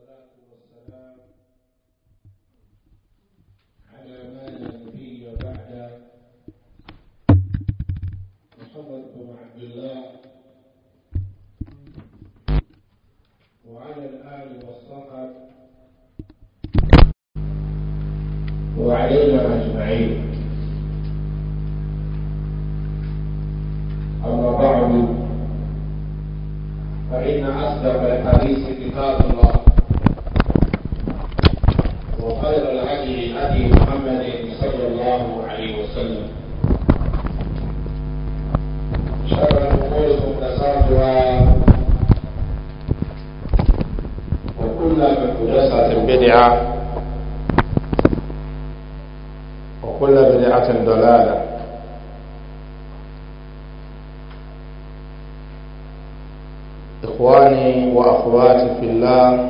والصلاة والسلام على ما لا نبي بعد محمد بن عبد الله وعلى الآل والصحب وعلينا أجمعين أما بعد فإن أصدق الحديث كتاب الله وخير الهدي هدي محمد صلى الله عليه وسلم شر الامور محدثاتها وكل محدثه بدعه وكل بدعه ضلاله اخواني واخواتي في الله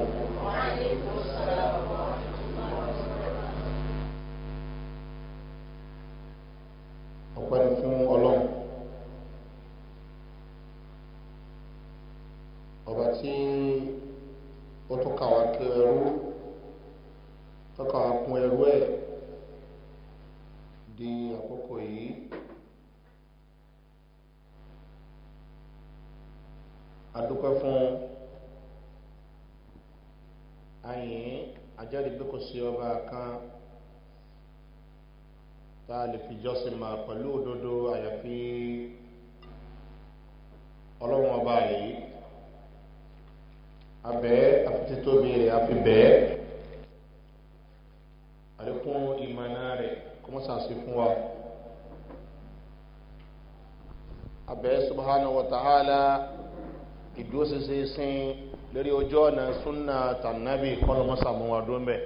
tànàbì kọlọmọsà mú wa dún bẹ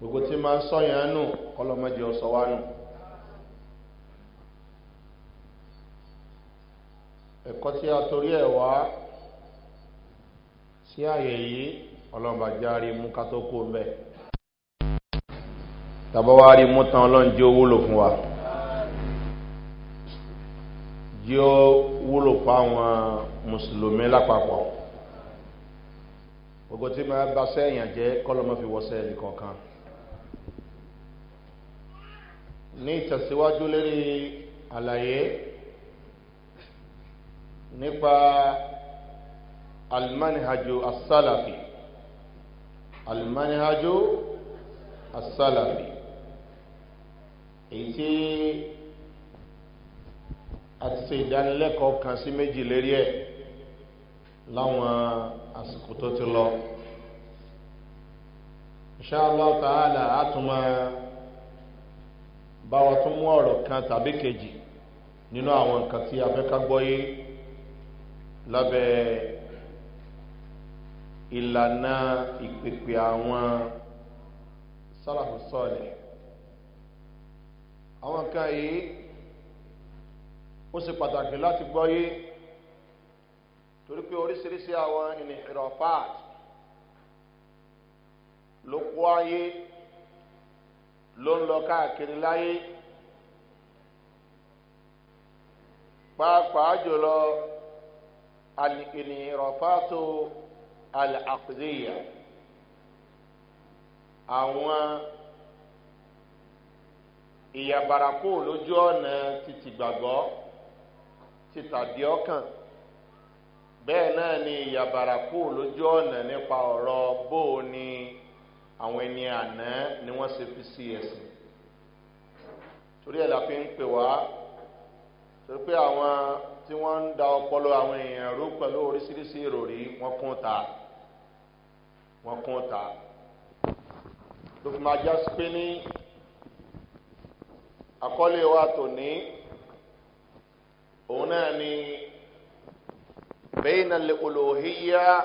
gbogbo tí máa ń sọyàn nù kọlọmọdé ọsọ wa nù. ẹ̀kọ́ tí a torí ẹ̀ wá sí àyè yìí ọlọ́mọba járe mú ká kó bẹ́ẹ̀ tàbọ̀ wá rí mú tán ọlọ́run jẹ́ wúlò fún wa jẹ́ wúlò fún àwọn mùsùlùmí lápapọ̀ gbogbo tí máa bá sẹ́yìn jẹ́ kọ́lọ́mọ́ fi wọ́sẹ̀ nìkankan ní ìtẹ̀síwájú lérí àlàyé nípa almanihaju asálàfi almanihaju asálàfi èyí tí a ti ṣe ìdánilẹ́kọ̀ọ́ kan sí méjì lérí ẹ̀ láwọn àsìkò tó ti lọ inṣàlá tààlà àtúmọ̀ báwa tún mú ọ̀rọ̀ kan tàbí kejì nínú àwọn nǹkan tí a fẹ́ ká gbọ́yé lábẹ́ ìlànà ìpèpè àwọn sálàfù sọ́ọ̀lẹ̀ àwọn nǹkan yìí ó ṣe pàtàkì láti gbọ́yé. torí pé oríṣiríṣi àwọn ìnìhìrọ̀páàt ló kó ayé ló ń lọ káàkiri láyé pàápàá jùlọ ìnìhìrọ̀páàtò àlàkùdíyà àwọn ìyàbàràkù lójú ọ̀nà títí gbàgbọ́ títàdí ọkàn bẹ́ẹ̀ náà ni ìyàbàrà kù lójú ọ̀nà nípa ọ̀rọ̀ bó o ní àwọn ẹni àná ni wọ́n ṣe fi sí ẹ̀sìn torí ẹ̀ la fi ń pè wá torí pé àwọn tí wọ́n ń da ọpọlọ àwọn èèyàn rú pẹ̀lú oríṣiríṣi ìròrí wọ́n kún ta wọ́n kún ta tó fi máa jásí pé ní àkọ́lé wa tòní òun náà ni. بين الألوهية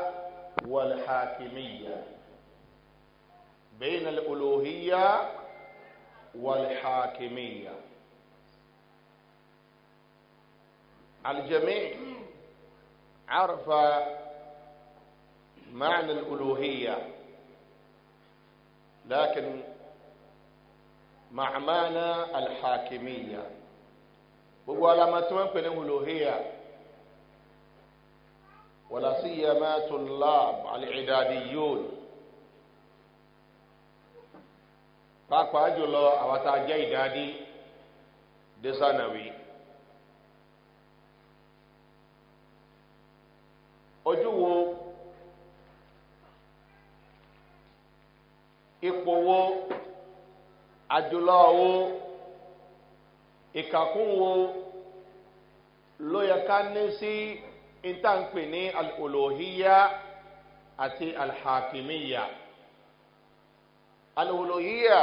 والحاكمية بين الألوهية والحاكمية الجميع عرف معنى الألوهية لكن مع معنى الحاكمية gbogbo alamọ تمكن الألوهية ولا سيما طلاب الإعداديون pàápàá jùlọ àwọn tá a jẹ́ ìdádí désànàwí ojú wo ipò wo àjùlọ wo ìkàkùn wo ló yẹ ká ní sí. Si ìta ń pè ní alòlòhíyá àti alhakimiyya alòlòhíyá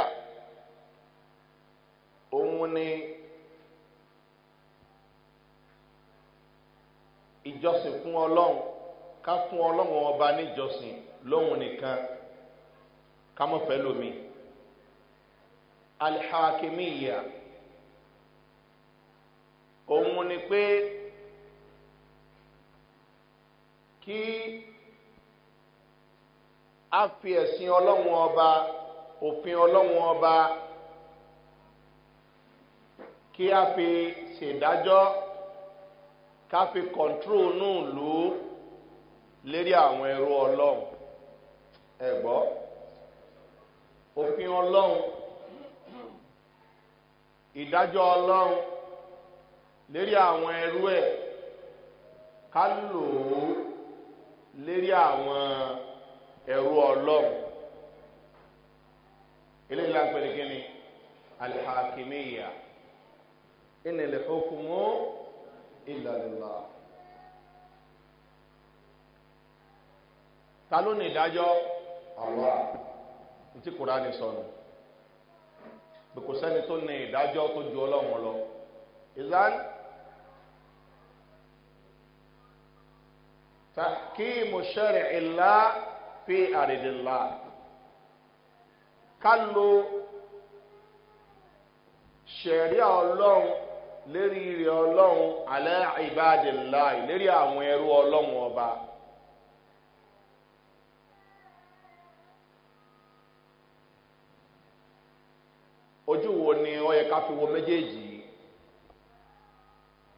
òun ni ìjọsìn fún ọlọ́run ká fún ọlọ́run ọba níjọsìn lóhun nìkan ká mọ̀ fẹ́ lómi alhakimiyya òun ni kí a fi ẹ̀sìn ọlọ́run ọba òfin ọlọ́run ọba kí a fi ṣèdájọ́ ká fi kọ̀ǹtró náà lò ó lérí àwọn ẹrú ọlọ́run ẹ̀gbọ́ òfin ọlọ́run ìdájọ́ ọlọ́run lérí àwọn ẹrú ẹ. ká lò ó. lérí àwọn ẹ̀rú ọlọ́run eléyìí la ń pè ní kíni alihakimiya ìnìlẹ̀ hukumu ìlàlùlà ta ló ní ìdájọ́ ọ̀rọ̀ àti kùránì sọnù bí kò sẹ́ni tó ní ìdájọ́ tó ju ọlọ́run lọ ìlànà. تحكيم شرع الله في أرض الله كلو شريع الله lérí rẹ ọlọ́run alẹ́ ìbáàdì ńlá àwọn ẹrú ọlọ́run ọba. ojú wo ni ó yẹ ká fi wo méjèèjì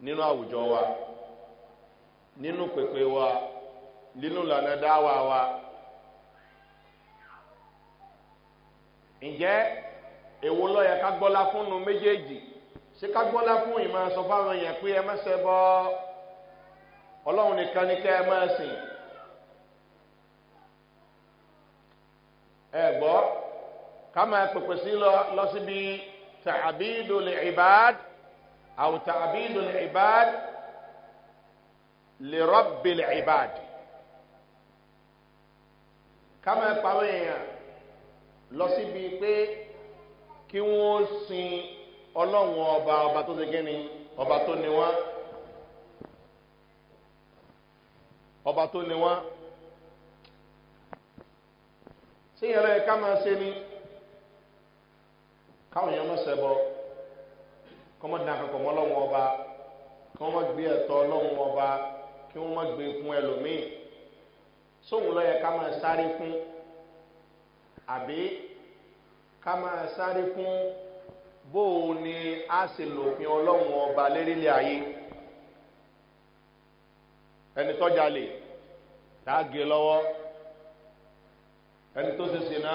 nínú àwùjọ wa. nínú pèpè wa nínú lànà dáwà wa ǹjẹ́ èwo lọ́yẹ ká gbọ́lá fúnnu méjèèjì ṣé ká gbọ́lá fún ìmọ̀ sọ fáwọn èèyàn pé ẹ mẹ́sẹ̀ bọ́ ọlọ́run nìkan ní kẹ́ ẹ máa sìn ẹ gbọ́ ká máa pèpè sí lọ síbi tàbí ìdòlè ìbáàd àwòtàbí ìdòlè ìbáàd lè rọ́bìlì ìbàdì kámẹ́ pàwọn èèyàn lọ síbi pé kí wọ́n sin ọlọ́run ọba ọba tó ṣe kíni ọba tó ni wọ́n ọba tó ni wọ́n sí ìyẹ̀rọ ẹ̀ká máa ṣe ni káwọn èèyàn mọ̀ sẹ́bọ̀ kọ́mọ́dé náà kọ́kọ́ mọ́ ọlọ́run ọba kọ́mọ́ gbé ẹ̀tọ́ ọlọ́run ọba kí wọ́n má gbé fún ẹlòmíì sóhun lọ́yẹ ká máa sáré fún àbí ká máa sáré fún bóun ni a sì lòfin ọlọ́run ọba lérílẹ̀ ayé ẹni tọ́jà lè dáàgé lọ́wọ́ ẹni tó ṣe sìnà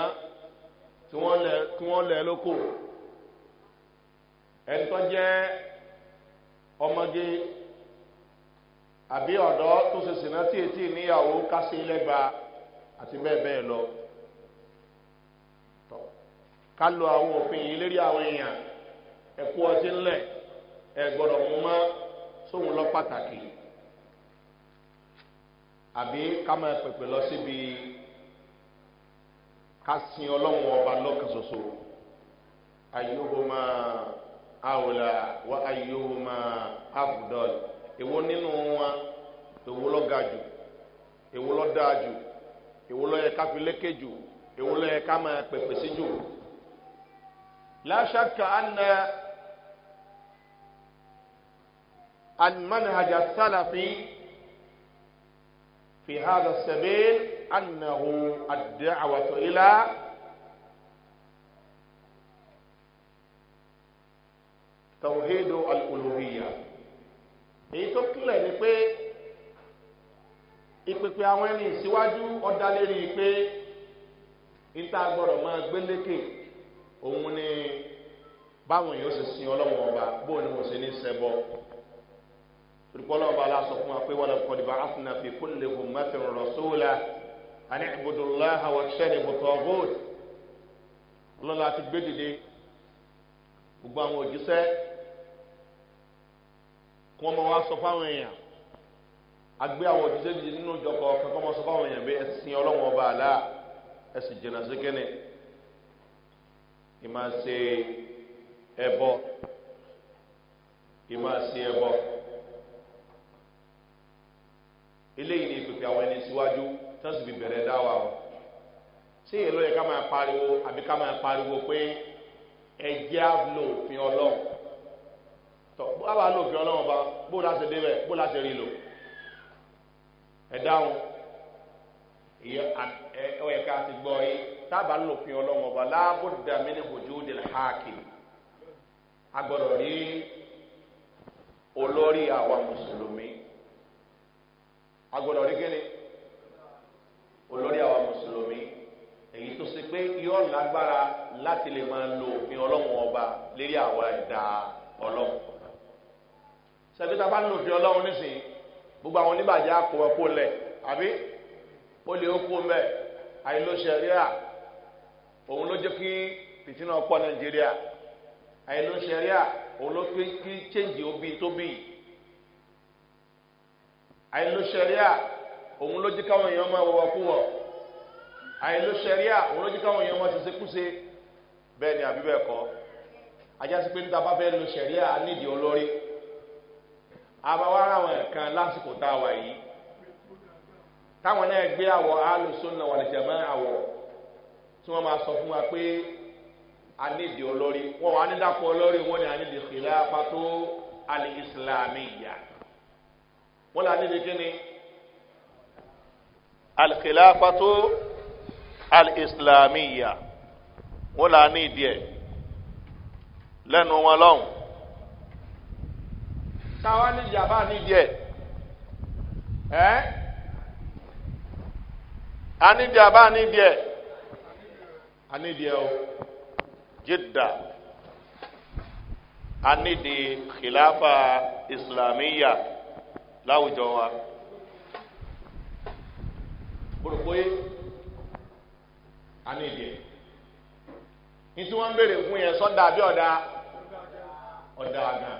tí wọ́n lẹ̀ lóko ẹni tó ọmọge àbí ọ̀dọ́ tó ṣe sìnà tí ètí níyàwó kásí lẹ́gba àti bẹ́ẹ̀ bẹ́ẹ̀ lọ. ká lo àwọn òfin yìí lérí àwọn èèyàn ẹ̀kú ọtí ńlẹ̀ ẹ̀ gbọ́dọ̀ mú mọ́ sóhun lọ pàtàkì àbí ká máa pèpè lọ síbi ká sin ọlọ́run ọba lọ́kàn ṣoṣo ayéhùnmá àwòlà wà ayéhùnmá àbùdọ́lù. èwo nínú wọn èwo lọ ga jù èwo lọ dáa jù èwo lọ yẹ ká fi lékè jù èwo lọ yẹ ká máa pèpè sí jù. láṣàkà àna àmàlàjà sálàfin fi hàdà sẹ́bẹ̀ẹ́ ànàhù àdé àwàtò ilá. توحيد الألوهية èyí tó kúnlẹ̀ ni pé ìpèpè àwọn ẹni ìsíwájú ọ̀dàlérí pé níta gbọ́dọ̀ máa gbé lékè òun ni báwọn èèyàn ṣe sin ọlọ́wọ́n ọba bóun ni mo ṣe ní sẹ́bọ̀ olùkọ́lọ́wọ́ bá aláṣọ fún wa pé wọ́n lọ kọ́ dìbò àfúnà fi kó lè hùn mẹ́fìrún rọ̀ sóòlà àní ìbùdókòlá àwọn ṣẹ́ni bùtọ̀ bóòlù lọ́la ti gbé dìde gbogbo àwọn òjíṣẹ́ kí wọ́n máa wá sọ fáwọn èèyàn agbé àwọn òjíṣẹ́ dìde nínú ìjọ kọ̀ọ̀kan kí wọ́n máa sọ fáwọn èèyàn bí ẹ̀sìn ọlọ́wọ́n ọba àlá ẹ̀sìn jìnnà sí kínní ìmá se ẹbọ ìmá se ẹbọ eléyìí ni ìpèpè àwọn ẹni síwájú tí wọ́n sì fi bẹ̀rẹ̀ dáwà wọn ṣé èlò yẹ ká máa pariwo àbí ká máa pariwo pé ẹjẹ́ á lo òfin ọlọ́run tọ báwa lò fi ọlọ́run ba bó la ṣe débẹ̀ bó la ṣe rí lò ẹ dáhùn ìyẹ ẹ ọ yẹ ká ti gbọ́ yìí tábà lò fi ọlọ́run ọba láàbò dàmí ní bòjú de hàkì agbọ́dọ̀ rí olórí àwa mùsùlùmí agbọ́dọ̀ rí kíni olórí àwa mùsùlùmí èyí tó ṣe pé yọ lágbára láti lè máa lo òfin ọlọ́run ọba lérí àwa ẹ̀dá ọlọ́run sẹ́kí tá a bá ń lò fi ọlọ́run nísìnyí gbogbo àwọn oníbàjẹ́ àpò ẹ̀kọ́ lẹ̀ àbí ó lè kó mẹ́ àìlóṣẹ̀ríà òun ló jẹ́ kí fìtínà ọ̀pọ̀ nàìjíríà àìlóṣẹ̀ríà òun ló fi kí chéǹjì obi tó bì àìlóṣẹ̀ríà òun ló jẹ́ káwọn èèyàn máa wọ̀wọ̀ kú wọ̀ àìlóṣẹ̀ríà òun ló jẹ́ káwọn èèyàn máa ṣiṣẹ́ kúṣe bẹ́ẹ̀ ni àbí bẹ́ẹ̀ kọ́ ajá pé níta bá fẹ́ lo ṣẹ̀ríà nídìí olórí àbáwárà àwọn kan lásìkò tá a wà yìí táwọn náà gbé àwọ alùsùnà wà lẹsẹ mọ àwọ tí wọn máa sọ fún wa pé anídìí olórí wọn wà nídàpọ̀ olórí wọn ni anídìí xìlá pàtó alẹ́ ìsìlámì yá wọn là anídìí kíni alìkìláfàtó alìsìlámì yá wọn là anídìí ẹ lẹ́nu wọn lọ́hùn káwá nídìí àbá nídìí ẹ̀ ẹ́ anídìí àbá nídìí ẹ̀ anídìí ẹ̀ o jidda anídìí khilafa islamiyya láwùjọ wa gbọdọgbọye anídìí ẹ̀ nítorí wọ́n ń béèrè fún yẹn sọ́dà bí ọ̀dà ọ̀dà gan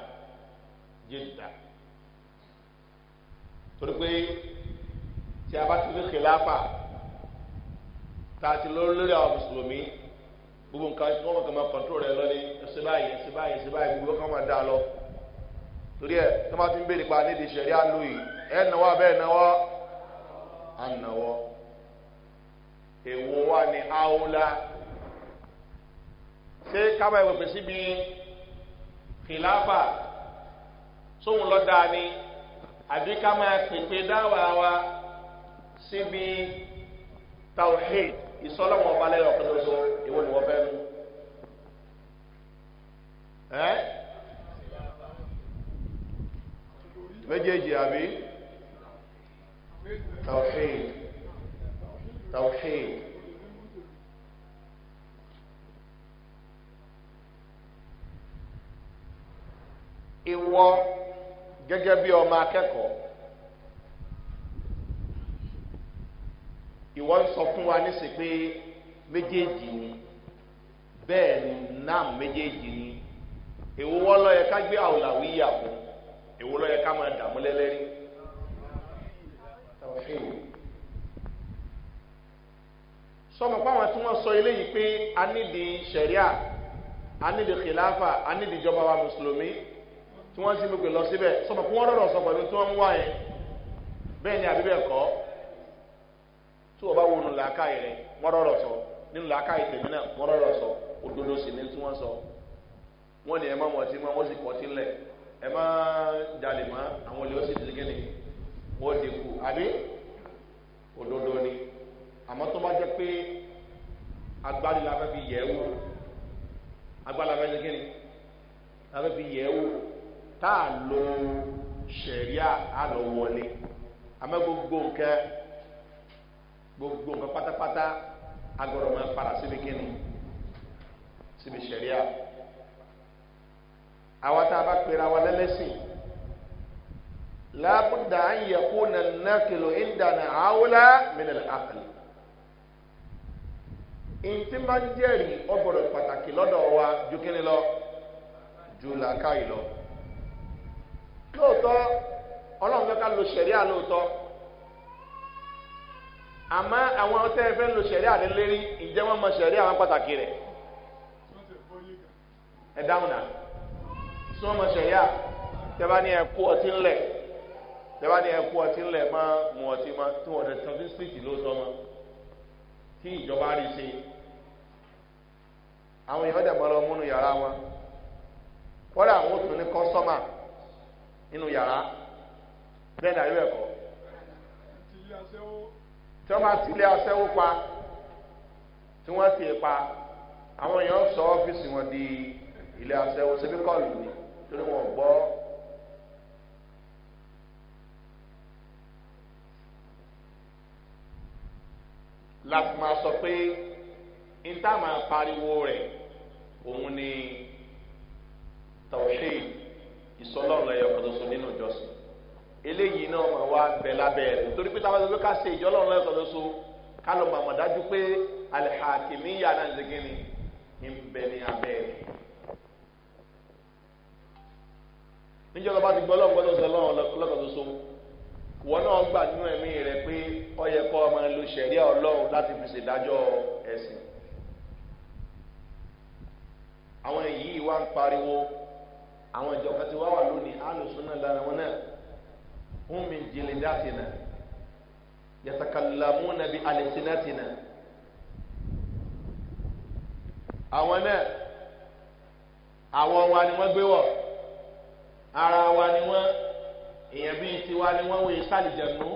jidda torí pé tí a bá ti ní kìláfà tá a ti lórí lórí àwọn mùsùlùmí gbogbo nǹkan tí wọ́n kàn máa kọ̀ǹtò rẹ̀ lọ ní ẹsẹ̀ báyìí ẹsẹ̀ báyìí ẹsẹ̀ báyìí gbogbo kan máa dá lọ torí ẹ̀ tó máa ti ń béèrè pa nídìí sẹ̀rí àlù yìí ẹ̀ náwó abẹ́ náwó ànáwó èwo wa ni àwòlá ṣé kábàáyé wọ̀pẹ̀ síbi kìláfà sóhun lọ dáa ni àbí ká máa pèpè dáwà wa síbi tawhid ìsọlọ́wọ́n ọba lẹ́yìn ọ̀kan lọ́sọ ìwọ ni wọ́n fẹ́ mú. méjèèjì àbí tawhid tawhid. ìwọ. E gẹ́gẹ́ bí ọmọ akẹ́kọ̀ọ́ ìwọ ń sọ fún wa níṣẹ́ pé méjèèjì ni bẹ́ẹ̀ ni nam méjèèjì ni èwo wọ́n lọ yẹ ká gbé àwòlàwí yà fún èwo lọ yẹ ká máa dààmú lẹ́lẹ́rí. sọmọ páwọn tí wọ́n sọ eléyìí pé a nídìí sẹ̀ríà a nídìí kìláfà a nídìí ìjọba wa mùsùlùmí tí wọ́n sì gbogbo lọ síbẹ̀ sọmọ kí wọ́n rọrọ̀ sọ pẹ̀lú tí wọ́n ń wá yẹn bẹ́ẹ̀ ni àbí bẹ́ẹ̀ kọ́ tí wọ́n bá wo nù làákàyè rẹ̀ wọ́n rọrọ̀ sọ nínú làákàyè tèmi náà wọ́n rọrọ̀ sọ òdodo sì ni tí wọ́n sọ wọ́n ní ẹ má mọtí mọ́ wọ́n sì kọtí lẹ̀ ẹ má jalè mọ́ àwọn olè ó sì dìgé ni wọ́n dì kú àbí òdodo ni àmọ́ tó bá jẹ́ pé agbárí la fẹ́ fi yẹ̀ wò agbárí la fẹ́ fi yẹ̀ wò tá a lo sẹ̀ríà á lọ wọlé àmọ́ gbogbo nǹkan gbogbo nǹkan pátápátá agbọ́dọ̀ máa para síbi kínní síbi sẹ̀ríà àwa tá a bá pera wa lẹ́lẹ́sìn lábùdà á yẹ kó nà nàkìlò ìdáná àwòlá mìíràn àkàlẹ̀ ntí máa ń wa ju kínní lọ ju lóòótọ́ ọlọ́run fẹ́ ká lo sẹ̀ríà lóòótọ́ àmọ́ àwọn tẹ́ ẹ fẹ́ lo sẹ̀ríà lé lérí ìjẹ́ wọn mọ sẹ̀ríà wọn pàtàkì rẹ̀ ẹ dáhùn náà tí wọ́n mọ sẹ̀ríà ní ẹ kú ọtí ńlẹ̀ ma bá ẹ kú ọtí ńlẹ̀ ọtí tí wọ́n dẹ̀ tán sí nínú yàrá bẹ́ẹ̀ náà yóò ẹ̀kọ́ tí wọ́n bá tilé aṣẹ́wó pa tí wọ́n ti pa àwọn èèyàn sọ ọ́fíìsì wọn di ilé aṣẹ́wó síbí kọ́ọ̀lù ni torí wọn gbọ́ láti máa sọ pé níta máa pariwo rẹ̀ òun ni tọ̀ṣẹ́ yìí. ìsọlọ́run lẹ́yọ̀ kan ṣoṣo nínú ìjọsìn eléyìí náà máa wá bẹ lábẹ́ rẹ̀ nítorí pé táwọn ẹgbẹ́ ká ṣe ìjọlọ́run kan dájú pé alihakimi yàrá ìṣègìní ń abẹ́ rẹ̀. níjọba bá ti gbọ́ lọ́wọ́ rẹ pé ọ yẹ kọ́ ọmọ ọlọ́run láti fi ṣèdájọ́ ẹ̀sìn àwọn èyí àwọn ìjọ kan ti wá wà lónìí alùsùn náà lára wọn náà hún mi jìnlẹ̀ dáàtì náà yàtàkàlámù nàbí alẹ́sìnàtì náà àwọn náà àwọn wa ni wọ́n gbé wọ̀ ara wa ni wọ́n èèyàn bíi tiwa ni wọ́n wòye sálìjẹ̀nu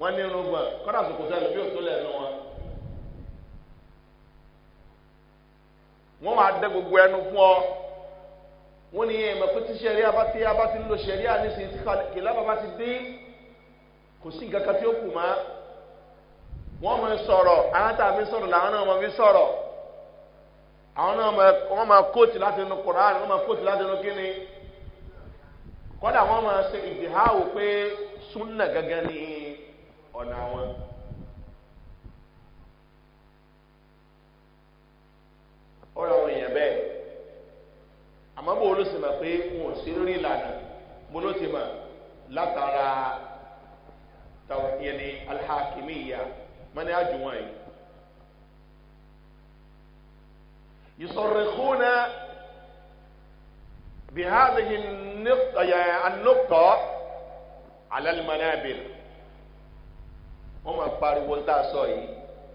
wọ́n ní irun gbọ̀n kọ́dà sòkòtò ẹ̀ lóbi òtó lẹ́nu wọn. wọ́n máa dẹ́ gbogbo ẹnu fún ọ. wọ́n ní ẹ̀mọ̀ pé tí sẹ́ríà bá ti bá ti ń lo sẹ́ríà nísìnyí tí kìlábà bá ti dé kò sí nǹkan kan tí ó kù mọ́ wọ́n mọ̀ sọ̀rọ̀ àwọn tá a fi sọ̀rọ̀ làwọn náà mọ̀ fi sọ̀rọ̀ àwọn náà wọ́n máa kóòtù láti inú koran wọ́n máa kóòtù láti kíni kọ́dà ṣe ìdìháwò pé súnà gẹ́gẹ́ ní ọ̀nà bẹ́ẹ̀. àmọ́ bó ló sì mọ̀ pé wọn ò sí lórí ìlànà mo ló ti mọ̀ látara yẹni alhakimi ìyá mọ́ni àjùwọ̀n yìí. يصرخون بهذه النقطة النقطة على المنابر wọ́n máa pariwo ń tà sọ yìí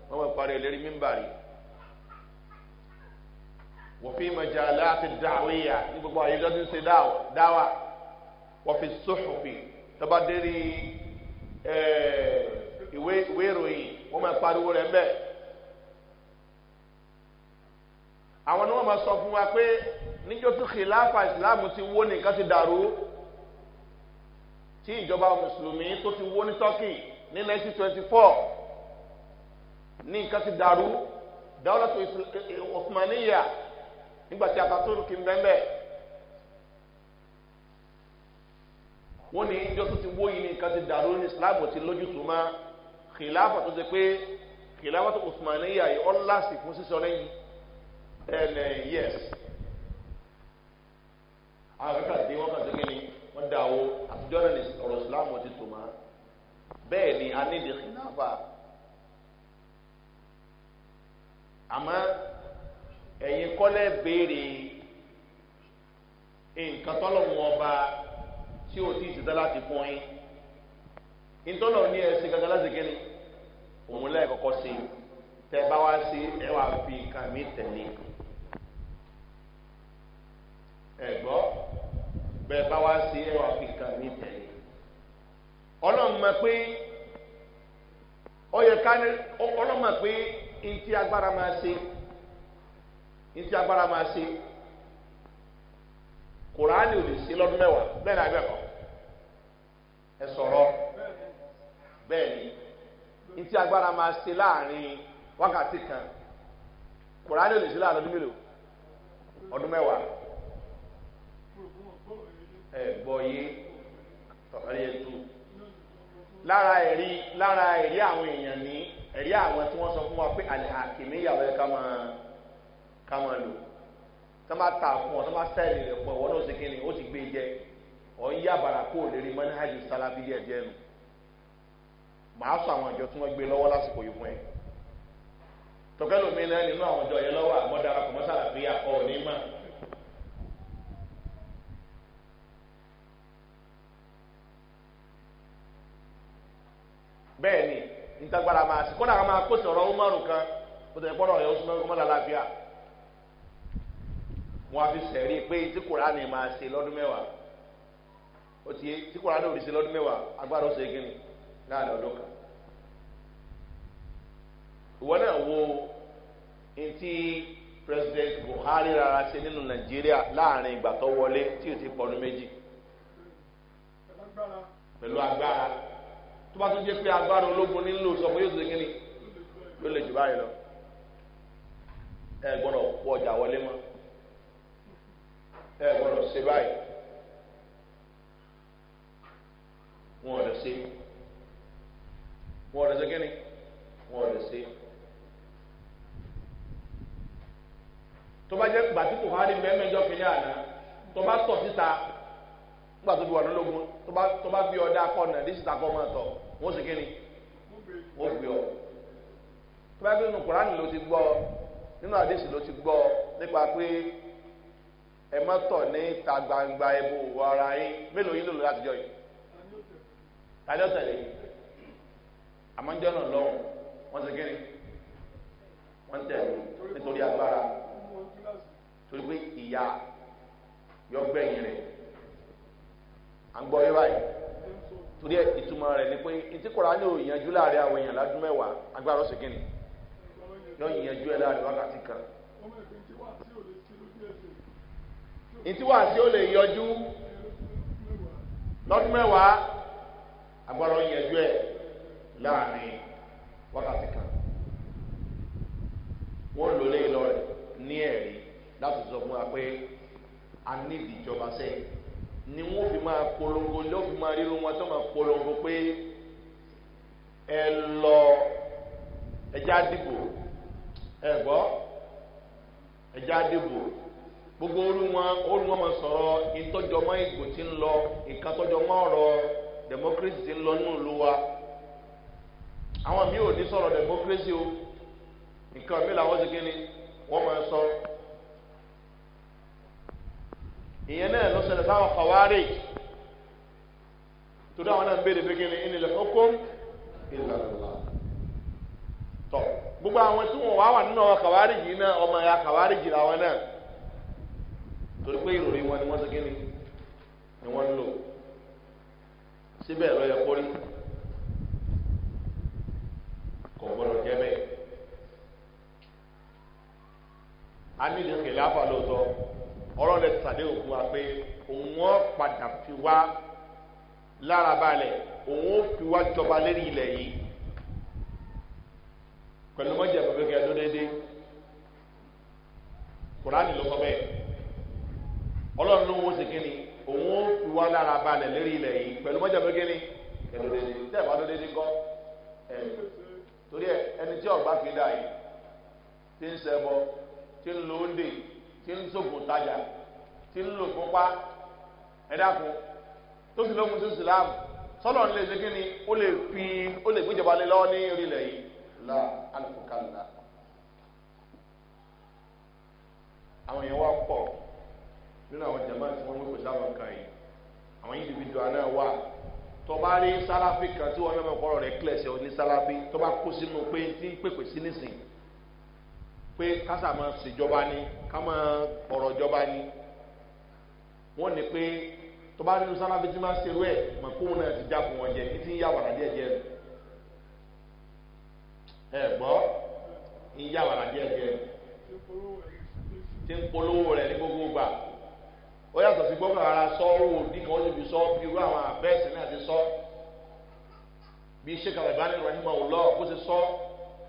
wọ́n máa pariwo lérí mímbà وفي مجالات الدعوية، dàwíyà ní gbogbo àyè tó ti ń ṣe dáwà wọ́fí sọ́fì tọ́ba dérí ìwé ìròyìn wọ́n máa pariwo rẹ̀ mbẹ́. àwọn ni wọ́n máa sọ fún wa pé níjọ́ tí kìláfà ìsìláàmù ti wó nìkan ti dàrú tí ìjọba mùsùlùmí tó ti wó ní tọ́kì ní 1924 ní nǹkan ti dàrú dáwọ́lá tó ìsìláàmù nígbàtí atatúrúkì mbẹ́mbẹ́ wọ́n ní ìjọ tó ti wó yìí ní nǹkan ti dàrú ní islam ti lójútùú má kìláfà tó ṣe pé kìláfà tó usman yíyà yìí ọ̀là sì fún sísọ lẹ́yìn ẹnẹ yẹs e àwọn dé wọn kan ṣe kí ni wọn dà wọ àtijọ́ náà ní ọ̀rọ̀ islam ti tù má bẹ́ẹ̀ ni a ní ìdí kìláfà àmọ́ ẹ̀yin kọ́lẹ̀ béèrè nǹkan tọ́lọ́wọ́n ọba tí o ti ṣetán láti fún yín ntọ́lọ̀ ní ẹsẹ̀ gàgà láti kéde òun lẹ́yìn kọ́kọ́ sí i tẹ́ bá wá sí ẹ wàá fi nǹkan mi tẹ̀lé ẹ̀gbọ́ bẹ́ẹ̀ bá wá sí ẹ wàá fi nǹkan mi tẹ̀lé ọlọ́run pé ó yẹ ká ní pé ntí agbára máa ṣe. ntí agbara ma ṣe kùránì ò lè bẹ́ẹ̀ ni àgbẹ̀kọ́ ẹ sọ̀rọ̀ bẹ́ẹ̀ ni agbara ma wákàtí kan ẹ yẹn tu lára ẹ̀rí àwọn èèyàn ní àwọn tí wọn sọ fún pé kama máa lò ta fún ọ tó máa sẹ́ẹ̀lì rẹ̀ fún ọ wọn náà ṣe kí ni ó ti gbé e jẹ ọ ń yá bàrà kó o lè rí mọ́náhàjì sálábí màá sọ àwọn àjọ tí wọ́n gbé lọ́wọ́ lásìkò yìí fún ẹ tọkẹ́lómi náà nínú àwọn àjọ yẹn lọ́wọ́ àmọ́dára kò mọ́ sàlàfíà ọ̀ ní mà bẹ́ẹ̀ ni ma. wọn á fi sẹ̀rí pé tí kùránì máa ṣe lọ́dún mẹ́wàá o ti yé tí kùránì ò lè ṣe lọ́dún mẹ́wàá agbára ó ṣe kí ni láàrin ọdún kan ìwọ náà wo ntí president buhari raara se nínú nàìjíríà láàrin ìgbà tó wọlé tí o ti pọnú méjì agbára tó bá tún pé agbára sọ pé yóò ló lọ ẹ gbọdọ ọjà wọlé ẹ gbọ́dọ̀ ṣe báyìí wọn ò lè ṣe wọn ò lè ṣe kíni wọn ò lè ṣe tó bá jẹ́ gbàtí buhari mẹ́mẹ́jọ kìíní àná tó bá tọ̀ síta nígbà tó bí wọn lógun tó bá bí ọdá akọ́nà dé síta kọ́ máa tọ̀ wọ́n ṣe kíni wọ́n gbé ọ tó bá gbé nínú kùránì ló ti gbọ́ nínú àdéṣì ló ti gbọ́ nípa pé ẹ má tọ̀ ní ta gbangba ẹbú ọ̀ra yín mélòó yín lòlò láti jọ yìí tàbí ọ̀sẹ̀ lè àmọ́jọ́ náà lọ́wọ́ wọ́n ti kéré wọ́n tẹ̀ nítorí agbára torí pé ìyá yọ gbẹ̀yìn rẹ̀ à ń gbọ́ yí báyìí torí ìtumọ̀ rẹ̀ ni pé etí kọ̀ọ̀rọ̀ á ní òyìnbó láàrin àwọn èèyàn ládùn mẹ́wàá agbára ọ̀sẹ̀ kìíní yọ ìyẹnjú ẹ láàrin wákàtí kan ìtí wà sí ó lè yọjú lọ́dún mẹ́wàá agbọ́dọ̀ yẹjú ẹ̀ láàrin wákàtí kan wọ́n lò lé lọ ní ẹ̀rí láti sọ fún wa pé a níbi ìjọba sẹ́yìn ni wọ́n fi máa polongo ni wọ́n fi máa ríru wọn tó máa polongo pé ẹ lọ ẹja dìbò ẹ gbọ́ ẹja dìbò gbogbo olú wọn olú wọn mọ sọ̀rọ̀ ìtọ́jọmọ́ ìgbò tí ń lọ nǹkan tọ́jọmọ́ ọ̀rọ̀ democracy ti ń lọ nínú ìlú wa àwọn mi ò ní sọ̀rọ̀ democracy o nǹkan mi làwọn ti kíni wọ́n máa sọ ìyẹn náà ló ṣẹlẹ̀ sáwọn kọ̀wárì tó dáwọn náà ń béèrè pé kíni ìnìlẹ̀ ọkọ̀ ìlànà tọ̀ gbogbo àwọn tí wọ́n wá wà nínú ọkọ̀ kọ̀wárì yìí náà ọmọ ya kọ̀wárì yìí làwọn náà torí pé ìròyìn wọn ni wọ́n ti kí ni ni wọ́n ń lò síbẹ̀ lọ yẹ kórí kò gbọdọ̀ jẹ́ bẹ́ẹ̀. a ní ìlú kìlá fà lóòótọ́ ọlọ́run ti sàdé òkú wa pé òun wọ́n padà fi wá lára balẹ̀ òun ó fi wá jọba lérí ilẹ̀ yìí pẹ̀lú mọ́jà pẹ̀lú kẹ́ẹ̀dó déédéé kùránì ló kọ́ bẹ́ẹ̀ ọlọ́run ló ń wo sí kí ni òun ó fi wá lára balẹ̀ lérí ilẹ̀ yìí pẹ̀lú mọ́jà pé kí ni ẹ̀dọ̀ dédé tẹ́ ẹ̀ bá dọ́ dédé kọ́ ẹ̀ torí ẹ ẹni tí ọ̀gbá fi dà yìí ti ń sẹ́bọ ti ń lo óńdè ti ń sògùn tajà ti ń lò fúnpá ẹ̀dá kan tó fi lókun sí ìsìlámù sọlọ ń lè ṣe kí ni ó lè fi ó lè gbéjọba lé lọ́wọ́ ní orílẹ̀ yìí la alùpùpù kàlùlà àwọn èèyàn wá pọ̀ nínú àwọn jama tí wọ́n ń pèsè àwọn nǹkan yìí àwọn individual náà wà tọba rí sáláfì kan tí wọ́n mẹ́mọ̀ kọ́rọ̀ rẹ̀ kílẹ̀ sí ọ ní sáláfì tọba kó sínú pé tí pèpè sí nísìn pé kásà máa ṣèjọba ni ká máa ọ̀rọ̀ jọba ni wọ́n ní pé tọba rí sáláfì tí máa ṣerú ẹ̀ mọ̀ kó wọn náà ti já fún wọn jẹ ní tí ń yá wàrà díẹ̀ díẹ̀ ẹ̀ gbọ́ ń yá wàrà díẹ̀ díẹ̀ tí ń polówó rẹ̀ ní gbogbo gbà ó yàtọ̀ sí gbọ́dọ̀ ara sọ ó wò ní kan ó sì fi sọ bí irú àwọn àfẹ́sì náà ti sọ bí sheikh alibani rahim ọlọ bó ti sọ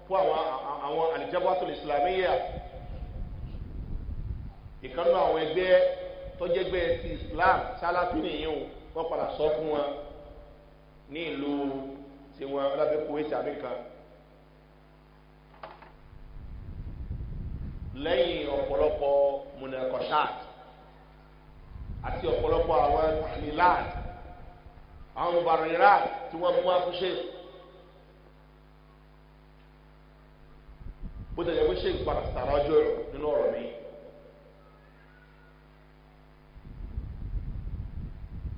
fún àwọn àwọn alijabatul islamiyya ìkànnì àwọn ẹgbẹ́ tọ́jẹ́gbẹ́ ti islam sálàfin nìyí o wọ́n padà sọ fún wọn ní ìlú tiwọn ọlábẹ́ kuwait abika lẹ́yìn ọ̀pọ̀lọpọ̀ mùnàkọ̀ṣáàtì àti ọ̀pọ̀lọpọ̀ àwọn tàlíláàdì àwọn mùbàrìnláàdì tí wọ́n mú wá fún ṣe. bó tẹ̀lé pé ṣe ìpadà sàrà ọjọ́ nínú ọ̀rọ̀ mi.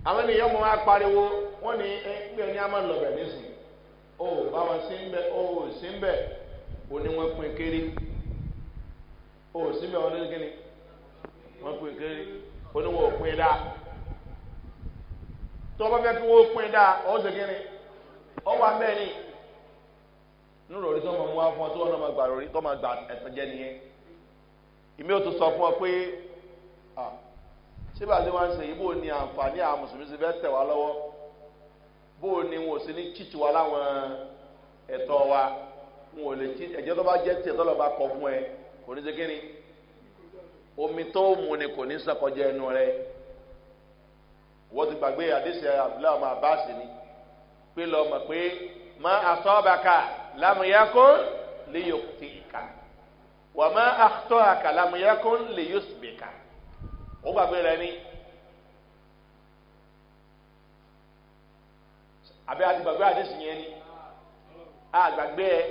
àwọn ènìyàn mọ̀ wá pariwo wọ́n ní ẹ ń pè ní amọ̀lọ́bẹ̀ nísìnyí ó bá wọn sí ń bẹ̀ ó sí ń bẹ̀ ó ní wọ́n pin kéré ó sí ń bẹ̀ wọ́n ní kíni wọ́n pin kéré. oníwọ̀n òpin dá tó bá fẹ́ kí wọ́n pin dá ọ̀sẹ̀ kínní ọwọ́ abẹ́ ni nínú orí tó máa mú wá ọ tó wọn máa gbà ìmí sọ fún ọ pé síbàdí wọn ṣe ìbò ní àǹfààní àwọn mùsùlùmí ti wá bó o wọn ò sí ní wa láwọn wa wọn ò lè tí tó bá omi tó mu ni kò ní sọkọjá ẹnu rẹ wọ́n ti gbàgbé àdéṣe abúlé ọmọ abáàsì ni pé lọ mọ̀ pé má asọ́bàkà lámúyákún lè yọ tìka wà má àtọ́àkà lámúyákún lè yọ síbìkà ó gbàgbé rẹ ni. àbí àti gbàgbé àdéṣe yẹn ni àgbàgbé ẹ.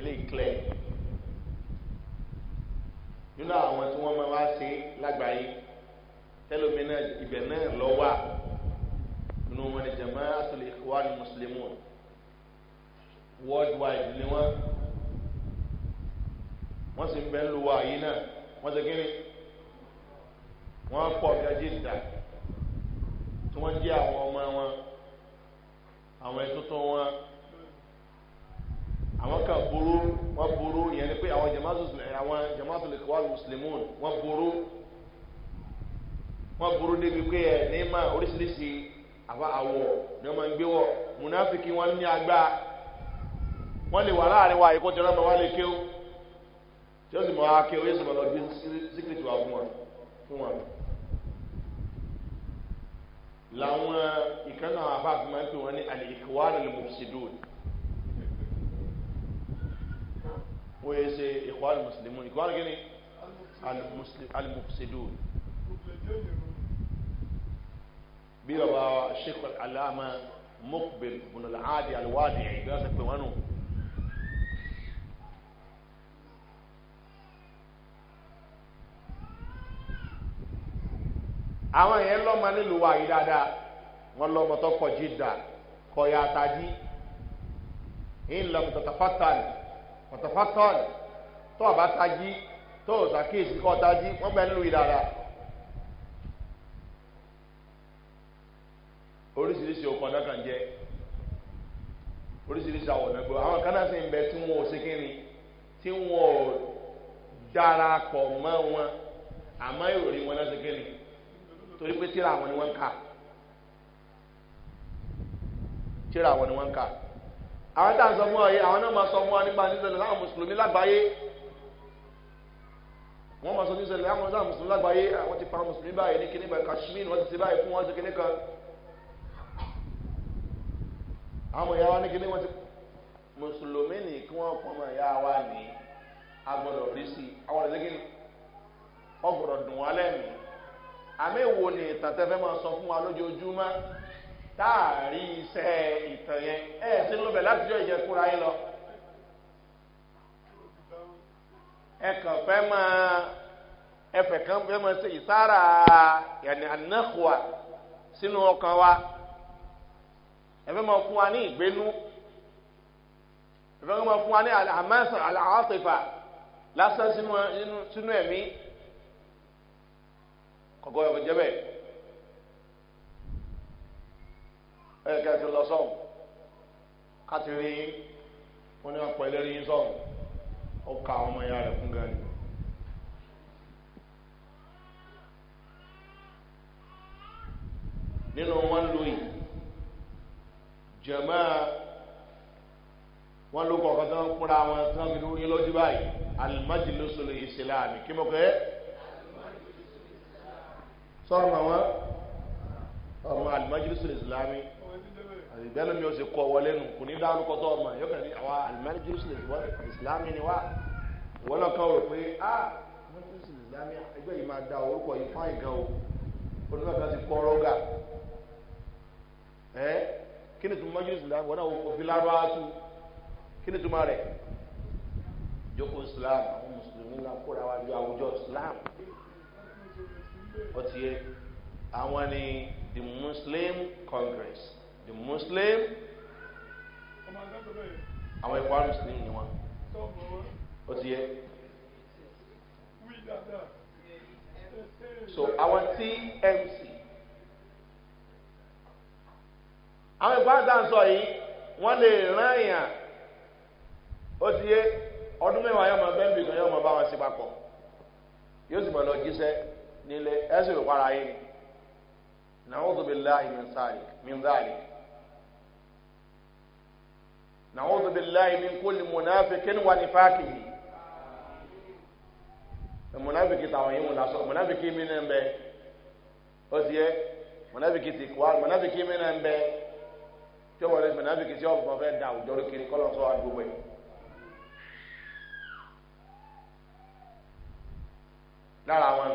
eléyìí clear nínú àwọn tí wọ́n máa wá sí lágbàáyé tẹ́lómi náà ibẹ̀ náà lọ wà nínú wọn ni jama atúlẹ̀ ìkọ́wá ni mùsùlùmù worldwide ni wọ́n wọ́n sì ń bẹ́ẹ̀ lu wa yìí náà wọ́n ti kíni wọ́n pọ̀ bí ajé tí wọ́n jẹ́ àwọn ọmọ wọn àwọn ẹ̀tútù wọn àwọn kan boró wọn boró yẹn ni pé àwọn jamaatu lè kọ́ muslimun wọn boró wọn boró débi pé ẹ ní ma oríṣiríṣi àwa àwọ̀ ni wọ́n máa ń gbé wọ̀ munafiki wọn ní agbá wọ́n lè wà láàrin wa àyíkọ́ tí wọ́n máa wá lè kéwò tí ó sì máa wá kéwò yóò sì máa lọ gbé síkìrìtì wa fún wọn fún wọn làwọn ìkànnà àbáfin máa ń pè wọn ní àlè ìkọwárìlì wọ́n yẹ ṣe ìkọ́ alùmùsùlùmù ìkọ́ alùgẹ́ni alùmùsùlùmù bí baba sheikh alama mokbel bunaladi alwadi ìgbésẹ pé wọn nù. àwọn èèyàn lọ́mọ nílùú wa yìí dáadáa wọ́n lọ́mọ tó kọjí dà kọ́ ya tají ń lọ́mọ tó tafátà ni pọ̀tọ̀fọ́tọ́ọ̀lì tó ọ̀bá tají tó ṣàkíyèsí kọ́ tají wọ́n gbẹ́ nílùú ìdára oríṣiríṣi òkò ọ̀dọ́ kan jẹ́ oríṣiríṣi àwọn ọ̀nà gbọ́ àwọn kan náà sì ń bẹ tí wọn ò ṣe kí ni tí wọn ò darapọ̀ mọ́ wọn àmọ́ ìròyìn wọn náà ṣe kí ni torí pé tíra àwọn ni wọ́n ń kà tíra àwọn ni wọ́n ń kà àwọn tá à ń sọ fún ọ yìí àwọn náà máa sọ fún wa nípa nísẹ̀lẹ̀ láwọn mùsùlùmí lágbàáyé wọ́n máa sọ nísẹ̀lẹ̀ láwọn náà mùsùlùmí lágbàáyé àwọn ti pa mùsùlùmí báyìí ní kíní báyìí kashmir wọ́n ti ti báyìí fún wọn ti kíní kan àwọn ìyá wa ní kíní wọ́n ti mùsùlùmí ní kí wọ́n pọ́n mọ́ ìyá wa ní agbọ́dọ̀ rí sí i àwọn ìlẹ́gìn ọgbọ̀dọ̀ dùn wá lẹ́mìí àmì ìwò ni tàtẹ́fẹ́ máa sọ fún wa lójoojúmọ́ táàrí iṣẹ́ ìtàn yẹn ẹ̀ sí ló bẹ̀ láti jọ ìjẹkúra yín lọ. ẹ kàn fẹ́ máa ẹfẹ̀ kan fẹ́ máa ṣe ìsára yẹn anáhùwà sínú ọkàn wa ẹ fẹ́ máa fún wa ní ìgbénú ẹ fẹ́ máa fún wa ní àmásà àlàáfífà lásán sínú ẹ̀mí kọ̀gọ́ ẹ̀fọ́ jẹ́ bẹ́ẹ̀. ẹ kẹ́ ẹ ti lọ sọ́hùn káti rí yín wọ́n ní wọ́n pọ̀ ẹlẹ́rìí yín sọ́hùn ó ka àwọn ọmọ ìyá rẹ̀ fún gan ni. nínú wọn lò yìí jẹ̀mọ́ wọn ló kọ̀ọ̀kan tó ń kúra wọn tó ń fi lórí lọ́jú báyìí alimajilisul islami kí mo kẹ́ sọ́ọ̀mù àwọn ọmọ alimajilisul islami bẹ́ẹ̀ mi ò sì kọ́ wọlé nù kò ní dárúkọ tó ọmọ yóò kàn ní àwa alimẹ́rì jésù lè wọ́n ìsìlámì ni wá wọ́n lọ́kàn rò pé a wọ́n jésù ìsìlámì ẹgbẹ́ yìí máa da orúkọ yìí fáìn gan o onígbàgbọ́ ti pọ́ rọ́gà ẹ́ kí ni tuma jésù ìsìlámì wọ́n náà wọ́n fi lárọ́ àtú kí ni tuma rẹ̀ jókòó ìsìlámì àwọn mùsùlùmí ńlá kóra wájú àwùjọ ìsìlámì ọtí yẹ àwọn ni the muslim congress the muslim àwọn ẹ̀kọ́ muslim ni wọn ó ti yẹ so àwọn tmc àwọn ẹ̀kọ́ àdáǹsọ yìí wọ́n lè rán èèyàn ó ti yẹ ọdún mẹ́wàá yóò máa bẹ́ẹ̀ bìkan yóò máa bá wọn sí papọ̀ yóò sì máa lọ jíṣẹ́ nílé ẹ̀sìn ìpara yìí ni nàwọn tó bẹ láàyè mi ń sáàlì mi ń sáàlì. نعوذ بالله من كل منافق ونفاقه المنافق تاwọn yìí múlá sọ munafik mi nà ń bẹ ó ti yẹ munafik ti kọ́ munafik mi nà ń bẹ tí wọ́n lè munafik tí wọ́n fẹ́ da àwùjọ kiri kọ́lọ́ sọ àdúgbò yìí. lára wọn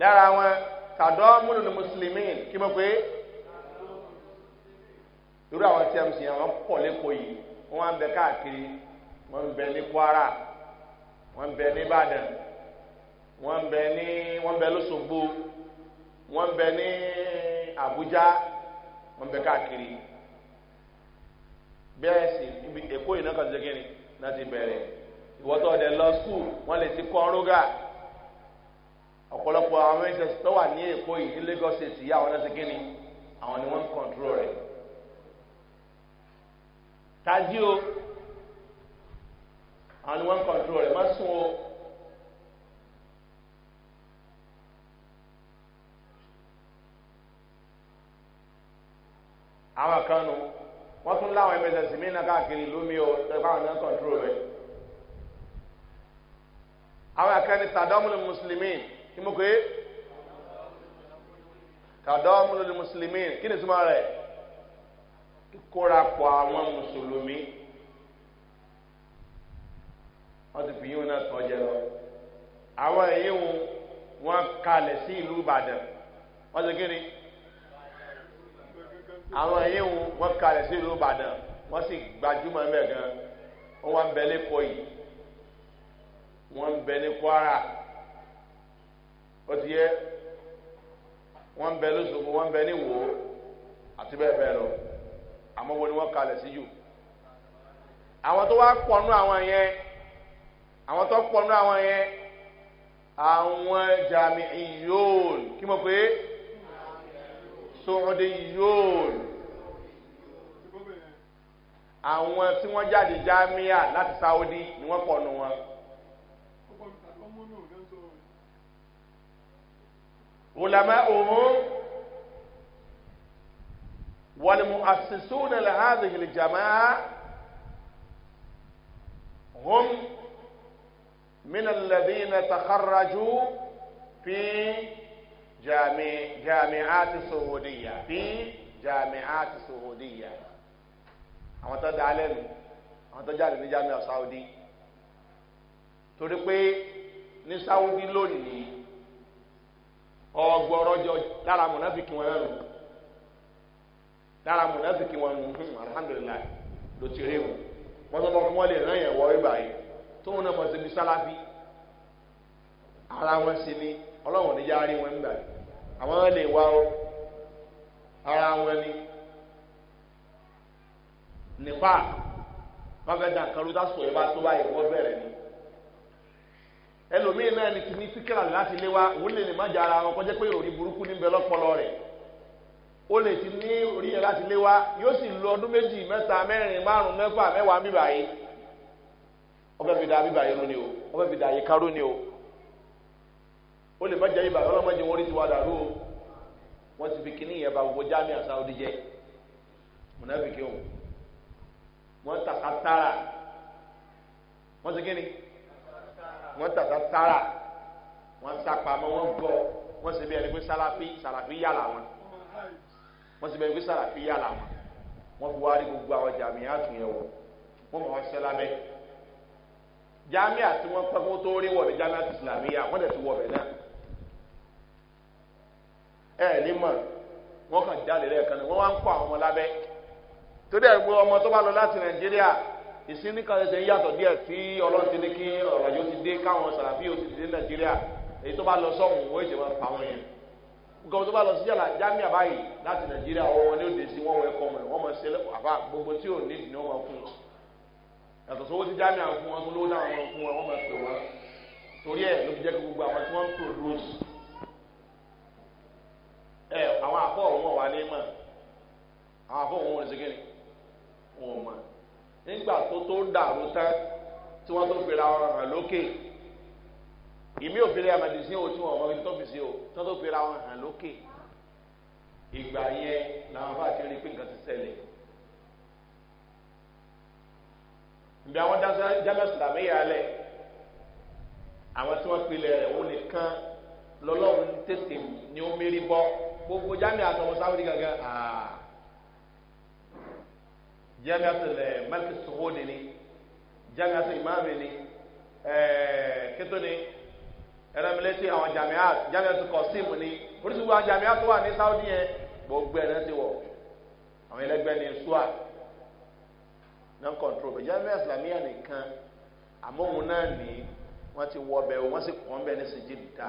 lára wọn kàdọ́ múlùmí mùsùlùmí kí mo pé irú àwọn tmc àwọn pọ̀ lẹ́kọ̀ọ́ yìí wọ́n ń bẹ káàkiri wọ́n ń bẹ ní kwara wọ́n ń bẹ ní ìbàdàn wọ́n ń bẹ ní wọ́n ń bẹ lọ́sọ̀gbó wọ́n ń bẹ ní àbújá wọ́n ń bẹ káàkiri bẹ́ẹ̀ sì ibi èkó yìí náà kàn jẹ́ kínní láti bẹ̀rẹ̀ ìwọ́tọ̀ ọ̀dẹ lọ skul wọ́n lè ti kọ́ ọ́rọ́gà ọ̀pọ̀lọpọ̀ àwọn ẹ̀ṣẹ̀ tó wà ní èkó yìí ní lagos state yìí àwọn náà ti kínní àwọn ni wọ́n ń kọ̀ǹtúrò rẹ̀ tají o àwọn ni wọ́n ń kọ̀ǹtró rẹ̀ má sún o. àwọn kan nu wọ́n tún láwọn mss mi náà káàkiri lómi o tẹ́lifá àwọn náà kọ̀ǹtró àwọn mùsùlùmí kí mo mùsùlùmí kí ni túmọ̀ rẹ̀. kíkórapọ̀ àwọn mùsùlùmí wọ́n ti fi yíwọn náà tọ́ jẹ lọ àwọn èyíwọn wọ́n kalẹ̀ sí ìlú ìbàdàn wọ́n ti kíni àwọn èyíwọn wọ́n kalẹ̀ sí ìlú ìbàdàn wọ́n sì gbajúmọ̀ ẹ̀ gan wọ́n wá ń bẹ lẹ́kọ̀ọ́ yìí wọ́n ń bẹ ní kwara ó ti yẹ wọ́n ń bẹ lóṣogbo wọ́n ń bẹ ní wo àti bẹ́ẹ̀ bẹ́ẹ̀ lọ àmọ́ wo ni wọ́n kalẹ̀ sí jù àwọn tó wá pọnú àwọn yẹn àwọn tó pọnú àwọn yẹn àwọn jàmì ìyóòn kí mo pé sọ̀rọ̀dẹ̀ ìyóòn àwọn tí wọ́n jáde jámíà láti sáwọ́dí ni wọ́n pọnú wọn. ulama ohun. والمؤسسون لهذه الجماعة هم من الذين تخرجوا في جامعات السعودية في جامعات السعودية àwọn tó dáa lẹ́nu àwọn tó jáde ní jamiu saudi torí pé ní saudi lónìí ọgbọ̀rọ̀jọ lára mọ̀nàfíkì wọn lẹ́nu lára mụ na nù hùn hmm, alhamdulilayi ló ti rí wọn wọn sọ fún wọn lè rán yẹn wọ ara wọn si ni ọlọ́wọ́n ní yára rí wọn nígbà yìí àwọn lè wá o ara wọn ni nípa wọn fẹẹ dàn kan ló dásùn ẹ bá tó báyìí wọn ni náà ni ó lè ti ní orí yẹn láti lé wa yóò sì lo ọdún méjì mẹ́ta mẹ́rin márùn mẹ́fà mẹ́wàá bíbà yìí wọ́n fẹ́ fi da bíbà yìí rún ni o wọ́n fẹ́ fi da àyíká rún ni o ó lè má jẹ́ ibà ọlọ́mọ jẹ́ wọ́n rí tiwa dàrú o wọ́n ti fi kíní yẹn ba gbogbo jáde àṣà òdi jẹ́ mùnàfíkì o wọ́n tàkà tààrà wọ́n ti kíni wọ́n tàkà tààrà wọ́n sàpamọ́ wọ́n gbọ́ wọ́n sì bí ẹni pé sàlàfí sàlàfí yàrá wọn wọ́n sì bẹ́ẹ̀ gbé sàràfíà làwọn wọ́n fi wárí gbogbo àwọn jàmíà àtúnyẹ̀wò wọ́n mọ̀ wọ́n ṣẹ́ lábẹ́ jàmíà tí wọ́n pẹ́ fún tó rí wọ̀ ní jàmíà ti sìlàmíà wọ́n dẹ̀ ti wọ̀ bẹ̀ náà ẹ̀ ní mọ̀ wọ́n kàn jáde lẹ́ẹ̀kan náà wọ́n wá ń kọ́ àwọn ọmọ lábẹ́ tó dẹ̀ gbé ọmọ tó bá lọ láti nàìjíríà ìsinmi kan ṣe yàtọ̀ díẹ̀ tí ọlọ́run ti ní kí ọ̀rọ̀ ti dé káwọn sàràfíà ó ti dé nàìjíríà èyí tó bá lọ sọ́hùn ó ṣe máa pa àwọn yẹn nǹkan tó bá lọ sí yàrá jamiu abayi láti nàìjíríà ọwọ́ wọn ni ó dé sí wọn wọ ẹkọ wọn wọn mọ sí àbá gbogbo tí ò ní ìdùnnú wọn fún un yàtọ̀ sówó tí jamiu fún wọn tó lówó dáhùn wọn fún wọn wọn mọ pé wọn torí ẹ ló fi jẹ́ kí gbogbo àwọn tí wọ́n ń produce ẹ àwọn àfọ òun wà ní mọ̀ àwọn àfọ òun ò ní sèkéni wọn ò mọ̀ nígbà tó tó dàrú tán tí wọ́n tó gbéra ọ̀ràn lókè ìmí òfin àmàdì sí o tí wọn ọmọ ibi tó fi sí o tó tó fi ra wọn hàn lókè ìgbà yẹn làwọn bá ti rí pé nǹkan ti sẹlẹ̀ ìgbà wọn dáṣẹ jámẹsì làmì yà lẹ àwọn tí wọn pilẹ rẹ wọn nìkan lọlọrun tètè ni ó mérí bọ gbogbo jámẹ àtọwọ sáwọdì gàgà àà jámẹ àtẹlẹ mẹtẹsí wọn ni jámẹ ìmáàmì ni ẹẹ kẹtọ ni ẹlẹ́mìlẹ́tì àwọn jàmíà jàmíà tó kọ̀ síìmù ni oríṣiríṣi àwọn jàmíà tó wà ní sáúdì yẹn gbogbo ẹ̀ náà ti wọ̀ àwọn ẹlẹ́gbẹ́ ní sùà non control bẹ̀ jàmíà islamiyà nìkan àmóhun náà ní wọ́n ti wọ bẹ̀ wọ́n sì kàn bẹ̀ ní sèjìdá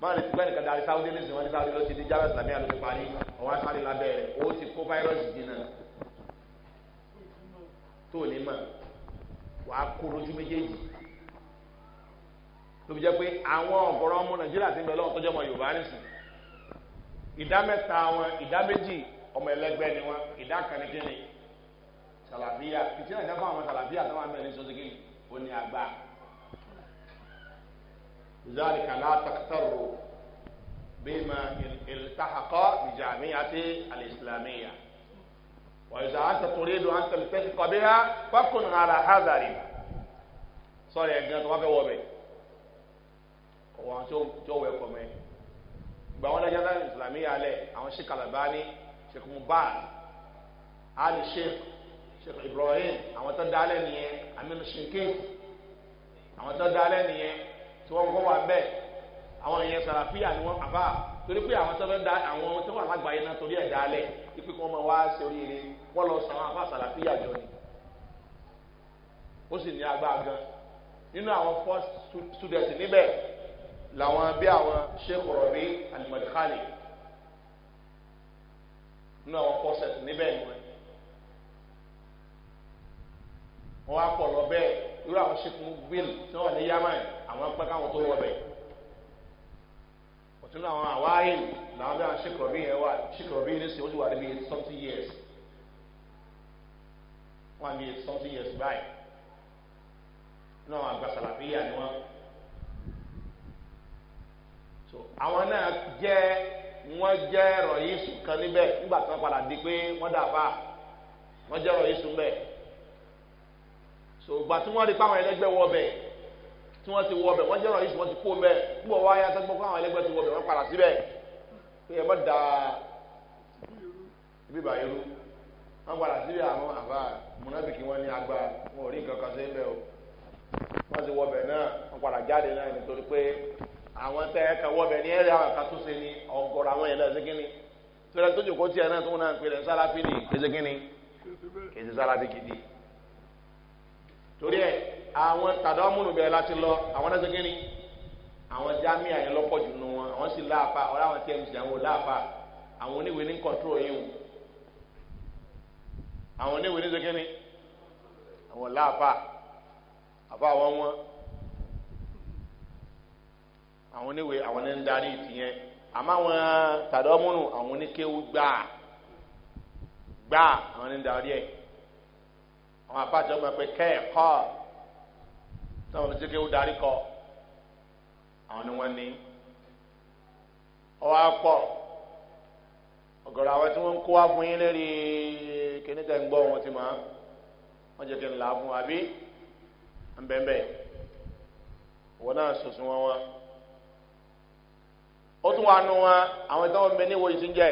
báwọn ti gbẹ́ nìkan darí sáúdì ní sèwọ́n ní sáúdì ló ti di jàmíà islamiyà ló ti parí ọ̀wọ́n asáré lábẹ́ rẹ̀ ó ti kó fáírọ́ọ̀sì dínà tó ní mọ̀ wàá kó lójú méjèèjì tó fi jẹ́ pé àwọn ọ̀gọ́rọ̀ ọmọ nàìjíríà ti ń bẹ lọ́wọ́ tó jẹ́ ọmọ yorùbá nìsín ìdá mẹ́ta wọn ìdá méjì ọmọ ẹlẹgbẹ́ ni wọn ìdá kan ní kíni sàlàbíà ìtìlẹ̀ ìjà fún àwọn sàlàbíà tó máa ń bẹ̀rẹ̀ ní sọ́sọ́kì ó ní agbá zari kala takitaru bima iltahakọ bijami ati alislamiya wa isa anta turidu anta lifesi kọbiha fakun ala hazari sọrọ yẹn gan tó wá fẹ́ wọ òun tí ó wẹ̀ kọ́ mẹ́ ìgbà wọn lẹ́jọ́ láti ìsìlámì alẹ́ àwọn sheikh alabani sheikh mubal ali sheikh sheikh ibrahim àwọn tó dálẹ̀ nìyẹn aminu shinkei àwọn tó dálẹ̀ nìyẹn tí wọ́n kọ́ wà bẹ́ẹ̀ àwọn yẹn sàràfíà ni wọ́n àbá torí pé àwọn tó fẹ́ da àwọn tó wà lágbàáyé náà torí ẹ̀ dálẹ̀ ipe kí wọ́n máa wá sí oríire wọ́n lọ sàn án àbá sàràfíà jọ ni ó sì ní agbára gan nínú àwọn first student níbẹ̀ làwọn bí àwọn sheikh rọ̀bí alimadikali nínú àwọn fọ́sẹ̀t níbẹ̀ ni wọ́n á pọ̀ lọ bẹ́ẹ̀ irú àwọn sheikh mugbil tí wọ́n wà ní yamani àwọn pẹ́ káwọn tó wọ̀ bẹ́ẹ̀ òtún náà àwọn àwáyìn làwọn bí àwọn sheikh rọ̀bí yẹn wà sheikh rọ̀bí yẹn sì ó ti wà níbi something years wọ́n á níbi something years báyìí nínú àwọn àgbà sàlàfíà ni wọ́n àwọn náà jẹ́ wọ́n jẹ́ rọ̀yìsù kan níbẹ̀ nígbà tí wọ́n padà di pé wọ́n dàbà wọ́n jẹ́ rọ̀yìsù mbẹ̀ so ìgbà tí wọ́n rí pàwọn ẹlẹ́gbẹ́ wọ bẹ̀ tí wọ́n ti wọ bẹ̀ wọ́n jẹ́ rọ̀yìsù wọ́n ti kó mbẹ̀ nígbà wọ́n ayé atẹ́gbọ́ fún àwọn ẹlẹ́gbẹ́ ti wọ bẹ̀ wọ́n padà síbẹ̀ pé ẹ bọ́ da bíbà irú wọ́n padà síbẹ̀ àwọn àbá múnábìkì wọn ní agbá wọn ò rí nǹkan kan sí mbẹ̀ o wọ́n ti wọ bẹ̀ náà wọ́n padà jáde náà nítorí pé àwọn tẹ ẹ kàn wọbẹ ní ẹrẹ àwọn àkàtúnṣe ni ọgọrọ àwọn yẹn náà ṣe kínní tẹlẹ tó jòkó tiẹ náà tó wọn náà ń pè lẹ ni kéṣe kínní kéṣe sálábì gidi torí ẹ àwọn tàdọ́mùnù bẹ̀rẹ̀ láti lọ àwọn náà ṣe kínní àwọn jami àyẹn lọ́pọ̀ jù nù wọn àwọn sì láàfà ọ̀rọ̀ àwọn tmc àwọn láàfà àwọn oníwèé ní kọ̀ntró yìí wọn àwọn oníwèé ní ṣe kínní àwọn láàfà àfà àwọn wọn àwọn oníwèé àwọn ní ń darí ìtìyẹn àmọ́ àwọn tàdọ́múnù àwọn oníkéwu gbáà gbáà àwọn ní ń darí ẹ̀ àwọn abájọ máa pe kẹ́ẹ̀kọ́ táwọn oníṣẹ́ kéwu darí kọ àwọn ni wọ́n ní ọwọ́ pọ̀ ọ̀gọ̀rọ̀ àwọn tí wọ́n ń kó wá fún yín lérí kíníkẹ́ ń gbọ́ wọn ti máa wọ́n jẹ́ kí n là á fún wa bí ń bẹ́ẹ̀ bẹ́ẹ̀ wọ́n náà sọ̀sùn wọn wọn. ó tún wà nù wọn àwọn ìtàn ọmọ ẹni wo yìí tún jẹ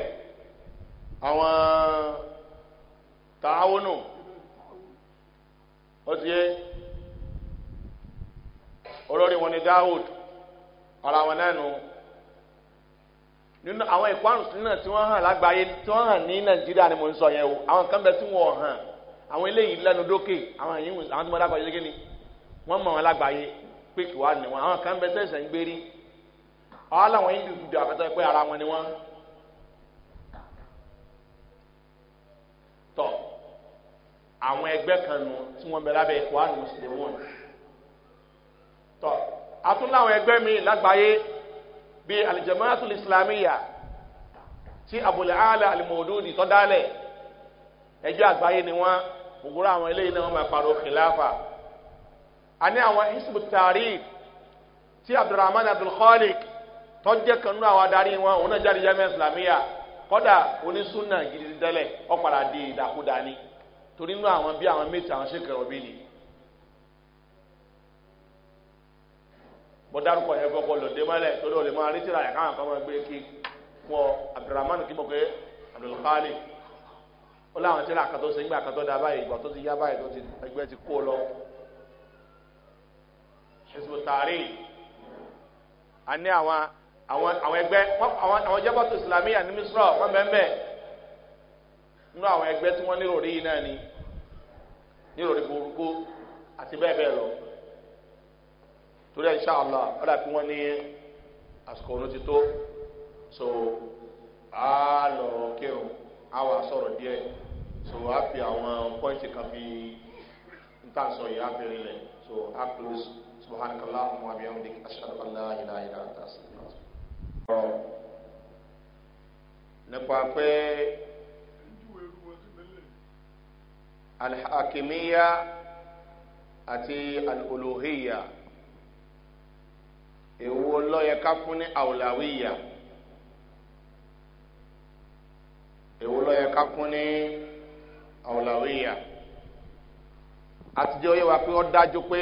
àwọn tààwọnù ó ti yé olórí wọn ni dawud ọ̀rọ̀ àwọn náà nù nínú àwọn ìparun sí náà tí wọ́n hàn lágbàáyé tí ni mò ń sọ yẹn o àwọn kan bẹ tí wọ́n hàn àwọn eléyìí lẹ́nu dókè àwọn yìí àwọn tí wọ́n ni wọ́n mọ̀ wọn lágbàáyé pé kí wàá nì wọn àwọn kan bẹ àwọn làwọn english dùdú àkàtà pé ara wọn ni wọn. tọ àwọn ẹgbẹ́ kan nù tí wọ́n bẹ lábẹ́ ẹ̀kọ́ àná mùsùlùmí wọn. tọ àtúnláwọn ẹgbẹ́ mi lágbàáyé bíi alijamaatul islamiyya tí abulhala alimodudi tọ́ dálẹ̀ ẹjọ́ àgbáyé ni wọ́n òwúrọ̀ àwọn eléyìí náà wọ́n máa pariwo kìláfà a àwọn hisbu taari tí abdulrahman abdulkhalik tọ́jẹ́ kan nínú àwọn adarí wọn òun náà jáde jamiu islamiyah kọ́dà onísùnà gidi tẹ́lẹ̀ ọ̀padà di ìdàkúdà ni torí nínú àwọn bí àwọn méjì àwọn ṣèkèrò bí ni. mo yẹn kọ́kọ́ lòdì mọ́lẹ̀ torí olè máa rítìrà yẹn káwọn kan máa gbé kí wọn abdulrahman kí mo pé abdulkhali ó láwọn tí ra àkàtọ́ sí nígbà àkàtọ́ da báyìí ìgbà tó ti yá báyìí tó ti ẹgbẹ́ àwọn àwọn ẹgbẹ́ àwọn àwọn jẹ́bọ̀tò islamiyà ní misra wọ́n bẹ́ẹ̀ nínú àwọn ẹgbẹ́ tí wọ́n nírò rí yìí náà ni nírò rí burúkú àti bẹ́ẹ̀ bẹ́ẹ̀ lọ torí ẹ̀ ṣáàlá wọ́n dàbí wọ́n ní àsìkò ọ̀nà ti tó so a lọ kírun a wà sọ̀rọ̀ díẹ̀ so a fi àwọn pọ́ìntì kan fi ń tà sọ yìí a fi rinlẹ̀ so a close subhanakallah muhammed ashadu allah ilaha illa anta asalaam nípa pé alhakimiya àti alolohiya èwo lọ́yẹ ká fún ní àwòláwíyà èwo lọ́yẹ ká fún ní àwòláwíyà àtijọ́ yẹ wá pé ó dájú pé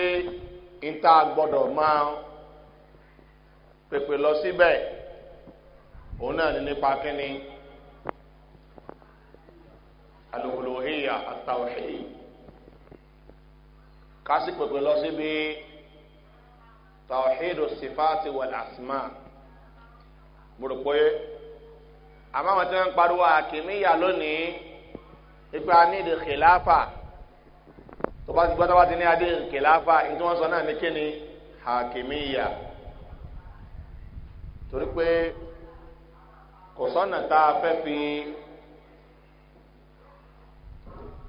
níta gbọ́dọ̀ máa pèpè lọ síbẹ̀. Si òun náà ní nípa kínní alùpùlùhìyà àtàwùhì kásì pèpè lọ síbi tàwùhìdù sífàtì wàlẹ̀ àsìmá gbọdọ̀ pé àmọ́ àwọn tí wọ́n ń pariwo àkìníyà lónìí ipa nídìí kìláfà tó bá ti gbọ́ bá ti ní adé kìláfà ní tí sọ náà ní kíni àkìníyà torí pé kò sọ́nà tá a fẹ́ fi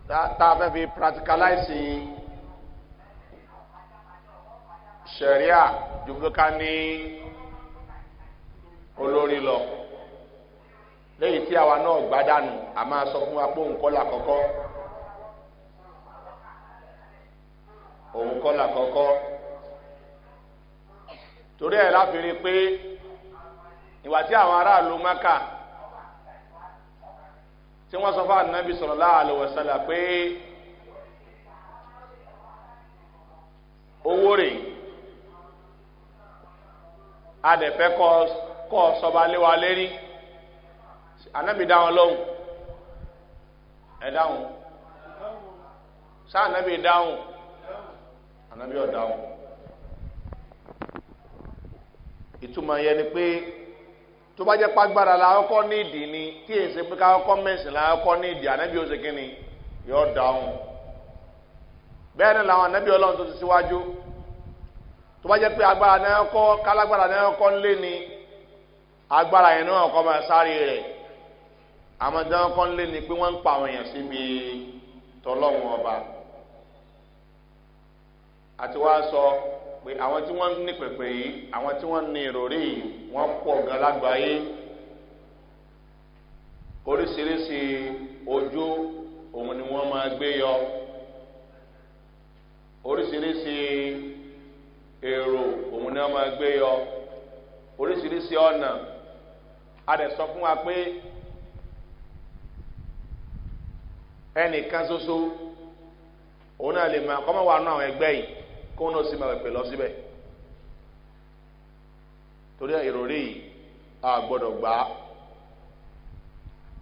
tá a fẹ́ fi practicalize sẹ̀ríà dùbúkà ní olórí lọ lẹ́yìn tí àwa náà gbádànù a máa sọ fún wa pé òun kọ́ là kọ́kọ́ òun kọ́ là kọ́kọ́ torí ẹ̀ láfi rí i pé ìwà tí àwọn aráàlú maka tí wọ́n sọ fún anabi sọ̀rọ̀ láàlú wọ̀sálà pé owó rè adẹ̀fẹ́ kọ́ sọba léwa lérí anabi dáhùn lóhùn ẹ dáhùn sáà anabi dáhùn anabi ọ̀ dáhùn ìtumọ̀ yẹn ni pé tó bá jẹ́ pàgbára la ọkọ́ ní ni tí èsì pé ká ọkọ́ mẹ́sìn la ọkọ́ ní ìdí ó ṣe kí ni yọ dáhùn bẹ́ẹ̀ ni làwọn ànábì ọlọ́run tó ti síwájú tó bá jẹ́ pé agbára náà ọkọ́ kálágbára náà ọkọ́ ńlé ni agbára yẹn náà ọkọ́ máa sáré rẹ̀ àmọ́ dáhùn ọkọ́ ńlé ni pé wọ́n ń pa àwọn èèyàn síbi tọ́lọ́run ọba àti wá sọ. So, pé àwọn tí wọ́n ní pèpè yìí àwọn tí wọ́n ní ìròrí yìí wọ́n pọ̀ gan lágbàáyé oríṣiríṣi ojú òun ni wọ́n máa gbé yọ oríṣiríṣi èrò òun ni wọ́n máa gbé yọ oríṣiríṣi ọ̀nà a dẹ̀ sọ fún wa pé ẹnìkan ṣoṣo òun náà lè máa kọ́mọ́ wa nú àwọn ẹgbẹ́ yìí kó náà sì máa pè lọ síbẹ̀ torí ìròrí àgbọ̀dọ̀ gbà á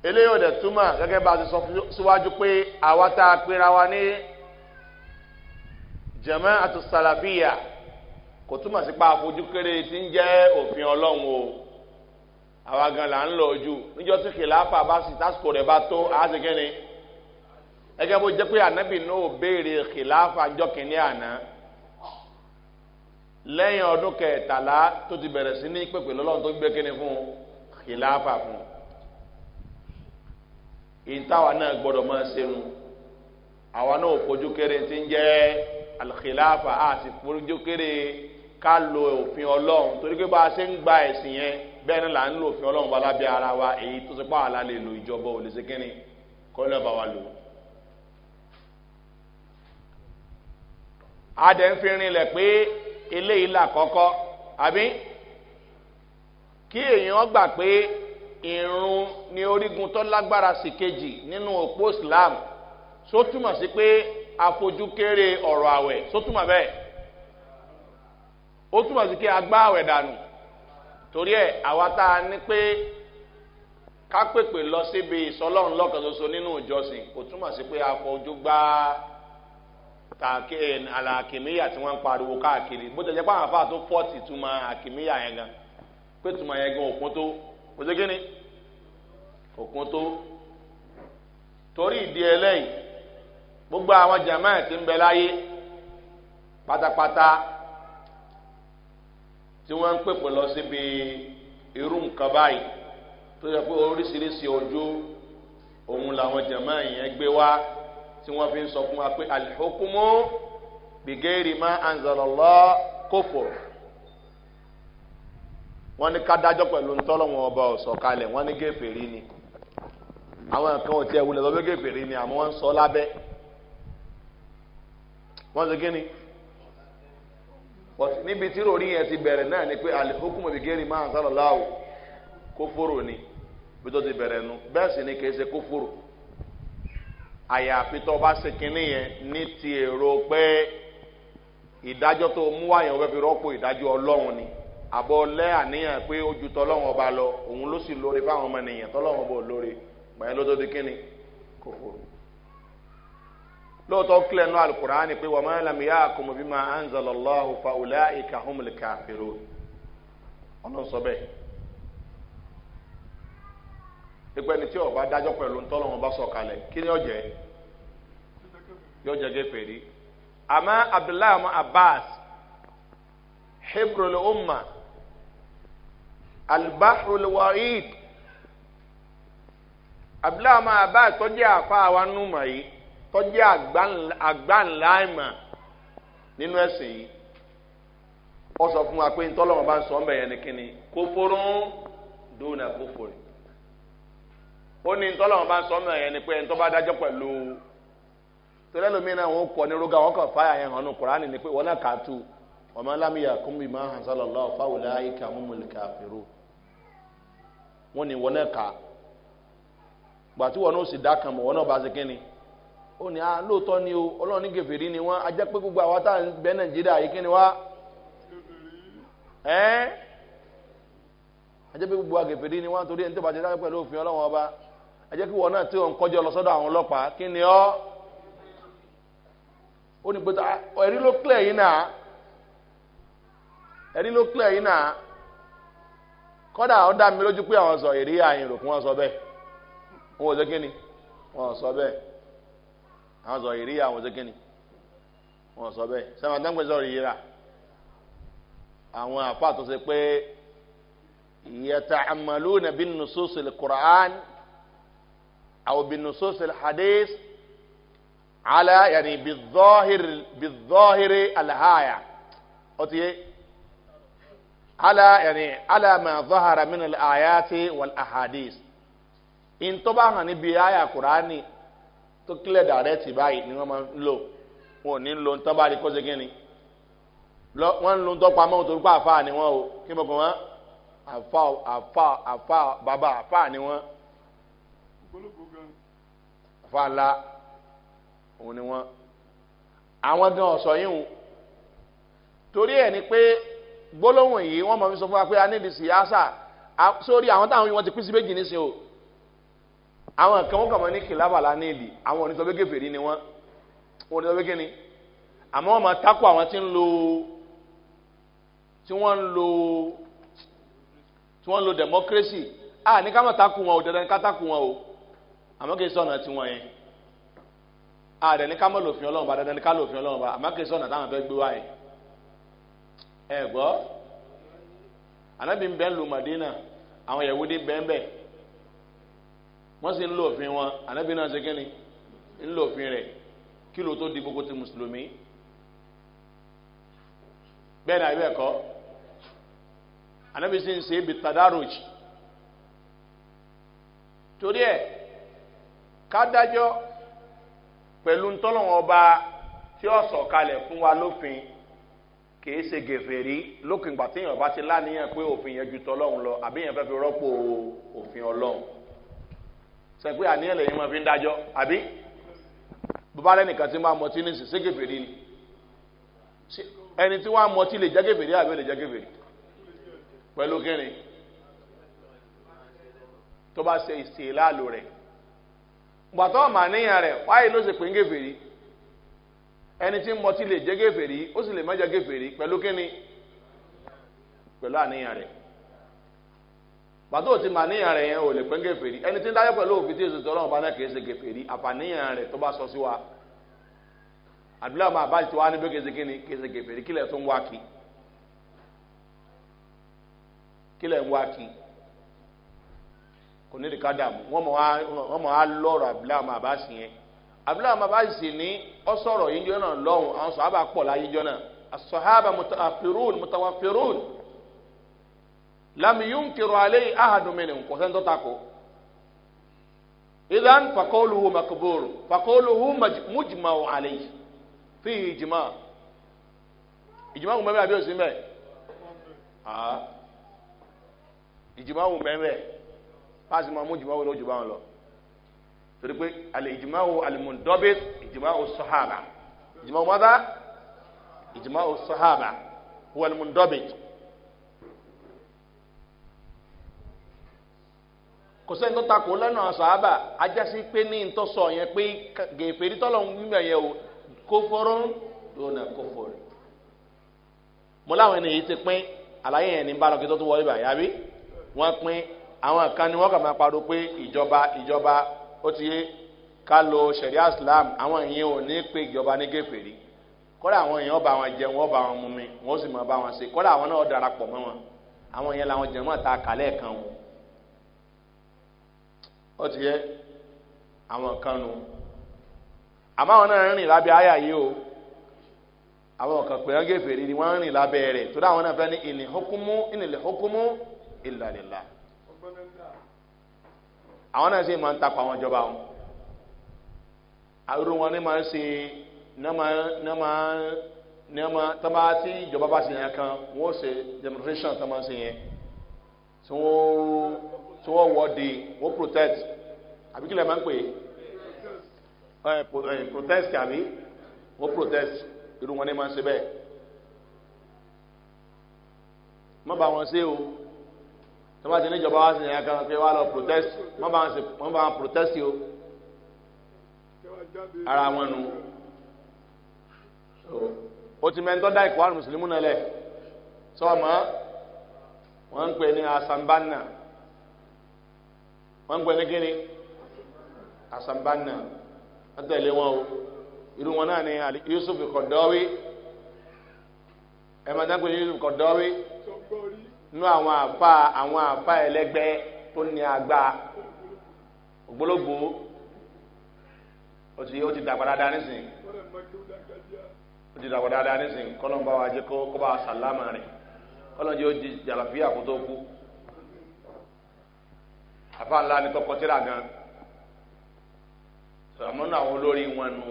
eléyìí ò dẹ̀ túmọ̀ gẹ́gẹ́ bá a ti sọ síwájú pé àwa tá a pera wa ní jẹ̀mọ́ àti sàlàfíà kò túmọ̀ sí pa àfojú kéré tí ń jẹ́ òfin ọlọ́run o àwa gan là ń lọ ojú níjọ́ tí kìláàfà bá sì tásìkò rẹ̀ bá tó àá ṣe kẹ́ni ẹgẹ́ bó jẹ́ pé ànábì náà béèrè kìláàfà jọ́kìnní àná lẹ́yìn ọdún kẹtàlá tó ti bẹ̀rẹ̀ sí ní pèpè lọ́lọ́run tó gbé kíni fún ìlàáfà fún ìtawà náà gbọ́dọ̀ máa ṣẹnu àwa náà fojú kéré ti ń jẹ́ alìkìláàfà a sì fojú kéré ká lo òfin ọlọ́run torí pé bá a ṣe ń gba ẹ̀sìn yẹn bẹ́ẹ̀ ni là ń lo òfin ọlọ́run wàlá ara wa èyí tó ti pa lè lo ìjọba ò lè kọ́ ló bá wa lò. a dẹ̀ ń fi rinlẹ̀ pé eléyìí là kọ́kọ́ àbí kí èèyàn gbà pé irun ni orígun tó lágbára sí kejì nínú òpó islam sótúmọ̀ sí pé àfojúkéré ọ̀rọ̀ àwẹ̀ sótúmọ̀ bẹ́ẹ̀ ó túmọ̀ sí pé agbá àwẹ̀ dànù torí ẹ̀ àwa tá a ní pé ká pèpè lọ síbi ìsọlọ́run lọ́kàn ṣoṣo nínú ìjọsìn kò túmọ̀ sí pé àfojú gbáà àlàkìmíyà tí wọ́n ń pariwo káàkiri bó tẹ̀lé pàwọn afá tó fọ́ọ̀tì túmọ̀ àkìmíyà yẹn gan pé túmọ̀ yẹn gan òkun tó kò sí kíni òkun tó torí ìdí ẹlẹ́yìn gbogbo àwọn jàmáà ti ń bẹ láyé pátápátá tí wọ́n ń pèpè lọ síbi irú nǹkan báyìí tó yẹ pé oríṣiríṣi ojú òun làwọn jàmáà yẹn gbé wá. tí wọ́n fi ń sọ fún wa pé alihukumu bìgẹ́rì má anzalọ́lọ́ kófò wọ́n ní kádájọ́ pẹ̀lú ntọ́lọ́wọ́n ọba ọ̀sọ̀kalẹ̀ wọ́n ní gẹ́fẹ̀rí ni àwọn nǹkan ò tiẹ̀ wulẹ̀ lọ́bẹ̀ ni àmọ́ wọ́n ń sọ lábẹ́ wọ́n ti níbi tí ti bẹ̀rẹ̀ náà ni pé alihukumu ma o ni ti bẹ̀rẹ̀ nu bẹ́ẹ̀ sì ni kì í ṣe àyàfi tó bá ṣe kínní yẹn ní ti èrò pé ìdájọ́ tó mú wáyàn wẹ́ẹ́ fi rọ́pò ìdájọ́ ọlọ́run ni àbọ̀ lẹ́ àníyàn pé ó tọ́lọ́run ọba lọ òun ló sì lóore fáwọn ọmọ nìyẹn tọ́lọ́run ọba ló tó di lóòótọ́ kílẹ̀ nù ni pé ya máa ń zọlọ́lọ́hu fa òlẹ́ ọ̀nà sọ ipa ẹni tí ọba dájọ́ pẹ̀lú ntọ́lọ́wọ́n bá sọ kalẹ̀ kí ni ọjẹ́ àmọ́ abdullahi ọmọ abbas hebron umma albahrul abdullahi ọmọ abbas tọ́jú àfa àwa númọ̀ yìí tọ́jú àgbàǹláìmọ̀ nínú ẹ̀sìn yìí ọ sọ fún wa pé ntọ́lọ́wọ́n bá ó ní tọ́lọ́wọ́n bá ń sọ mọ́ ẹ̀yẹn ni pé ẹni tó bá dájọ́ pẹ̀lú torí ẹlòmíín náà wọn kọ ní rúgà wọn kàn fáyà yẹn hàn ní kuraani ni pé wọn náà kà á tu ọmọ lámìyà kúnbí máa hàn sálọlọ fáwọlẹ àyíká múmúlẹ wọn ni wọn náà kà gbàtí wọn náà sì dá kan wọn náà bá ṣe ó o gèfèrí ni wọ́n ajẹ́ pé gbogbo àwa tá à ń nàìjíríà ajẹ́ kí wọn náà tí wọn kọjọ lọ sọ́dọ̀ àwọn ọlọ́pàá kí ni ọ́ ó ní pé ah, ẹ̀rí ló clear yìí náà ẹ̀rí ló clear yìí náà kọ́dà ó dá mi lójú pé àwọn sọ èrí àyìn rò kí sọ bẹ́ẹ̀ wọn ò ni wọn ò sọ bẹ́ẹ̀ àwọn sọ èrí àwọn ni wọn ò sọ bẹ́ẹ̀ sẹ́wọ̀n أو بالنصوص الحديث على يعني بالظاهر بالظاهر الهاية أتي على يعني على ما ظهر من الآيات والأحاديث إن طبعا نبي آية قرآني تكلي دارتي باي نعم لو ونين لو تبالي كوزي كيني wọ́n lu dọ́pamọ́ nítorí pé àfa ni wọ́n o kí mo kàn wọ́n àfa àfa àfa bàbá àfa ni wọ́n àfa ńlá òun ni wọn àwọn gan ọ̀sọ̀ yìí hùn torí ẹ̀ ni pé gbólóhùn yìí wọ́n mọ̀ fi sọ fún wa pé a níbi síyáṣà sórí àwọn táwọn yìí wọ́n ti pín sí méjì nísìnyí o àwọn kan wọ́n kàn mọ́ ní kìlábàlà ní èlì àwọn onítọ̀bẹ́gẹ́ fèrè ni wọ́n onítọ̀bẹ́gẹ́ ni àmọ́ wọ́n máa takò àwọn tí ń lo tí wọ́n ń lo tí wọ́n ń lo democracy à ní ká má takò wọn o dandan ká takò wọn o àmọ́ kì í sọ̀nà tiwọn yẹn àdẹ ní ká mọ̀ lòfin ọlọ́run bá dandan ní ká lòfin ọlọ́run bá àmọ́ kì í sọ̀nà táwọn fẹ́ gbé wá yẹn ẹ gbọ́ anabi ń bẹ́ ń lu madina àwọn yẹ̀wò dé bẹ́ẹ̀ bẹ́ẹ̀ wọ́n sì ń lo òfin wọn anabi náà ṣe kẹ́ni ń lo òfin rẹ̀ kí ló tó di gbogbo ti mùsùlùmí bẹ́ẹ̀ ni àbẹ́ ẹ̀kọ́ anabi sì ń ṣe ibi tadaruj torí ẹ̀ kádájọ́ pẹ̀lú ntọ́lọ́wọ́n ọba tí ó sọ̀ kalẹ̀ fún wa lófin kìí ṣe gèfèrí lókun ìgbà téèyàn bá ti láníyàn pé òfin yẹn ju tọlọ́run lọ àbí èèyàn fẹ́ fi rọ́pò òfin ọlọ́run sọ pé àníyàn lèyìn máa fi ń dájọ́ àbí bàbá rẹ nìkan ti máa mọtí ní ṣe gèfèrí ni ẹni tí wọ́n á mọtí lè jẹ́ gèfèrí àbí lè jẹ́ gèfèrí pẹ̀lú kínní tó bá ṣe ìṣèlálò rẹ̀ gbàtọ́ ọ̀mà níyàn rẹ̀ wáyé ló ṣe pé ń gèfèrí ẹni tí ń mọtí lè jẹ́ gèfèrí ó sì lè mọ́jà gèfèrí pẹ̀lú kíni pẹ̀lú àníyàn rẹ̀ gbàtọ́ òtí mà níyàn rẹ̀ yẹn ò lè pé ń gèfèrí ẹni tí ń dájọ́ pẹ̀lú òfin tí èso tó ọlọ́run bá náà kì í ṣe gèfèrí àfàníyàn rẹ̀ tó bá sọ sí wa àdúrà máa bá ti wá níbi kì í ṣe kíni kì í ṣe gèfèrí kílẹ̀ tó ń wá kí kílẹ̀ ń wá kí. kò ní ìdíkà dààmú wọ́n lọrọ á lọ́rọ̀ abdulhamu abasi yẹn abdulhamu abasi ní ọ̀sọ̀rọ̀ yìí jọ́nà lọ́hùn àwọn sọ̀hábà pọ̀ láyé jọ́nà asọ̀hábà mutawafirun mutawafirun lami yunkiru alẹ́ ahadumini kò sẹ́ni tó ta idan fakoluhu makaburu fakoluhu mujmawu alẹ́ fi ìjìmá ìjìmá kò mẹ́rin àbí òsínbẹ́ ìjìmá kò mẹ́rin. pàṣẹ máa mú ìjùmọ̀ wo ló jù bá wọn lọ torí pé àlẹ́ ìjùmọ̀ wo àlùmọ̀dọ́bẹ̀ ìjùmọ̀ wo sọ́hábà ìjùmọ̀ mọ́tà ìjùmọ̀ wo sọ́hábà wo àlùmọ̀dọ́bẹ̀ kò sẹ́ni tó takò lọ́nà sọ́hábà ajásí pé ní ntọ́sọ yẹn pé gèfèrí tọ́lọ̀ ń gbìmọ̀ yẹn o kó fọ́rọ́ lónà kó fọ́rọ́ mo láwọn ènìyàn ti pín àlàyé yẹn ní bá kí tó tún wọlé báyìí àbí wọ́n pín àwọn kan ni wọ́n kàn máa parọ́ pé ìjọba ìjọba ó ti yé ká lo sẹ̀ríà islam àwọn èèyàn ò ní pé ìjọba ní gèfèrí kọ́dà àwọn èèyàn bá wọn jẹun wọ́n bá wọn mú mi wọ́n sì máa bá wọn ṣe kọ́dà àwọn náà darapọ̀ mọ́ wọn àwọn èèyàn làwọn jẹun mọ́ ta kàlẹ́ kan wọn ó ti yẹ àwọn kan nu àmọ́ àwọn náà rìn lábẹ́ àyà yìí o àwọn kan pè wọ́n gèfèrí ni wọ́n rìn lábẹ́ rẹ̀ tó dáwọn náà fẹ́ ní ìnìhókùmú ìnìlẹ̀hókùmú ìlàlẹ̀lá àwọn náà sì máa ń takpa àwọn ìjọba wọn àrùn wọn ni máa ń ṣe náà máa náà máa ní ọmọ tí ìjọba bá ṣe yẹn kan wọ́n ṣe demonstration tó máa ṣe yẹn tí wọ́n tí wọ́n wọ́de wọ́n protest àbí kí lè máa ń pè é protest àbí wọ́n protest irú wọn ní máa ń ṣe bẹ́ẹ̀ má bá wọn ṣe o tó bá ti ní ìjọba wá sí ẹ̀yà kan pé wá lọ protest wọ́n bá ń bá protest o ara wọn nu o ti mẹ́ńtọ́ dá ìkọ́ àrùn mùsùlùmí náà lẹ̀ sọ ma wọ́n ń pè ní asambanna wọ́n ń pè ní kíni asambanna wọ́n wọn o irú wọn náà ni yusuf kọ̀dọ́wí ẹ̀ máa dáńpé yusuf kọ̀dọ́wí nú àwọn àfa àwọn àfa ẹlẹgbẹ tó ní agbá ògbólógbò ó ti ó ti dàgbà dáadáa nísìnyí ó ti dàgbà dáadáa nísìnyí kọ́lọ́n bá wa jẹ́ kó kó bá wa sàlámà rẹ̀ kọ́lọ́n jẹ́ ó di jàlàfíà kó kú àfa ńlá ni tọkọ tíra gan sọ̀rọ̀mọ́ náà àwọn olórí wọn nu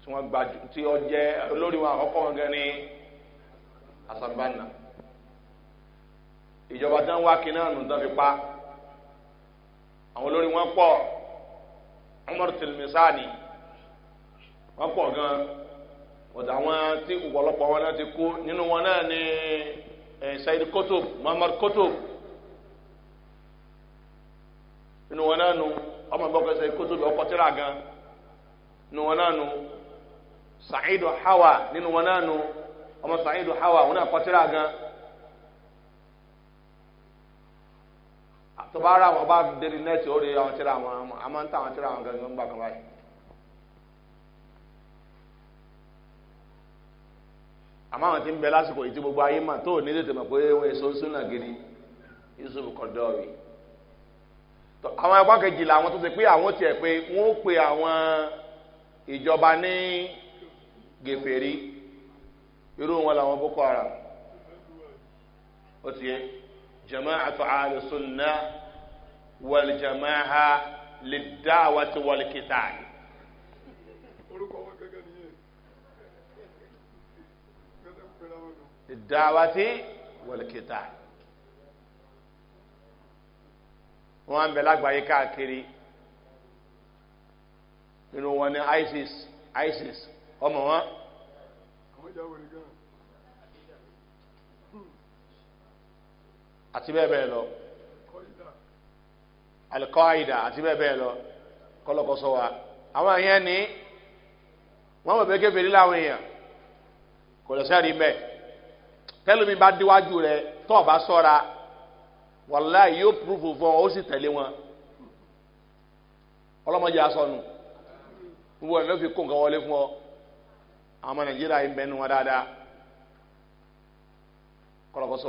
tí wọ́n gbajú tí ó jẹ́ olórí wọn àkọ́kọ́ wọn gan ni asambana. ìjọba tí wọn wá kí náà nù tán fi pa àwọn olórí wọn pọ ọmọdé tìlímísáàdì wọn pọ gan ọdọ àwọn tí ọpọlọpọ wọn náà ti kú nínú wọn náà ni eh, sayid kotob muhammad kotob nínú wọn náà nu ọmọ sayid kotob ọkọ tíra gan nínú wọn náà hawa nínú wọn náà ọmọ hawa wọn náà kọ gan. tó bá ra wọn bá dérí nẹ́ẹ̀tì ó rí àwọn tíra wọn a máa ń tà àwọn tíra wọn gangan gbà kan báyìí. àmọ́ àwọn tí ń bẹ lásìkò yìí tí gbogbo ayé mà tó ní tètè mọ̀ pé wọ́n èso súnà gidi yusuf kọ́dọ̀ọ̀rì. àwọn ẹ̀kọ́ kejì làwọn tó ti pé àwọn tiẹ̀ pé wọ́n ó pe àwọn ìjọba ní gèfèrí irú wọn làwọn boko haram ó ti yẹ jama'atu ali sunna wal jama'a lè dáwà tí wọ́n lè kíta yìí. orúkọ wọn gẹ́gẹ́ nìyẹn gẹ́gẹ́ bẹ lágbàáyé káàkiri nínú wọn ni isis isis ọmọ wọn. àti bẹ́ẹ̀ bẹ́ẹ̀ lọ alikọ́ àyídà àti bẹ́ẹ̀ bẹ́ẹ̀ lọ kọ́lọ́kọ́sọ wa àwọn èèyàn ní wọ́n mọ̀ pé kébèrè láwọn èèyàn kò lọ sẹ́rí bẹ́ẹ̀ tẹ́lómi bá díwájú rẹ tó ọba sọ́ra wàláì yóò púrúfù fún ọ ó sì tẹ̀lé wọn ọlọ́mọdé asọ́nu wọ́n ní wọ́n fi kó nǹkan wọlé fún ọ àwọn ọmọ nàìjíríà yìí mẹ́nu wọn dáadáa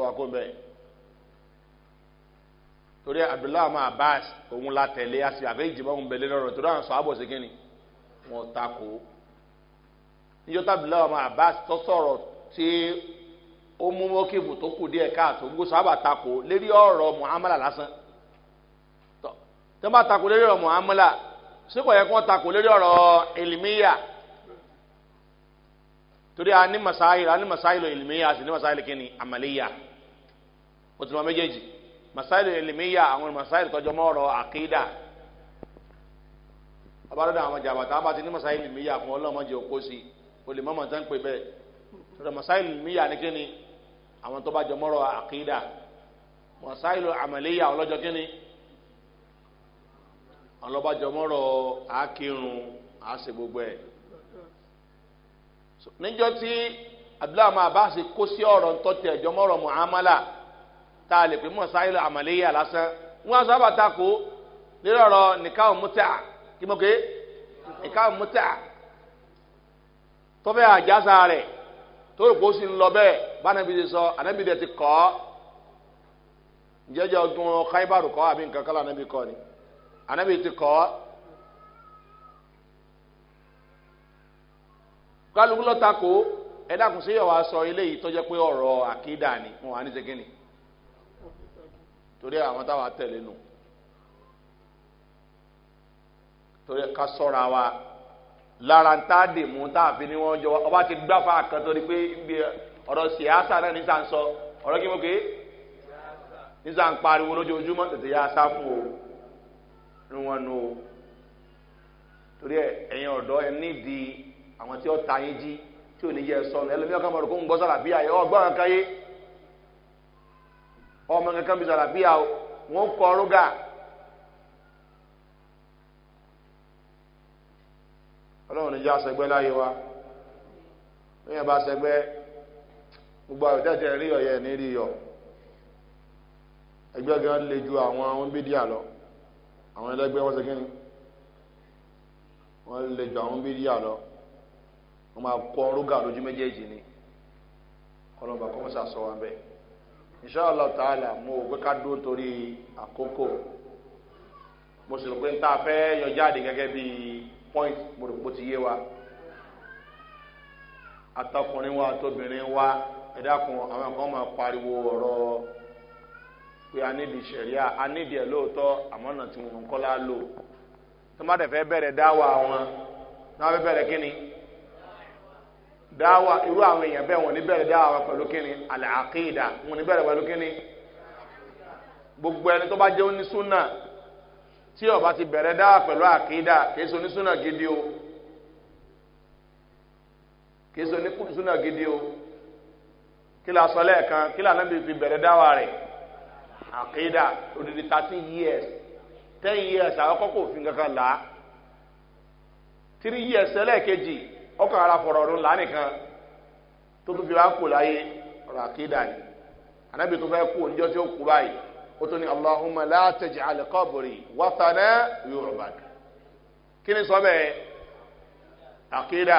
wa kó bẹ́ẹ̀. torí abdullahi ma abbas òun la tẹ̀lé àti àfẹ́yìntì bá òun bẹ̀lẹ́ lọ́rọ̀ torí àwọn sọ́ábọ̀ sí kínni wọ́n ta kó níjọ́tà abdullahi ma abbas tó sọ̀rọ̀ tí ó mú mọ́kìbù tó kù díẹ̀ káàtó gbogbo sọ́ábà ta kó lérí ọ̀rọ̀ muhammadu lásán tó bá ta kó lérí ọ̀rọ̀ muhammadu sí yẹ kó ta kó lérí ọ̀rọ̀ elimiya torí a ní masáyìlò a ní masáyìlò elimiya a sì ní masáyìlò kínni amaliya o tún lọ méjèèjì masáìlì ẹlẹ́mìíyà àwọn masáìlì tọjọ́ mọ́ ọ̀rọ̀ àkéèdà abádọ́dọ̀ àwọn jàbàtà bá ti ní masáìlì ẹlẹ́mìíyà fún ọlọ́mọdé òkó sí o lè mọ́mọ́ tán pé bẹ́ẹ̀ tọ́jọ́ masáìlì ẹlẹ́mìíyà ní kíni àwọn tó bá jọ mọ́rọ̀ àkéèdà masáìlì àmàlẹ́yà ọlọ́jọ́ kíni ọlọ́bàjọ́ mọ́rọ̀ àákírun àáṣe gbogbo ẹ̀ níjọ́ tí abdulhamid abbas kó sí ọ̀rọ̀ ntọ́tẹ̀ ẹ̀jọ́ mọ́rọ̀ muhammadu tá a lè pè mọ̀ sáyẹ́lì àmàlẹ́yà lásán wọ́n sábà takò lórí ọ̀rọ̀ nìkan mọ́tà kí mo ké nìkan mọ́tà tọ́fẹ́ àjàsà rẹ̀ tó rò kó sì ń lọ bẹ́ẹ̀ bánabi ti sọ ànábi dẹ̀ ti kọ́ jẹjọ gun káíbàrù kọ́ àbí nǹkan kọ́lá ànábi kọ́ ni ànábi ti kọ́ kálukú lọ́ta kó ẹ̀dá kùsí yẹ̀ wá sọ eléyìí tọ́jẹ́ pé ọ̀rọ̀ àkídà ni wọn à ní segin ni. torí àwọn táwa wa nù torí ká sọ̀ra wa lára ń tá dè mú tá a fi ni wọ́n jọ ọba ti gbáfa kan torí pé ọ̀rọ̀ síyáṣà náà ní sàn sọ ọ̀rọ̀ kí mo kéé ní sàn pariwo lójoojúmọ́ tètè yá sá fún o ní wọn nù o torí ẹ̀yin ọ̀dọ́ ẹ nídìí àwọn tí ó ta yín jí tí ò ní yẹ ọmọ kankan bí sọ̀rọ̀ àbíyá o wọ́n kọ́ rúgà. ọlọ́run níjà sẹgbẹ́ láyé wa lóyìn bá sẹgbẹ́ gbogbo àwọn tẹ́tẹ́ rí ọ̀yẹ́ ní rí yọ ẹgbẹ́ gan le ju àwọn oníbídíà lọ àwọn ẹlẹ́gbẹ́ wọ́n sẹ́kẹ́ni wọ́n le ju àwọn oníbídíà lọ wọ́n máa kọ́ rúgà lójú méjèèjì ni ọlọ́run bá kọ́mọ́sà sọ wa bẹ́ẹ̀. inshallah ta'ala mo ò gbé ká dó torí àkókò mo sì rò pé n fẹ́ point mo rò pé ó ti yé wa atọkùnrin wa wa ẹ àwọn kan máa pariwo ọ̀rọ̀ pé a nídìí a nídìí ẹ̀ lóòótọ́ àmọ́ ọ̀nà tí wọn lo. la lò tó má fẹ́ bẹ̀rẹ̀ dáwà dáwà irú àwọn èèyàn bẹ́ẹ̀ wọ́n ní bẹ̀rẹ̀ dáwà pẹ̀lú kíni àlàákéèdà wọ́n ní bẹ̀rẹ̀ pẹ̀lú kíni gbogbo ẹni tó bá jẹ́ onísúnà tí ọba ti bẹ̀rẹ̀ dáwà pẹ̀lú àkéèdà kìí so onísúnà gidi o kìí so onísúnà gidi o kí la sọ lẹ́ẹ̀kan kí la náà fi bẹ̀rẹ̀ dáwà rẹ̀ àkéèdà odidi thirteen years ten years àwọn kọ́kọ́ òfin kankan là á three years ẹlẹ́ẹ̀kejì. ọkàn ara fọ̀rọ̀ ọ̀run là nìkan tó tún fi wá kù láyé ọ̀rọ̀ àkídà ni anábì tó fẹ́ kú oníjọ́ tí ó kú báyìí ó tún ní allahumma látẹ̀jẹ̀ alikọ́bùrì yorùbá kí ni sọ àkídà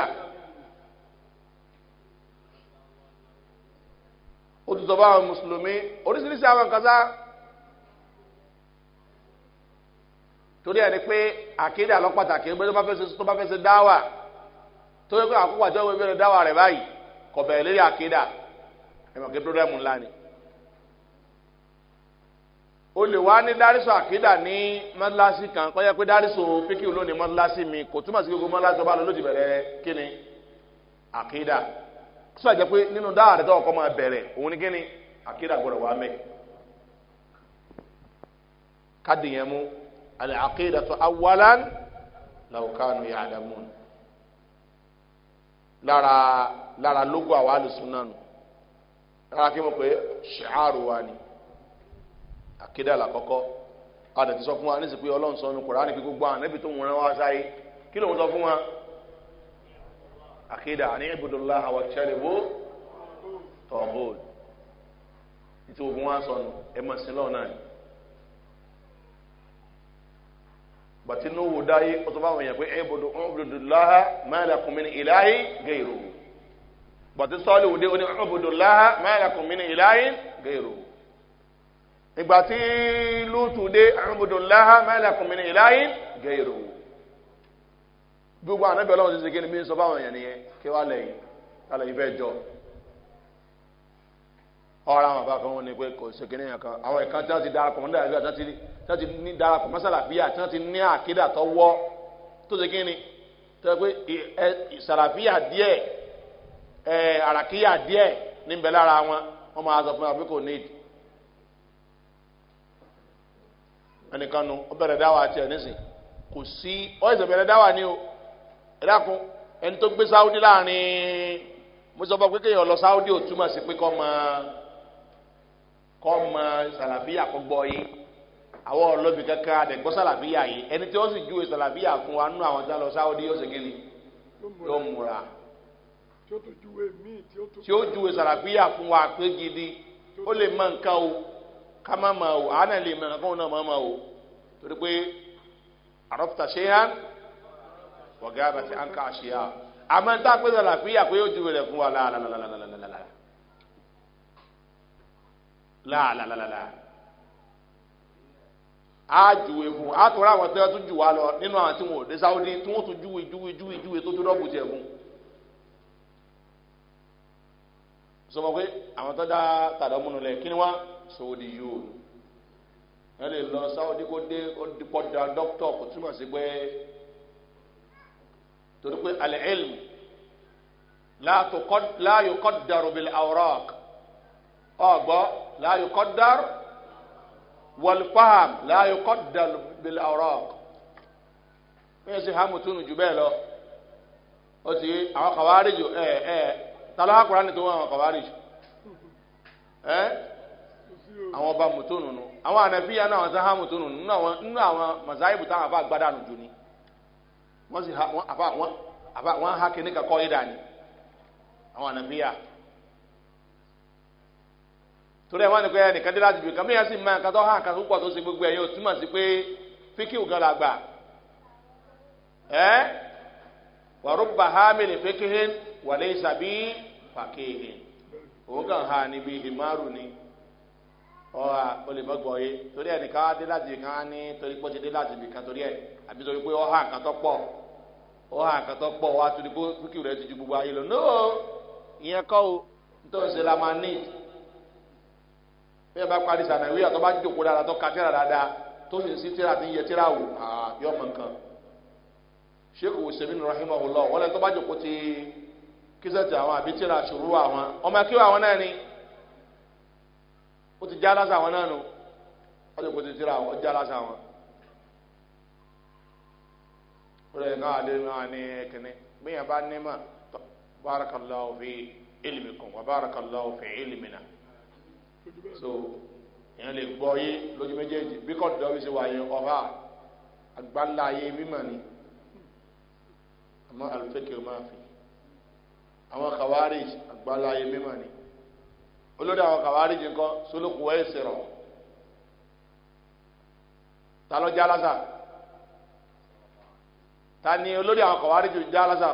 ó tún sọ bá àwọn mùsùlùmí oríṣiríṣi àwọn torí ẹni pé àkídà lọ pàtàkì bá fẹ́ dáwà. tó yẹ pé àkókò àti ọgbẹ́ ìbẹ̀rẹ̀ dáwà rẹ̀ báyìí kò bẹ̀rẹ̀ lórí àkédà ẹ̀mọ̀ kí pírọ́dẹ́mù ńlá ni. o lè wá ní dárísọ àkédà ní mọ́tíláṣí kan kọ́ yẹ pé dárísọ fíkìú ló ní mọ́tíláṣí mi kò túmọ̀ sí gbogbo mọ́tíláṣí ọba lọ́dún ìbẹ̀rẹ̀ kíni àkédà sọ jẹ́ pé nínú dáwà rẹ̀ tọ́kọ́ máa bẹ̀rẹ̀ òun ní kíni àkédà gbọ́dọ̀ wá mẹ́ kádìyẹn mú àlẹ́ àkédà tó awwalan làwùkánu ya'lamun lára lára lógo àwa alùsùnà nù lára kí mo pé ṣàárò wa ni àkédà làkọ́kọ́ adà ti sọ fún wa ní sèpé ọlọ́run sọ ní kùránì pé gbogbo àwọn ẹbí tó ń wọn wá sáyé kí lóun sọ fún wa àkédà ní ibùdókòlá àwọn bàtí ní owó dáyé ó sọ fáwọn èèyàn pé ẹ bọ̀dọ̀ ọ̀bùdùláhà máàlákùnmínì ìláyé gẹ̀ẹ́rò bàtí sọ́ọ́lì òde oní ọ̀bùdùláhà máàlákùnmínì ìláyé gẹ̀ẹ́rò ìgbà tí lóòtù dé ọ̀bùdùláhà máàlákùnmínì ìláyé gẹ̀ẹ́rò gbogbo ànábẹ́ ọlọ́run ti ṣe kí ni bí kí wàá lẹ́yìn kálẹ̀ ìfẹ́ jọ ọ̀rọ̀ àwọn bàbá kan wọn ni pé kò sí kínní yẹn kan àwọn ìkan tí wọ́n ti darapọ̀ mọ́ dàbí àti tí wọ́n ti ní darapọ̀ mọ́sálàfíà tí wọ́n ti ní àkídà tó wọ́ tó ṣe kínní tó ṣe pé ìsàlàfíà díẹ̀ ẹ̀ àràkíyà díẹ̀ níbẹ̀ lára wọn wọ́n máa sọ fún wa pé kò ní ìdí. ẹnìkan nu ó bẹ̀rẹ̀ dáwà tiẹ̀ nísìn kò sí ó ẹ̀sẹ̀ bẹ̀rẹ̀ dáwà ni o ẹ̀dá kun ẹni tó gbé sáúdí láàrin mo sọ fún kọ́ mọ sàlàbíyà kọ́ gbọ́ yé àwọn ọlọ́bì kankan àtẹ̀gbọ́ sàlàbíyà yìí ẹni tí wọ́n sì júwe sàlàbíyà fún wa nú àwọn tí wọ́n lọ sáwọ́dí yóò segin ni yóò múra tí ó júwe sàlàbíyà fún wa pé gidi ó lè mọ nǹkan o ká má mọ o àánà lè mọ nǹkan náà mọ mọ o torí pé àrọ́pútà ṣe é hàn wọ̀gá àbàtì àǹkà ṣe é hàn àmọ́ ní tá a pé sàlàbíyà pé yóò júwe rẹ̀ fún wa lálálálálálálá láàlàlàlà a juwe fún a tún ra àwọn tó yẹ tó jù wá lọ nínú àwọn tí wọn ò dé sáwọ́dí tí wọ́n tún júwe júwe júwe júwe tó tún rọ́ọ̀bù tiẹ̀ fún. sọmọ pé àwọn tó dá tàdá múnú lẹ kí ni wá sòwòdì yóò ẹ lè lọ sáwọ́dí kó dé ó dìpọ̀ da dókítọ̀ kò túmọ̀ sí pé torí pé alẹ́ ẹ̀lù láàyò kọ́ dàrú bíi àwòrán ọ̀gbọ́n. لا يقدر والفهم لا يقدر بالأوراق bẹ́ẹ̀ sì hàmù túnú lọ ó sì àwọn kàwárí jù ẹ ẹ tálọ́ àkùrá ni tó wọn àwọn kàwárí jù ẹ àwọn ọba mùtúnù nù àwọn ànàbíyà náà wọn sá hàmù túnù nù nínú àwọn mọ̀sáìbù táwọn àfa ni wọ́n sì ha wọ́n torí ẹ̀ wọ́n ní dịla dị dé láti ibìkan mìíràn sì máa nǹkan hàn kan púpọ̀ gbogbo ẹ̀yìn ò túmọ̀ sí pé fíkìwù gan la gbà ẹ́ wàrúbà hamil fíkìhìn wàlẹ́ ìsàbí fàkìhìn òun kàn hàn níbi ni ọ̀hà olùmọ̀gbọ̀ yé torí ẹnìkan dé láti á ní torí ti dé láti torí àbí torí pé hàn pọ̀ hàn pọ̀ wá bí ẹ bá parí sànàwí àtọ́ bá jòkó dáadáa tó ka tíra dáadáa tó sì ń sí tíra tí ń yẹ tíra wò yọ ọmọ nǹkan sheikh hussein rahimahullah wọn lẹni tó bá jòkó ti kíṣẹ́tì àwọn àbí tíra ṣòro àwọn ọmọ kí àwọn náà ni ó ti já lásà àwọn náà nù ó jòkó ti tíra àwọn já lásà àwọn ó lẹ́yìn káwọn adé náà ní kíní bí yẹn bá ní mà bárakàlá òfin ilmi kan wà òfin ilmi so èèyàn lè gbọ́ yé lójú méjèèjì bí kọ́ọ̀tù dọ́wí ṣe wà yẹn ọba àgbáńlá ayé mímọ̀ ni àmọ́ àlùfẹ́kẹ̀ máa fi àwọn kàwárí àgbáńlá ayé mímọ̀ ni olórí àwọn kàwárí jẹ nǹkan sólókù wẹ́ ìṣẹ̀rọ̀ ta lọ jẹ́ alásà ta ni olórí àwọn kàwárí jẹ alásà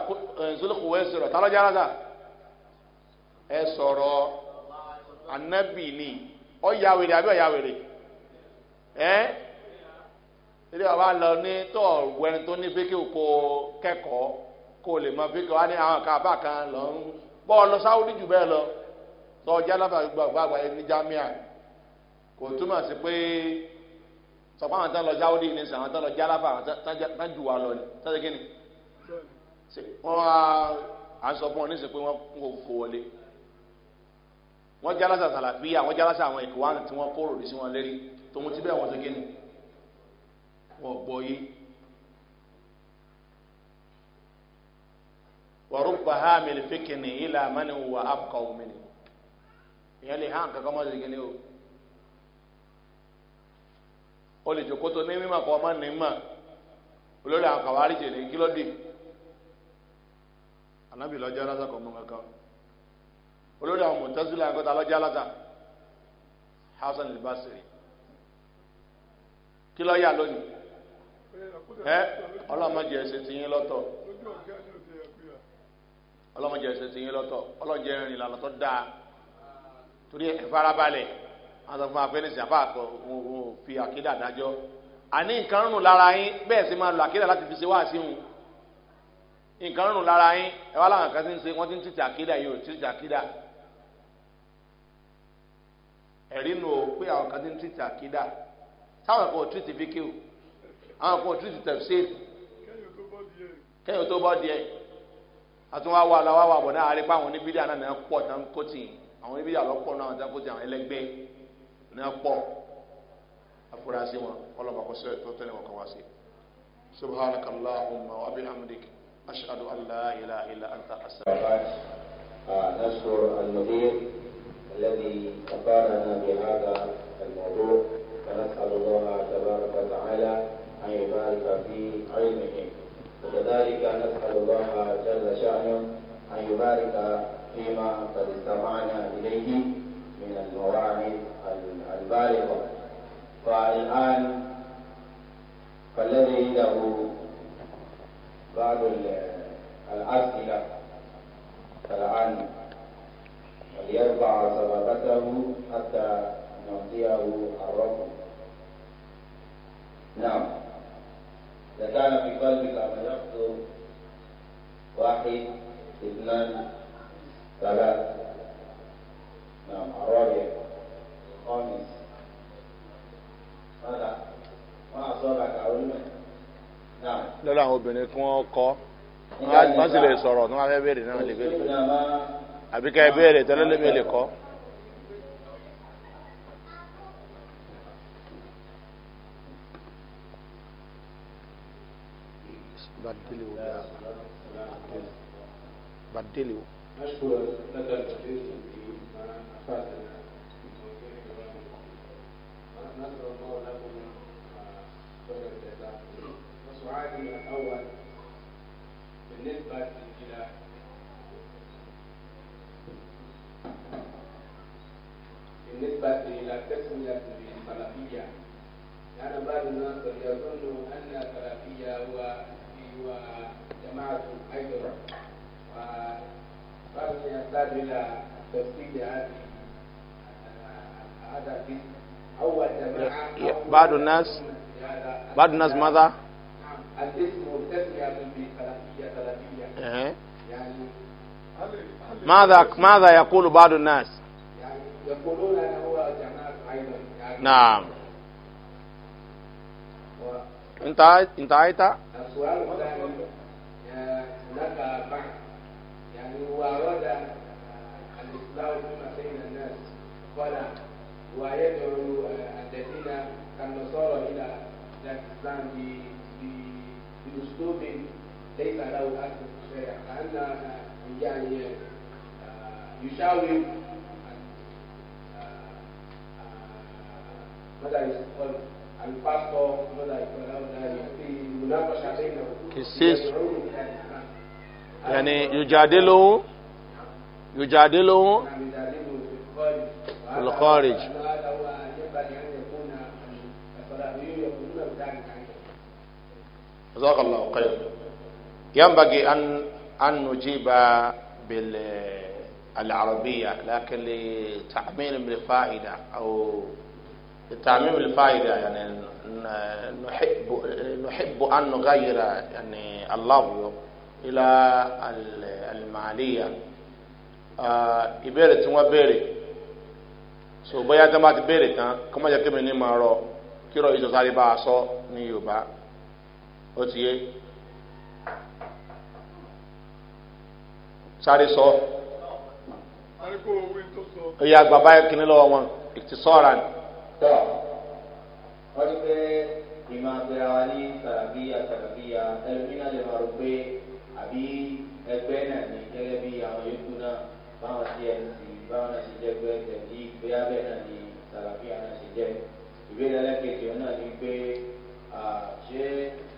sólókù wẹ́ ìṣẹ̀rọ̀ ta lọ jẹ́ alásà ẹ sọ̀rọ̀ anabi ni ọ̀ya wèrè àbí ọ̀ya wèrè ẹ́ ilé wa lọ ní tó ọ̀wẹ́ni tó ní fíkì kó kẹ́kọ̀ọ́ kó lè mọ fíkì wa ní àwọn kàbá kan lọ ń bọ́ ọ lọ sáwọ́dí jù bẹ́ẹ̀ lọ tọ́ ọjà lábàá gbàgbà àgbà ẹni jámíà kò túmọ̀ sí pé sọ̀pọ̀ àwọn tán lọ sáwọ́dí ní sàn àwọn tán lọ jálàfà tán jù wá lọ ní tọ́jú kí ni wọ́n á sọ fún ọ ní sè kò wọlé wọ́n jálásà sàlàfíà wọ́n jálásà àwọn ìkọ̀wá tí wọ́n kóró sí wọn lérí tòun ti bẹ́ẹ̀ wọ́n ṣe kíni wọ́n gbọ́ yé. wàrúbà ha mi lè fi kìnnì ilà mẹ́ni wà ápùkà omi ni ìyẹn lè hàn kankan mọ́ ṣe kíni o. o lè jòkó tó ní mímọ̀ kọ́ ọmọ ní mímọ̀ olórí àwọn kàwárí jèrè kí ló dé. anábìlọ́jọ́ lásàkọ̀ mọ́ kankan. olórí àwọn mọ̀tẹ́sílẹ̀ àgọ́ta alájà aláta hasan al-basiri kí lọ́ọ́ yà lónìí ẹ ọlọ́mọdé ẹsẹ̀ ti yín lọ́tọ̀ ọlọ́mọdé ẹsẹ̀ ti yín lọ́tọ̀ ọlọ́jẹ rìn lànà tó dáa torí ẹ fún fi àkídà dájọ́ àní nǹkan lára yín bẹ́ẹ̀ sì máa lo àkídà láti fi ṣe wá sí wọn nǹkan lára yín ẹ wá láwọn kan ẹ̀rí o pé àwọn kan ti ń tìtì àkídà táwọn kan ò tìtì fíkìw àwọn kan ò tìtì tẹ̀síìl kẹ́yìn tó bọ́ díẹ̀ àtúnwá wà láwá wà bọ̀ náà àrí pa àwọn oníbídí àná náà pọ̀ tán kó àwọn oníbídí àlọ́ pọ̀ náà tán àwọn náà pọ̀ afurasí wọn ọlọ́mọ kò tó tẹ́lẹ̀ wọn kọ́ wá sí wa ashadu ilaha الذي أفادنا بهذا الموضوع فنسأل الله تبارك وتعالى أن يبارك في علمه وكذلك نسأل الله جل شأنه أن يبارك فيما قد استمعنا إليه من المواعظ البالغة فالآن فالذي له بعض الأسئلة فالآن وليرفع سبابته حتى نعطيه الرب نعم إذا كان في قلبك ما يقدر واحد اثنان ثلاثة. نعم الرابع الخامس هذا ما أصابك علما نعم لا لا هو بنكون قا ما ما زال يسرع ما غير بيرنا اللي بيرنا àbí ká ìbéèrè tẹ́lẹ́lẹ́mí lè kọ́. بدلوا وسؤالي الأول بالنسبة التسمية بالخلفية لأن بعض الناس قد يظن أن الخلفية هو هو جماعة أيضا وبعض يحتاج إلى تفصيل هذه هذا الاسم أو الجماعة بعض الناس بعض الناس ماذا؟ نعم الاسم التسمية بالخلفية خلفية إيه. يعني ماذا ماذا يقول بعض الناس؟ يعني يقولون انه نعم انتهيت انتهيت السؤال الثاني لك بعد يعني هو اراد الاصلاح فيما بين الناس قال ويدعو الذين كالنصارى الى الاسلام باسلوب ليس له اصل في الشريعه كان يعني يشاور يعني يجادلوا يجادلوا في الخارج جزاك الله خير ينبغي أن أن نجيب بالعربية لكن لتعميم الفائدة أو التعميم الفائدة يعني نحب نحب أن نغير يعني اللفظ إلى المعلية ìbéèrè tí wọ́n béèrè so bóyá tí wọ́n bá ti béèrè tán kó má jẹ́ kí mi ní máa rọ kí rọ ìjọ sáré bá a sọ ní yorùbá ó ti yé sáré sọ ó yà gbàgbá kínní lọ́wọ́ wọn ìtìsọ́ra ni tọ́ wọ́n ti pé ìmọ̀ àpẹẹrẹ wa ní sàràbíyà sàràbíyà ẹlòmínà lè máa rò pé àbí ẹgbẹ́ náà ní gẹ́gẹ́ bí àwọn yòókù náà báwọn sí ẹni sí báwọn náà ṣe jẹ́ pé tẹ̀lé bóyá bẹ́ẹ̀ náà ní sàràbíyà náà ṣe jẹ́ ìbéèrè ẹlẹ́kẹ̀kẹ̀ náà ní pé ṣé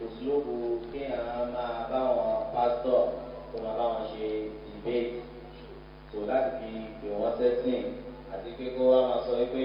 òṣìlóòbù kéèyàn máa báwọn pásítọ̀ kó máa báwọn ṣe dìbéètì tó láti fi pè wọ́n sẹ́sìn àti pé kó wá máa sọ pé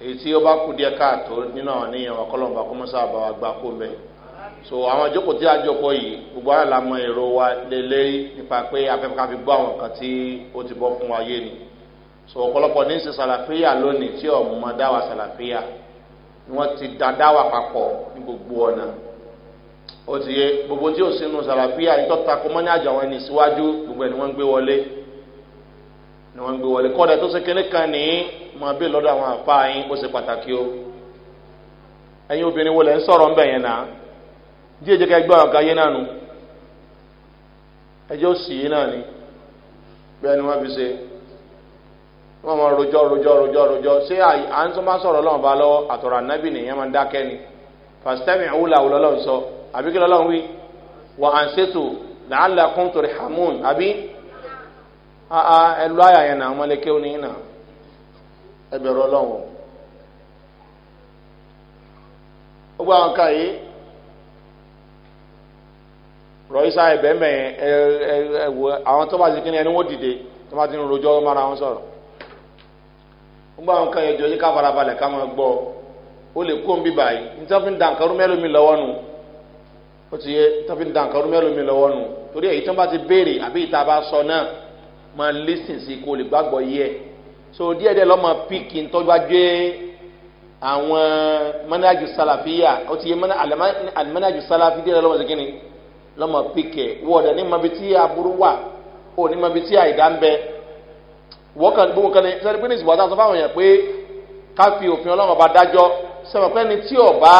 èyí tí ó bá kú díẹ̀ káàtó nínú àwọn níyàn ọkọlọ́mọba kó mọ́sá àbá wa gbá kó mbẹ́ so àwọn ìjókòó tí a jókòó yìí gbogbo àwọn ìlànà èrò wa lélẹ́ nípa pé afẹ́fẹ́ ká fi gbọ́ àwọn kan tí ó ti bọ́ fún wa yé ni so ọ̀pọ̀lọpọ̀ ní ṣe sàlàfíà lónìí tí ọ̀mọ dáwà sàlàfíà wọ́n ti da dáwà papọ̀ ní gbogbo ọ̀nà ó ti yé gbogbo tí ò sínú sàlàfíà ìtọ́ta kó mọ́ ní àjọ àwọn ẹni síwájú gbogbo ẹni wọ́n gbé wọlé ni wọ́n gbé wọlé kọ́dà tó ṣe kéré kan nìyí máa bí lọ́dọ̀ àwọn àfa yín ó ṣe pàtàkì o ẹ̀yin obìnrin wo lẹ̀ ń sọ̀rọ̀ ńbẹ̀ yẹn náà díẹ̀ jẹ́ ká ẹgbẹ́ àwọn kan yé náà nù ẹjọ́ sì yé náà ni bẹ́ẹ̀ ni wọ́n fi ṣe wọ́n máa rojọ́ rojọ́ rojọ́ rojọ́ ṣé à ń sọ̀rọ̀ lọ́wọ́ bá lọ́wọ́ àtọ̀rọ̀ ànábì nìyẹn máa ni sọ àbí kí lọ́lọ́run wí wà á ń ṣètò làálàá kún torí àbí àyà yẹn náà ọmọlẹ́kẹ́ náà ẹbẹ̀rù ọlọ́run ó gbọ́ àwọn kan yìí rọ̀ísà ẹ̀bẹ̀ mẹ́yìn ẹ̀wò àwọn tó bá ti kíni ẹni wọ́n dìde tó bá ti ń rojọ́ mara wọn sọ̀rọ̀ ó gbọ́ àwọn kan yìí jọ yí ká farabalẹ̀ ká máa gbọ́ ó lè kó ń bí báyìí nítorí fi ń da nǹkan rúmẹ́lú mi lọ́wọ́ nu ó ti yẹ nítorí fi ń da nǹkan rúmẹ́lú mi lọ́wọ́ nu torí èyí tó bá ti béèrè àbí ìta bá sọ náà máa lísìn sí kó lè gbàgbọ́ yí ẹ̀ so díẹ̀ díẹ̀ lọ́mọ píkì ntọ́gbàjọ́ àwọn mọ́nájú sálàfíà ó ti yẹ mọ́nájú sálàfí díẹ̀ lọ́mọ sẹ́kìnì lọ́mọ píkì wọ́ọ̀dà ní mọ̀bi tí aburú wà ó ní mọ̀bi tí àìdá ń bẹ wọ́kàn gbogbo kan ní sẹ́ni pé ní ìsìnkú àtàwọn sọ́fàwọn yẹn pé ká fi òfin ọlọ́run ọba dájọ́ sẹ́wọ̀n pé ní tí ọba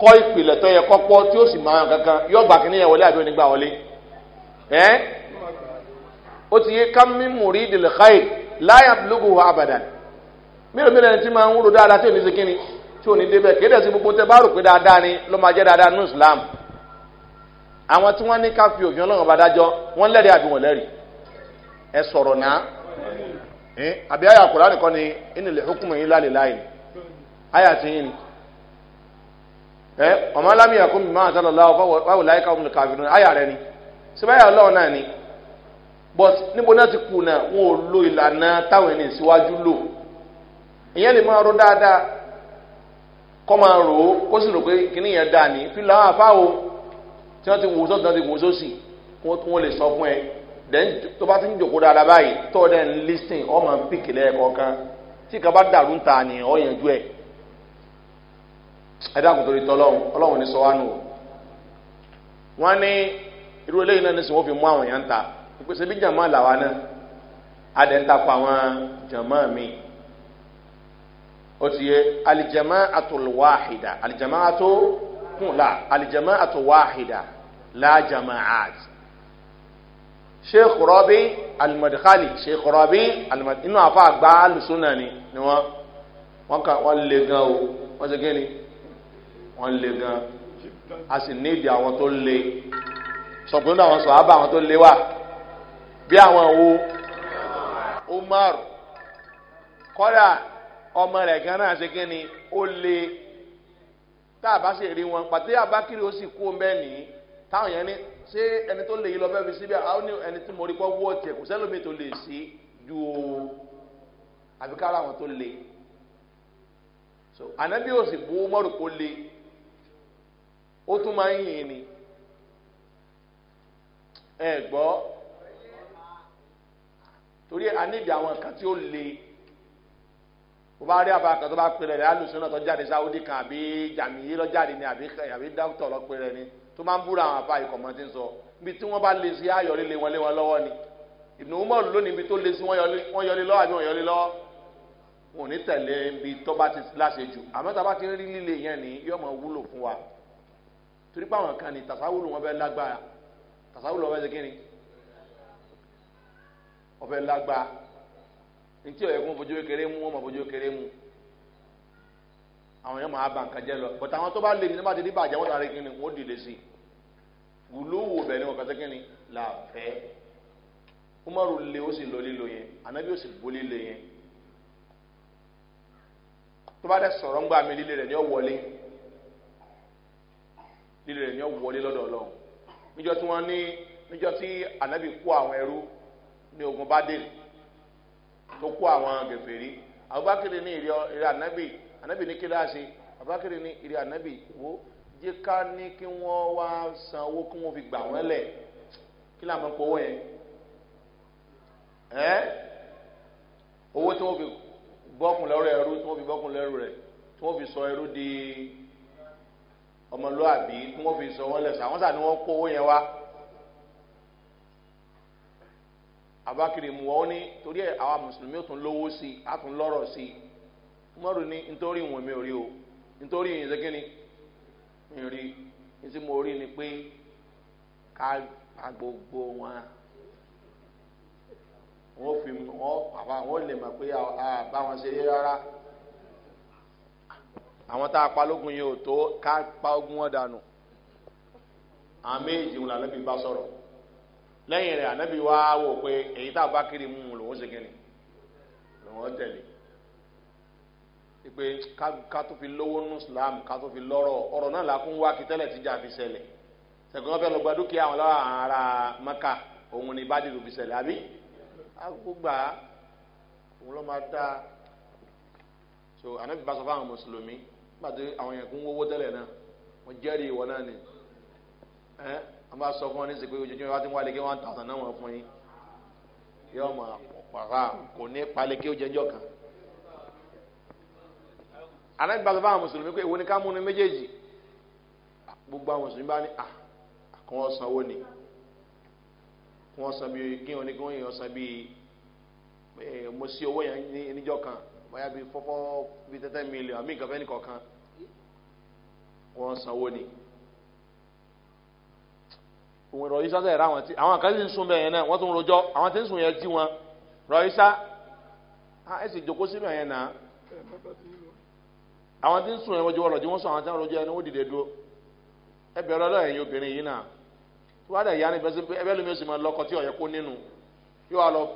kọ́ ìpìlẹ̀ tó yẹ kọ́kọ́ tí ó sì máa kankan yọ̀gbà kìnìyàn wọlé àbí onígbà wọlé ẹ́ ó ti yé ká mí múrí ìdìlẹ̀ káyè láyà lógo àbàdà mélòó mélòó ẹni tí máa ń ro dáadáa tí ò ní ṣe kíni tí ò ní débẹ̀ kéde sí gbogbo tẹ bá rò pé dáadáa ni ló máa jẹ́ dáadáa nù islam àwọn tí wọ́n ní ká fi òfin ọlọ́run bá dájọ́ wọ́n lẹ́rìí àbí wọ́n lẹ́rìí ẹ sọ̀rọ̀ náà àbí àyà kùrá nìkan ni ìnìlẹ̀ hukumu yín lálẹ́ láyé àyà ti yín ni ẹ ọmọ alámìyàkùn mi máa sálọ láwọ fáwọn láyé káwọn kàfin àyà rẹ but níbo náà ti kùnà wọn ò lo ìlànà táwọn ẹni ìsíwájú lò ìyẹn lè máa ro dáadáa kọ́ máa rò ó kó sì rò pé kíní yẹn dáa ní fi làwọn àfáwo tí wọ́n ti wò sọ́ọ̀tì náà ti wò sósì wọ́n lè sọ fún ẹ then tó bá ti ń jòkó dáadáa báyìí tó o dẹ̀ ń lis ten ọ́ máa ń pìkì lẹ́ẹ̀kọ̀ọ̀kan tí ìka bá dàrú ń ta ni ọ́ yẹn ẹ̀ ẹ dákun torí tọ́ ọlọ́run ọlọ́run ní sọ wá nù wọ́n ní irú eléyìí náà ní sìn wọ́n fi mú àwọn èèyàn ń ta ìpèsè bí jàmá làwa náà adẹ́ntakọ̀ àwọn jàmá mi ó ti yẹ alìjàmá àtòlùwàhìdà alìjàmá àtò kùnlá alìjàmá àtòwàhìdà lájàmá àti sheikh rabi alimadikali sheikh rabi alimadikali inú àfa àgbà alùsùnà ni ni wọn wọn kà wọn lè gan o wọn ṣe kí ni wọn lè gan a sì nídìí àwọn tó lè sọ̀gbọ́n náà wọn sọ̀ ábà àwọn tó lè wà bí àwọn wo umar kọ́dà ọmọ rẹ̀ gan náà ṣe kí ni ó lé tá a bá sì rí wọn pàtó abákiri ó sì kú bẹ́ẹ̀ nìyí táwọn yẹn ní ṣé ẹni tó lè yí lọ bẹ́ẹ̀ fi síbẹ̀ àwọn ẹni tí mo rí kọ́ wọ́ tiẹ̀ kò sẹ́lómi tó lè sí ju o àbí ká láwọn tó lè so ànábì ó sì bu umaru kó lè ó tún máa ń yìn ní ẹ gbọ́ torí a níbi àwọn nǹkan tí ó le o bá rí àbákan tó bá pèrè rẹ alùsùn náà tó jáde sáwọ́dì kan àbí jàmíyí lọ jáde ni àbí àbí dókítà lọ pèrè ni tó máa ń búra àwọn àbá ikọ̀ mọ́ ń sọ ibi tí wọ́n bá le sí ayọ̀lé lé wọn lé wọn lọ́wọ́ ni ìbùnú mọ́ọ̀lù lónìí ibi tó le sí wọ́n yọlé lọ́wọ́ àbí wọ́n yọlé lọ́wọ́ wọn ò ní tẹ̀lé ibi tó bá ti láṣẹ jù àmọ́ tá a bá ti rí líle yẹn ni yóò máa wúlò fún wa torí pé àwọn kan ní tàṣáwùlù wọn fẹ́ lágbára tàṣáwùlù wọn fẹ́ ṣe kí ni ọ̀fẹ́ lágbá ntí ọ̀yẹ́ kún fojú kékeré mú wọn mọ̀ fojú kékeré mú àwọn yẹn máa bà nǹkan jẹ́ lọ bọ̀tà àwọn tó bá lè ní tó bá ti di bàjẹ́ wọn lára kíni wọn dìde sí wùlú wò bẹ̀ ni wọn kàn sí kíni là fẹ́ umaru lé ó sì lọ lílo yẹn anabi ó sì bó lílo yẹn tó bá dẹ sọ̀rọ̀ ń gbà mí líle rẹ̀ ni ó wọlé líle rẹ̀ ni ó wọlé lọ́dọ̀ ọlọ́run níjọ tí wọ́n ní níjọ tí anabi kó àwọn ẹrú ní ogun badel tó kó àwọn gẹ̀fẹ̀rí abubakar ní ìrẹ anabi anabi ní kílá ṣe abubakar ní ìrẹ anabi wo jẹ́ ká ní kí wọ́n wá san owó kí wọ́n fi gbà wọ́n lẹ̀ kí làwọn ọmọ owó yẹn ẹ́ owó tí wọ́n fi bọ́kùn lẹ́rù ẹrú tí wọ́n fi bọ́kùn lẹ́rù rẹ̀ tí wọ́n fi sọ ẹrú di ọmọlúwàbí tí wọ́n fi sọ wọ́n lẹ̀ sàwọn sà ni wọ́n kó owó yẹn wá. abakiri mu wọn ni torí ẹ àwa mùsùlùmí ó tún lówó sí i á tún lọ́rọ̀ sí i mọ́rù ni nítorí ìwọ̀n mi ò rí o nítorí ìyìn ṣe kíni mi rí i tí mo rí ni pé ká pa gbogbo wọn wọn fi wọn àwa wọn lè mọ̀ pé àbá wọn ṣe rí rárá àwọn tá a pa lógun yìí ò tó ká pa ogun wọn dànù àmì èjì ńlá lẹ́bi bá sọ̀rọ̀ lẹ́yìn rẹ̀ ànábì wá wò pé èyí tá a bá kiri mú un lòún ṣe kí ni lòún tẹ̀lé pé ká tó fi lówó nù islam ká tó fi lọ́rọ̀ ọ̀rọ̀ náà là kún wá kí tẹ́lẹ̀ tíjà fi ṣẹlẹ̀ ṣẹ̀gbọ́n fẹ́ lọ gba dúkìá àwọn lọ́wọ́ àwọn ará mẹ́ka òun ni ìbádìí ló fi ṣẹlẹ̀ àbí agbógbà òun ló máa dá so ànábì bá sọ fún àwọn mùsùlùmí pàtó àwọn yẹn kún wọ́wọ́ tẹ́lẹ̀ náà wọ́n jẹ́rìí ìwọ náà ni wọ́n bá sọ fún ọ ní sèpé ojoojúmọ́ wá ti ń wá lé kí wọ́n tàṣán náà wọ́n fún yín yọ ọmọ àpọ̀pàrà kò ní palẹ̀ kí kan. aláǹgbà tó bá mùsùlùmí pé èwo ni ká mú ní méjèèjì gbogbo àwọn mùsùlùmí bá ní à kí wọ́n sanwó ni kí wọ́n san bíi kí wọ́n ní kí wọ́n yàn san bíi mo sí owó yẹn níjọ́ kan bóyá bíi fọ́fọ́ bíi tẹ́tẹ́ mílíọ̀nù àmì ìkàfẹ́ nìkọ̀ọ̀kan wọ́n sanwó ni òun rọ isa sẹ́yìn ráwọn tí àwọn kan sì ń sun bẹ́ẹ̀ yẹn náà wọ́n tún rojọ́ àwọn tí ń sun yẹn jí wọn rọ isa ah, ẹ sì jókòó sínú yẹn náà àwọn tí ń sun yẹn wọ́n jọ wọ́n lọ́jọ́ wọ́n sọ àwọn tí wọ́n rojọ́ yẹn ni wọ́n dìde dúró ẹ bẹ̀rẹ̀ lọ́dọ̀ ẹ̀yin obìnrin yìí náà tí wọ́n á dẹ̀ yá ni ẹbẹ́ lómi oṣù máa lọ́kọ tí ọ̀yẹ́ nínú yóò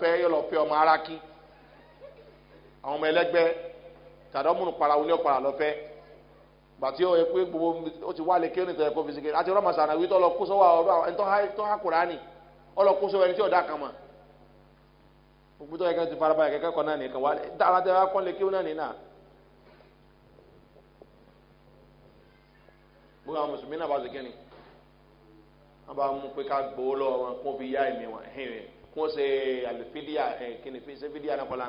para wọlé gbàtí ó yẹ pé gbogbo ó ti wá lè kéré nítorí ẹ̀kọ́ fisike àti ọlọ́mọ sànàwí tó lọ kó sọ́wọ́ ọ̀rọ̀ àwọn ẹni tó há kúránì ọlọ kó sọ́wọ́ ẹni tí ọ̀dà kan mọ̀ gbogbo tó yẹ kẹ́kẹ́ ti fara balẹ̀ kẹ́kẹ́ kọ́ náà nìkan wá dára tẹ́ wá kọ́ lè kéré náà nìyà. gbogbo àwọn mùsùlùmí náà bá ṣe kíni wọ́n bá mú pé ká gbowó lọ́wọ́ wọn kó fi yá ẹ̀mí wọn kó ṣe àlùfídíà kíni ṣe fídíà náà kọ́ la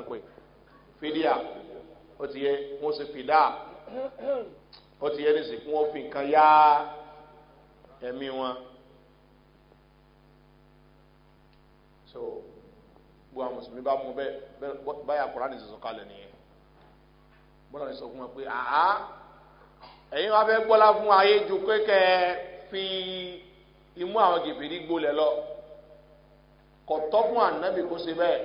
ń ó ti yẹ ní sìnkú wọn fi nǹkan yá ẹ̀mí wọn so gbogbo àwọn mùsùlùmí bá mú bẹ́ẹ̀ báyà kúránì sísun kalẹ̀ nìyẹn bọ́lá ní sọ fún wọn pé àá ẹ̀yin wá fẹ́ gbọ́lá fún ayé ju kékẹ́ fi imú àwọn gèbèrè gbolẹ̀ lọ kọ̀tọ́ fún ànábì kó ṣe bẹ́ẹ̀.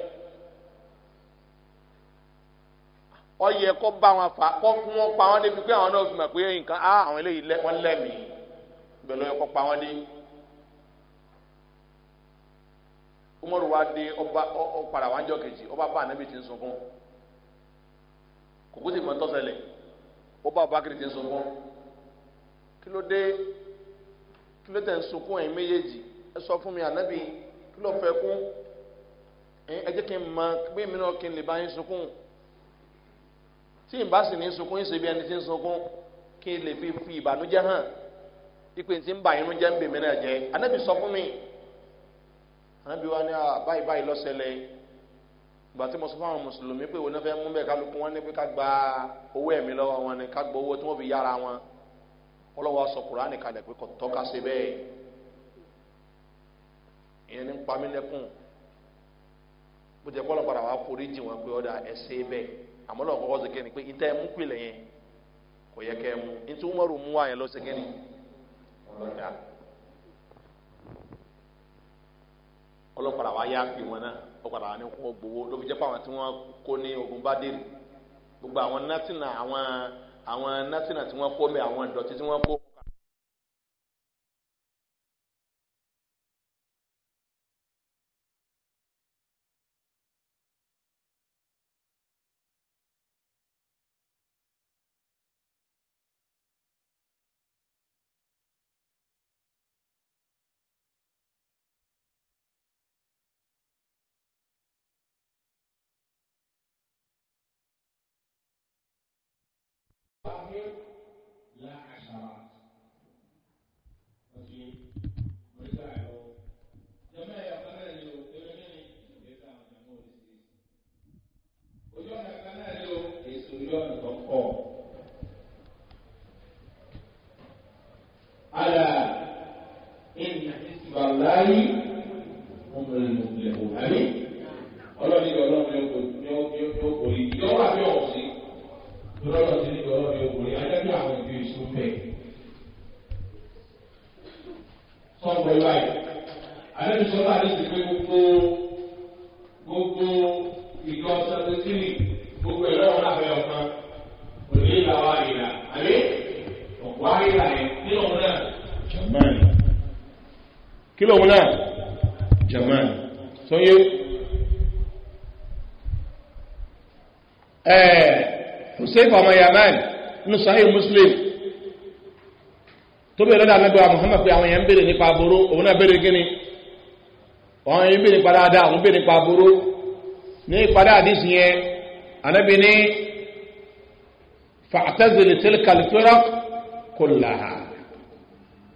ọyẹ kọ bá wọn fà kọ kún wọn pa wọn débi pé àwọn náà fi mọ̀ pé nǹkan á ah, àwọn eléyìí lẹ wọn lẹ́mìí bẹ̀rẹ̀ ọyẹ kọ pa wọn dé. umaru wa dé ọba ọ̀padà wa ń jọ kejì ọba bá anabi ti ń sọ fún kòkó sì mọ̀ tọ́sẹ̀lẹ̀ ọba abakiri ti ń sọ kí ló dé kí ló tẹ̀ ń sunkún ẹ̀yin méjèèjì ẹ sọ fún mi anabi kí ló fẹ́ kún ẹ jẹ́ kí n mọ bí mi náà kí n lè bá yín sunkún tí n bá sì ní sunkún yín ṣebí ẹni tí ń sunkún kí n lè fi fi ìbànújẹ́ hàn ìpè tí ń bà inú jẹ́ ń bèmí náà jẹ́ anábì sọ fún mi anábì wa ní báyìí báyìí lọ́sẹ̀lẹ̀ ìgbà tí mo sọ fún àwọn mùsùlùmí pé òun fẹ́ mú bẹ́ẹ̀ kálukú wọn ní pé ká gba owó ẹ̀mí lọ́wọ́ wọn ni ká gba owó tí wọ́n fi yára wọn ọlọ́wọ́ sọ kùránì kalẹ̀ pé kò tọ́ka sí bẹ́ẹ̀ ìyẹn ní pamílẹ́kùn bó jẹ́ kọ́lọ́ padà wá forí jì wọn pé ọ̀dà ẹ̀ ṣe bẹ́ẹ̀ àmọ́ lọ́wọ́ kọ́kọ́ sèkéni pé ìtẹ́ ẹ̀ mú pilẹ̀ yẹn kò yẹ kẹ́ ẹ mú ntí umaru mú àyẹ̀ lọ sèkéni ọlọ́dà ọlọ́pàá wa yá pè wọn náà ọlọ́pàá wa ní kó gbowó ló fi jẹ́ pé àwọn tí wọ́n kó ní ogun bá dé gbogbo àwọn nátìnà àwọn àwọn tí wọ́n kó mi àwọn ìdọ̀tí tí wọ́n kó. here kí lóhun náà jaman tó yé ẹ̀ẹ́ hussein ọmọ yaman ní sahih muslim tó bèèrè lọ́dà mẹ́gbẹ̀wà muhammad pé àwọn èèyàn bèèrè nípa aburú òun náà bèèrè gíní àwọn èèyàn bèèrè nípa òun bèèrè nípa aburú ní ìpadà àdísì yẹn ní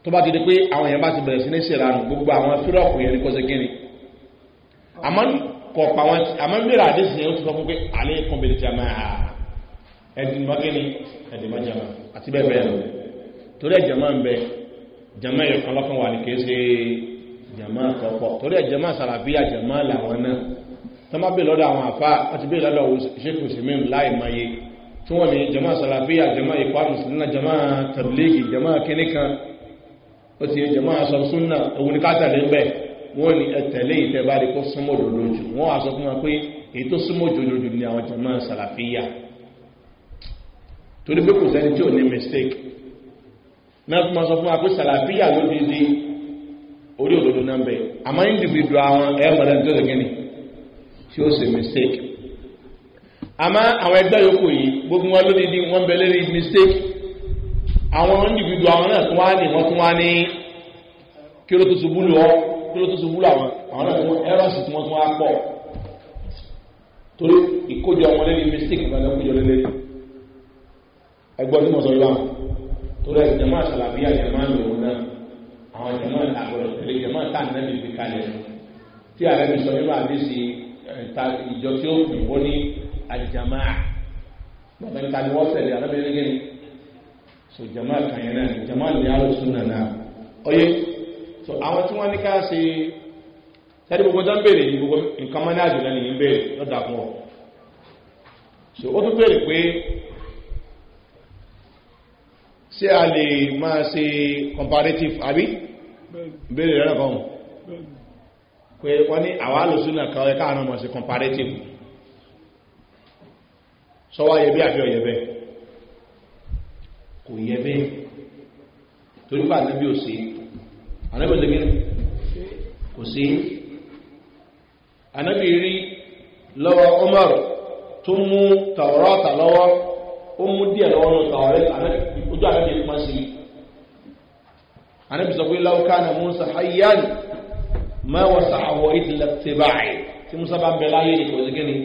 tó bá ti di pé àwọn èèyàn bá ti bẹ̀rẹ̀ sí ní ṣèrànù gbogbo àwọn fírọ̀kù yẹn ní kó ṣe kíni àmọ́ kọ̀ọ̀pọ̀ àwọn àmọ́ mìíràn àdéhùn yẹn ó ti sọ fún pé alẹ́ kan bèrè jama ẹ̀dùn mọ́kẹ́ni ẹ̀dùn mọ́ jama àti bẹ́ẹ̀ bẹ́ẹ̀ lọ torí ẹ̀ jama ń bẹ jama yẹn kan lọ́kàn wà ní kìí ṣe jama kọ̀ọ̀pọ̀ torí ẹ̀ jama sàràbíyà jama làwọn náà tó ó ti yẹ jẹ̀mọ́ àṣọ súnà ewu ní kátàlẹ́ ń bẹ̀ wọ́n ní ẹ̀tẹ̀lé ìtẹ́bá rí kó súnmọ́ òdòdó jù wọ́n wá sọ fún wọn pé èyí tó súnmọ́ òdòdó jù ní àwọn jẹ̀mọ́ sàlàfíyà torí pé kò sẹ́ni tí ò ní mistake náà fún wọn sọ fún wa pé sàlàfíyà ló di di orí òdòdó náà bẹ̀ àmọ́ individual àwọn ẹ̀mọ̀lẹ́ tó lè gẹ́ni tí ó sì mistake àmọ́ àwọn ẹgbẹ́ yòókù yìí gbogbo wọn ló di di wọ́n bẹ lórí mistake àwọn individu àwọn náà tún wá ní wọ́n tún wá ní kí ló tó ṣubú lọ kí ló tó ṣubú lọ àwọn àwọn náà tún ẹrọ́sì tí wọ́n tún wá pọ̀ torí ìkójọ wọn lẹ́ni mistake náà lẹ́kọ́ jọ lẹ́lẹ́ ẹgbọ́n tí mo sọ yọ àwọn torí ẹ̀sìn jẹ̀mọ́ àṣàlàbí àjẹmọ́ àlòrán náà àwọn jẹ̀mọ́ àgbọ̀rọ̀ tẹ̀lé jẹ̀mọ́ táàmì náà fi kalẹ̀ tí ààrẹ mi sọ nínú àdéṣe ìjọ tí ó pè wọ́n ní àjẹmọ́ àgbọ̀rọ̀ tẹ̀lé so jama kan yẹn náà jama lè alùsùn náà náà ọyẹ so àwọn tí wọ́n ní se ṣe tẹ́lẹ̀ gbogbo tó ń bèèrè yìí gbogbo nǹkan mọ́ ní àjùlọ nìyí bèèrè lọ́dà fún ọ so ó tún bèèrè pé ṣé a lè máa ṣe comparative àbí bèèrè rẹ̀ náà fọ́hùn pé wọ́n ní àwọn alùsùn náà kan ẹ̀ káàánú sí comparative sọ wáyé bí àfihàn yẹ bẹ́ẹ̀ kò yẹ bẹ́ẹ̀ torí pé ànábì ò sí ànábì ò lẹ́gbẹ̀ẹ́ kò sí ànábì rí lọ́wọ́ omar tó mú tàwọ́rọ́ta lọ́wọ́ ó mú díẹ̀ lọ́wọ́ ní tàwọ́rẹ́ ojú ànábì ìpá sí ànábì sọ pé láwùká na musa hayyan mẹ́wàá sàwọ̀ ìdílẹ̀ tẹ́bàáyì tí musa bá bẹ̀ láyé ìkọ̀ọ́sí gẹ́ni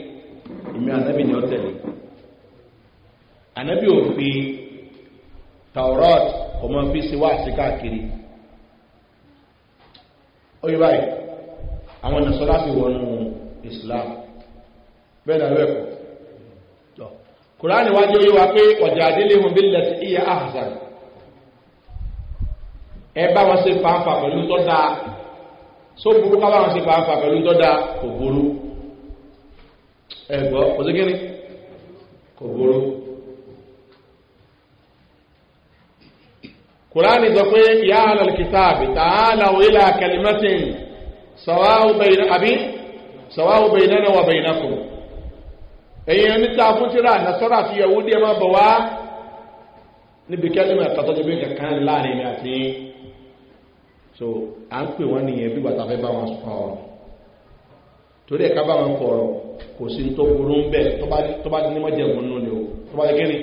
ìmì ànábì ni ó tẹ̀lé ànábì ò fi taurat ọmọ fi ṣe wá sí káàkiri oye báyìí àwọn nàṣọ́lá sì wọnú islam bẹ́ẹ̀dà lẹ́kọ̀ tọ́ kùránì wájú yíò wá pé ọjà adílé hun bí lẹ́tí iye ahazan ẹ bá wọn ṣe fàáfà pẹ̀lú tó dáa só burú ká bá wọn ṣe fàáfà pẹ̀lú tó dáa kò burú ẹ̀gbọ́ kò sí kíni kò burú kùránì sọ pé ìyá alàlùkìtàbì tààlà òyìnlá kẹlìmẹ́tìn sọ̀wáwó bẹ̀yìnà wà bẹ̀yìnà kù èyàn níta fún tíra nasọ́rọ̀ àti yahudi ẹ máa bọ̀ wá níbi kẹlìmẹ́ kàtọ́jú bí kankan láàrin àti so à ń pè wọ́n nìyẹn bí bàtà fẹ́ bá wọn sọ̀rọ̀ torí ẹ̀ka bá wọn kọ̀ọ̀rọ̀ kò sí tó burú ń bẹ̀ tó bá ní mọ́jẹ̀mú nù ni o tó bá yẹ kí ni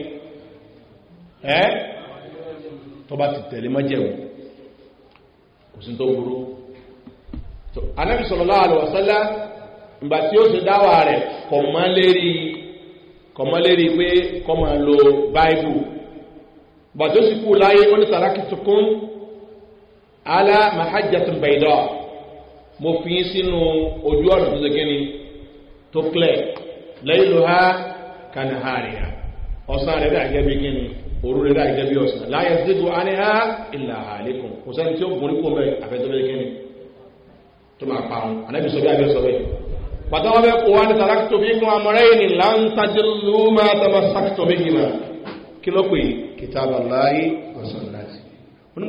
ẹ́ tó bá ti tẹ̀lé mọ́jẹ̀wò kò sí tó burú anábì sallallahu alaihi wasallam ìgbà tí ó ṣe dáwà rẹ̀ kọ̀mọ́ lérí pé kọ́mọ́ lo báìbù bà tó sì kú láyé ó ní sàrákì tukún alá mahajjatun bayda mo fi yín sínú ojú ọ̀nà tó ṣe kíni tó clear lẹ́yìn lóha kanahariya ọ̀sán rẹ̀ dàgẹ́ bí kíni òru rẹ̀ láì gẹ́bí ọ̀sán láyé dídò aníhá ìlà àlékún kò sẹ́ni tí ó gùn nípò mẹ́ àfẹ́tọ́bẹ̀ kẹ́ni tó máa pa wọn anábì sọ bí abẹ́ sọ bẹ́ẹ̀ bàtà wọn bẹ́ kó wá ní tàlákìtò bí kún amọ̀rẹ́ yìí ní láńtàjì lóòmà tàbá sàkìtò bí kìmà kí ló pè kìtàbà láyé ọ̀sán láti wọn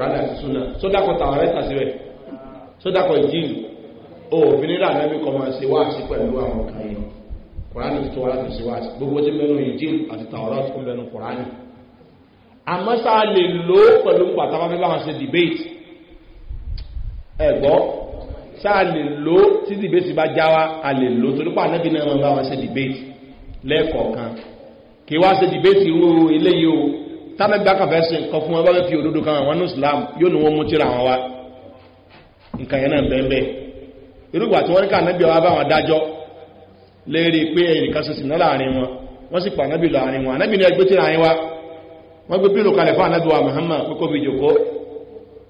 nígbà rẹ̀ sódàkọ̀ jíìlì òfin nílà mẹ́bí kọ́ máa ṣe wáàsí pẹ̀lú àwọn kan yìí kùránì tó wá láti ṣe wáàsí gbogbo tí mẹ́nu ìjìn àti tàwọ́rọ́ tó mẹ́nu kùránì àmọ́ sá lè lò ó pẹ̀lú pàtàkì fẹ́ báwọn ṣe debate ẹ̀gbọ́ sá lè lò ó tí debate bá já wa a lè lò ó torí pa ànábì náà máa báwọn ṣe debate lẹ́ẹ̀kọ̀ọ̀kan kí wá ṣe debate irú eléyìí o tábẹ́ bá kàfẹ́ sí nǹkan fún wọn bá fẹ́ fi òdodo kan àwọn ní islam yóò ní wọ́n mú tíra àwọn wa nǹkan yẹn náà bẹ́ẹ̀ bẹ́ẹ̀ irúgbà tí wọ́n ní kànábí ọwá bá wọn dájọ́ lérí pé ẹnìkan sọ sínú láàrin wọn wọ́n sì pànábì láàrin wọn anábì ní ẹgbẹ́ tí láàrin wa wọ́n gbé pílò kalẹ̀ fún anábì wa muhammad pé kó fi jòkó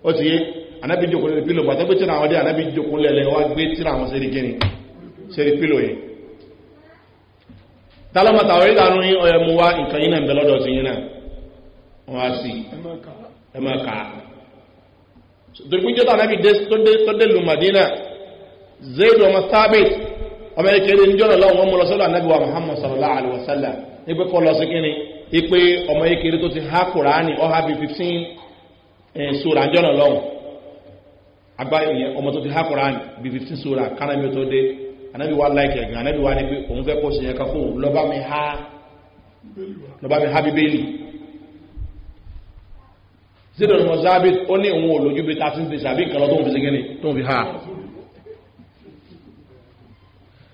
ó ti yé anábì jòkó lórí pílò pàtó gbé tí láwọn dé anábì jòkó lẹ́lẹ́ wá gbé tí láwọn sí rí gíní sí rí pílò yìí tálọ́mọ̀tà orí ìdánú yín ọyọ mú wá nǹkan yín náà ń bẹ lọ́dọ̀ sí zaid ọmọ sabit ọmọ ẹkẹrẹ níjọ́nà lọ́wọ́ wọn mú lọ sọ́dọ̀ anábíwá muhammad sallallahu alaihi wasallam ní pé kọ́ lọ ọmọ tó ti ha kuraani ọha bíi fifteen sura níjọ́nà lọ́wọ́ agba ìyẹn ọmọ tó ti ha kuraani bíi fifteen sura kánábíwá tó dé anábíwá láìkẹ̀ gan anábíwá ni pé òun mi ha bíbélì zaid ó ní òun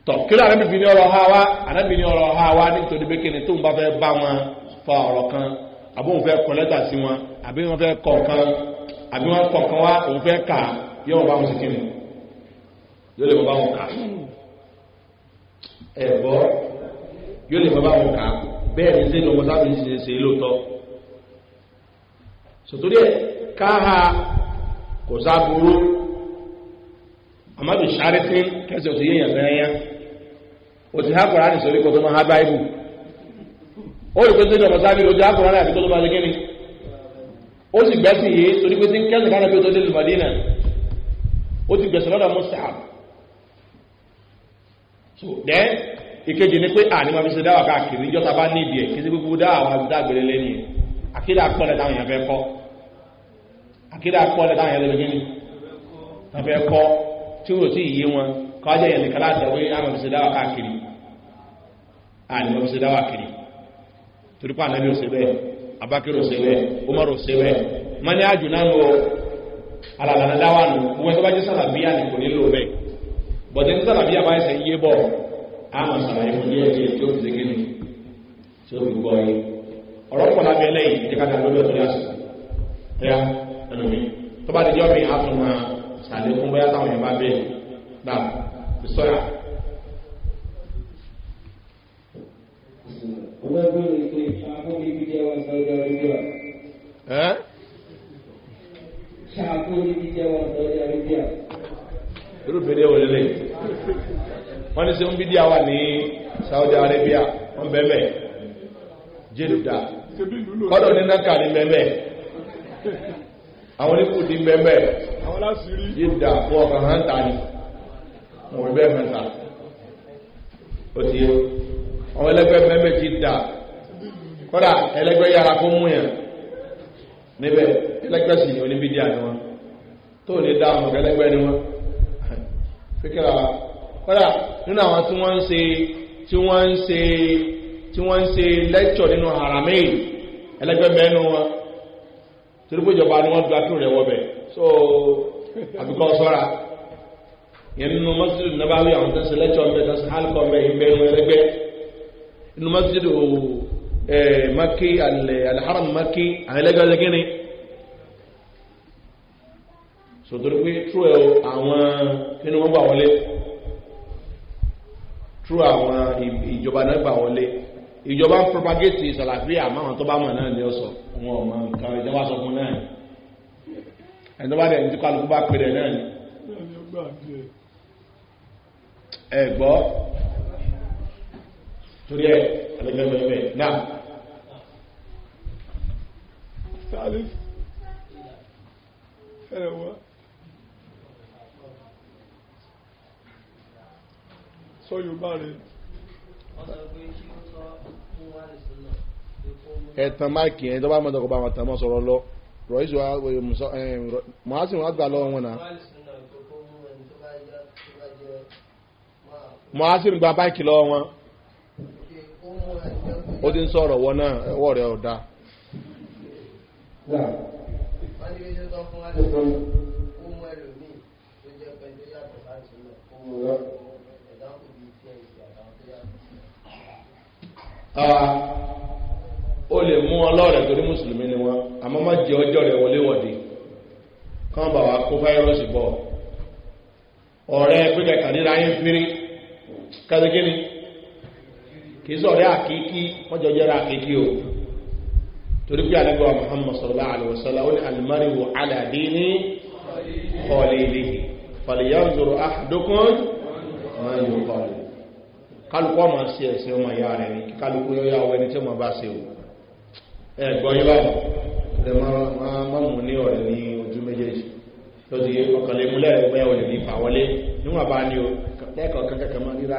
tọ̀ kí ló anábìbí ní ọ̀rọ̀ ha wá anábìbí ní ọ̀rọ̀ ha wá nítorí pé kíni tó ń bá fẹ́ bá wọn fa ọ̀rọ̀ kan àbí òun fẹ́ kọ lẹ́tà sí wọn àbí wọn fẹ́ kọ̀ kan àbí wọn kọ̀ kan wá òun fẹ́ kà yóò wọn bá wọn sí kíni yóò lè wọn bá wọn kà ẹ̀bọ́ yóò lè wọn bá wọn kà bẹ́ẹ̀ ni sẹ́ni ọmọ sábà ń ṣe ṣe lóòótọ́ sòtúrí ẹ̀ káha kò sá burú amadu sáré sí kẹsì ọ̀sẹ̀ yẹ̀yàn fẹ́ yẹn. o ti ha kùránì sórí kò tó máa ha báìbù ó rí pé tó ní ọmọ sábì ló ti ha kùránì àti tó tó máa ṣe kíni ó sì gbẹ́sì yìí so then ni pé àní máa fi ṣe dáwà káàkiri ìjọta bá ní ìdí ẹ̀ kí sí gbogbo dáwà wà dá gbèrè lẹ́ni akpọ àkídà pọ̀lẹ̀ ya èèyàn kọ kọ́ akpọ pọ̀lẹ̀ táwọn ni wọ́n fẹ́ kọ́ tí ó wọn yẹn àlèmọ́ ah, fi ṣe dáwà kiri torípa ànábí ò ṣe bẹ́ẹ̀ abákírò ṣe bẹ́ẹ̀ umaru ṣe bẹ́ẹ̀ mani àjò náà lọ alàlànà dáwà nù wọ́n tó bá jẹ́ sàlàbíyà ní kò nílò bẹ́ẹ̀ bọ̀dé ní sàlàbíyà bá ẹsẹ̀ yé bọ̀ àmà sàlàyé fún díẹ̀ tó fi ṣe Eh? irú bèrè wò lélẹ̀ wọ́n ní sẹ́ ń bí díà wà ní saudi arabia wọ́n bẹ̀mẹ̀ jẹ́dùdà ọdọ̀ ní náka ní bẹ̀mẹ̀ àwọn oníkù ní bẹ̀mẹ̀ jẹ́dùdà fún ọkàn hàn tà ní wọ́n bẹ̀mẹ̀ tà ó ti yẹ àwọn ẹlẹgbẹ mẹmẹ ti dà kódà ẹlẹgbẹ yàrá kó mú yàn níbẹ ẹlẹgbẹ sì ni oníbídí àná wọn tó lè dá àwọn ẹlẹgbẹ ni wọn fíkìlà kódà nínú àwọn tí wọn ń ṣe tí wọn ń ṣe tí wọn ń ṣe lẹ́tọ̀ nínú haramẹ́yì ẹlẹgbẹ mẹ́nu wọn torí pé ìjọba ni wọn gba tó rẹ wọbẹ so àbíkọ sọra yẹn nínú mọ́tò nàbàwí àwọn tó ń ṣe lẹ́tọ̀ ń bẹ tó ń ṣe hálùkọ́ ń bẹ ìgbẹ́ ń bẹ ẹlẹgbẹ́ inú masjid o maki alharam maki àwọn ẹlẹ́gbẹ́ ọjọ́ kíni sòtòrí pé trú ẹ̀ àwọn nínú wọn gbà wọlé trú àwọn ìjọba náà gbà wọlé ìjọba ń propagate ìsàlàfíà máwọn tó bá mọ̀ náà ní ọ̀sọ̀ wọn ò mọ nǹkan ìjọba sọ fún náà ẹni tó bá dẹ̀ ní kálukú bá pèrè náà ni ẹ̀gbọ́ torí ẹ̀ alẹ́gbẹ̀mẹ̀lẹ́mẹ̀ náà sáàlìf ẹ̀rẹ̀wà sọ yorùbá rẹ̀ ẹ̀tàn máàkì ẹ̀ tó bá mọ́tọ̀ kọ bá wọn tàn mọ́ sọ̀rọ̀ lọ rọ̀ísù mọ́ásìn wọn gbà lọ́wọ́ wọn náà mọ́ásìn gba báìkì lọ́wọ́ wọn ti ń sọ̀rọ̀ wọ náà ẹwọ́ rẹ̀ ọ̀dá ó lè mú ọlọ́rẹ̀ torí mùsùlùmí ni wọn àmọ́ má jẹ ọjọ́ rẹ̀ wọléwọ̀dé kán bà wá kó fáírọ́sì bọ̀ ọ̀rẹ́ pẹ́kẹ̀kà nílá yín fírí kádẹ́kẹ́ ni kì í sọ̀rẹ́ àkíkí wọ́n jọ jẹ́ra àkíkí o torí pé àlẹ́gbọ́ muhammad sallallahu alaihi wasallam ó ní alimari wo aládé ní kọ́lélé fàlìyànzòrò àdókùn máa yóò kọ́lé kálukú yóò yá ní tí wọ́n bá ṣe ní ọ̀rẹ́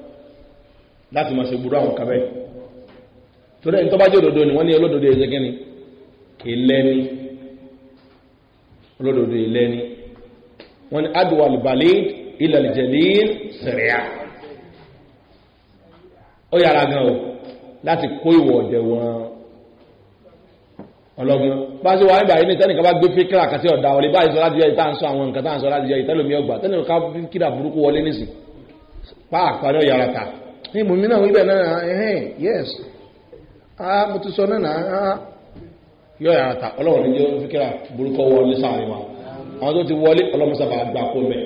láti máa ṣe burú àwọn kabẹ́ torí ẹni tó bá jẹ́ òdodo ni wọ́n ní olódodo ẹ̀jẹ̀ kí ni ìlẹ́ni olódodo ìlẹ́ni wọ́n ní adwal balid ilal jalil sẹ̀ríà ó yára gan o láti kó ìwọ̀ ọ̀dẹ̀ wọn ọlọ́gbọ́n bá ṣe wà nígbà yìí ní tẹ́nìkan bá gbé fíkìrà kàtí ọ̀dà wọlé báyìí sọ láti jẹ́ ìta ń sọ àwọn nǹkan tá ń sọ láti jẹ́ ìtẹ́lómi ọgbà tẹ́nìkan ká fíkìrà burúkú wọlé nísìn pàápàá ní ọ̀yàrá ta ní mùmí náà wíbẹ̀ náà ẹ̀hẹ́n yes ah mo ti sọ náà ah yọ yàrá ta ọlọ́run níjẹ́ ó fi kíra burúkọ wọlé sáàrin wa àwọn tó ti wọlé ọlọ́mọsábà gbà kó mẹ́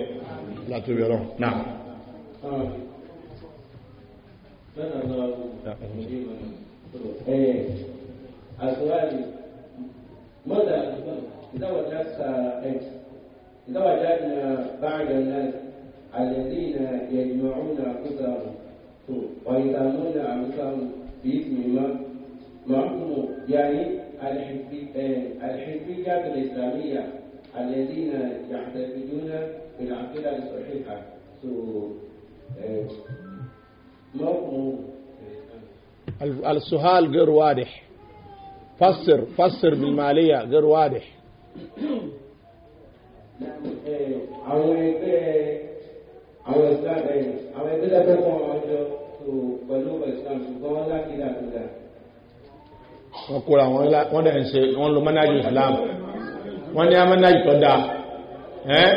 látòrí ọlọ́run náà Àṣíwájú, mọ́dà ìdáwàjá ìdáwàjá ìdáwàjá ìdáwàjá ìdáwàjá ìdáwàjá ويتامون أنفسهم بإثم ما معهم يعني الحزبية الإسلامية الذين يحتفظون بالعقيدة الصحيحة معهم السؤال غير واضح فسر فسر بالمالية غير واضح نعم àwọn islam ẹ̀yìn àwọn ẹgbẹ́ dàgbẹ́ kan àwọn jọ tó pẹ̀lú islam ṣùgbọ́n wọ́n lákìlá àkìlá. wọ́n kóra wọ́n dẹ̀ ń ṣe wọ́n lo mọ́nájú islam wọ́n ní amọ́nájú tó dáa ẹ́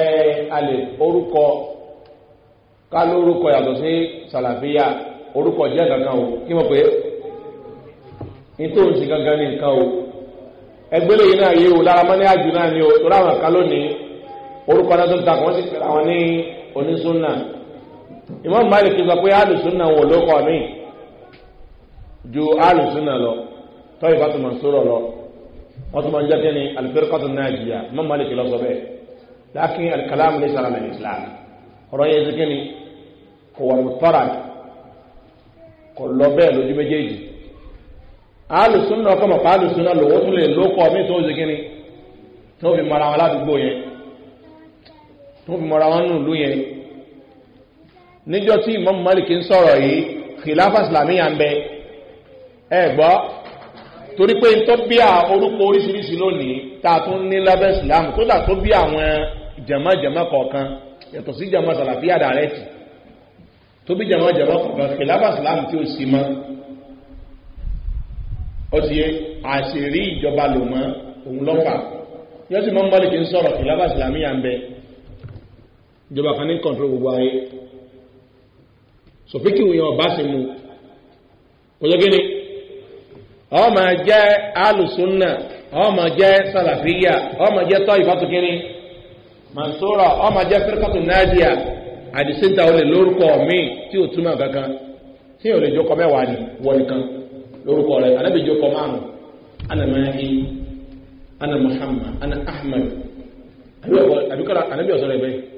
ẹ́ alẹ́ orúkọ ká lórúkọ yàtọ̀ sí sàlàfíà orúkọ jẹ́ gangan o kí mọ̀ pé nítorí sí gangan ní nǹkan o ẹgbẹ́ lè yìí náà yé o lára mọ́nájú náà ni o tó láwọn kan lónìí orúkọ náà tó ń takò wọ́n sì pèrè àwọn ní onísúnà ìmọ̀ malik sọ pé alùsúnà wọn ló kọ́ mi ju alùsúnà lọ tọ́ ìbá tó máa sọ̀rọ̀ lọ wọ́n tó máa jẹ́ kí ni alifirikọ́tù náà jìyà ìmọ̀ malik lọ sọ bẹ́ẹ̀ lákì alikalamu ní sàlámẹ̀ ní islam ọ̀rọ̀ yẹn ti kí ni kò wà ló tọ́ra kò lọ bẹ́ẹ̀ lójú méjèèjì alùsúnà ọkọ̀ mọ̀ pa alùsúnà lòwó tún lè lókọ̀ mi tó ń ṣe kí ni tó fi mara wọn ládùúgbò yẹn wọ́n fi mọ́ra wọn nù lú yẹn níjọ́ tí imam malik ń sọ̀rọ̀ yìí khilafa islamiyya ń bẹ ẹ gbọ́ torí pé tó bí a orúkọ oríṣiríṣi lónìí tá a tún ní lábẹ́ islam kódà tó bí àwọn jẹ̀mọ́jẹ̀mọ́ kọ̀ọ̀kan yàtọ̀ sí jẹ̀mọ́ sàlàfíà dàrẹ́tì tó bí jẹ̀mọ́jẹ̀mọ́ kọ̀ọ̀kan khilafa islam tí ó sì mọ́ ó ìjọba kan ní kọ̀ǹtúrò gbogbo ayé sọ̀fíkì ìwòyàn ọ̀bá sì mú kọjọ́ gíní ọmọ jẹ́ alùsùnà ọmọ jẹ́ sàlàfíyà ọmọ jẹ́ tọ́ ìfàtúkíní mansura ọmọ jẹ́ fẹ́rẹ́kọ̀tù nàdíà àdìsíntà olè lórúkọ mi tí ò túmọ̀ kankan tí ò lè jókòó mẹ́wàá ni wọ́n kan lórúkọ rẹ̀ anábì jókòó márùn ana mahi ana muhammad ana ahmed àbíkọ́ra ọ̀sán rẹ̀ bẹ́ẹ̀.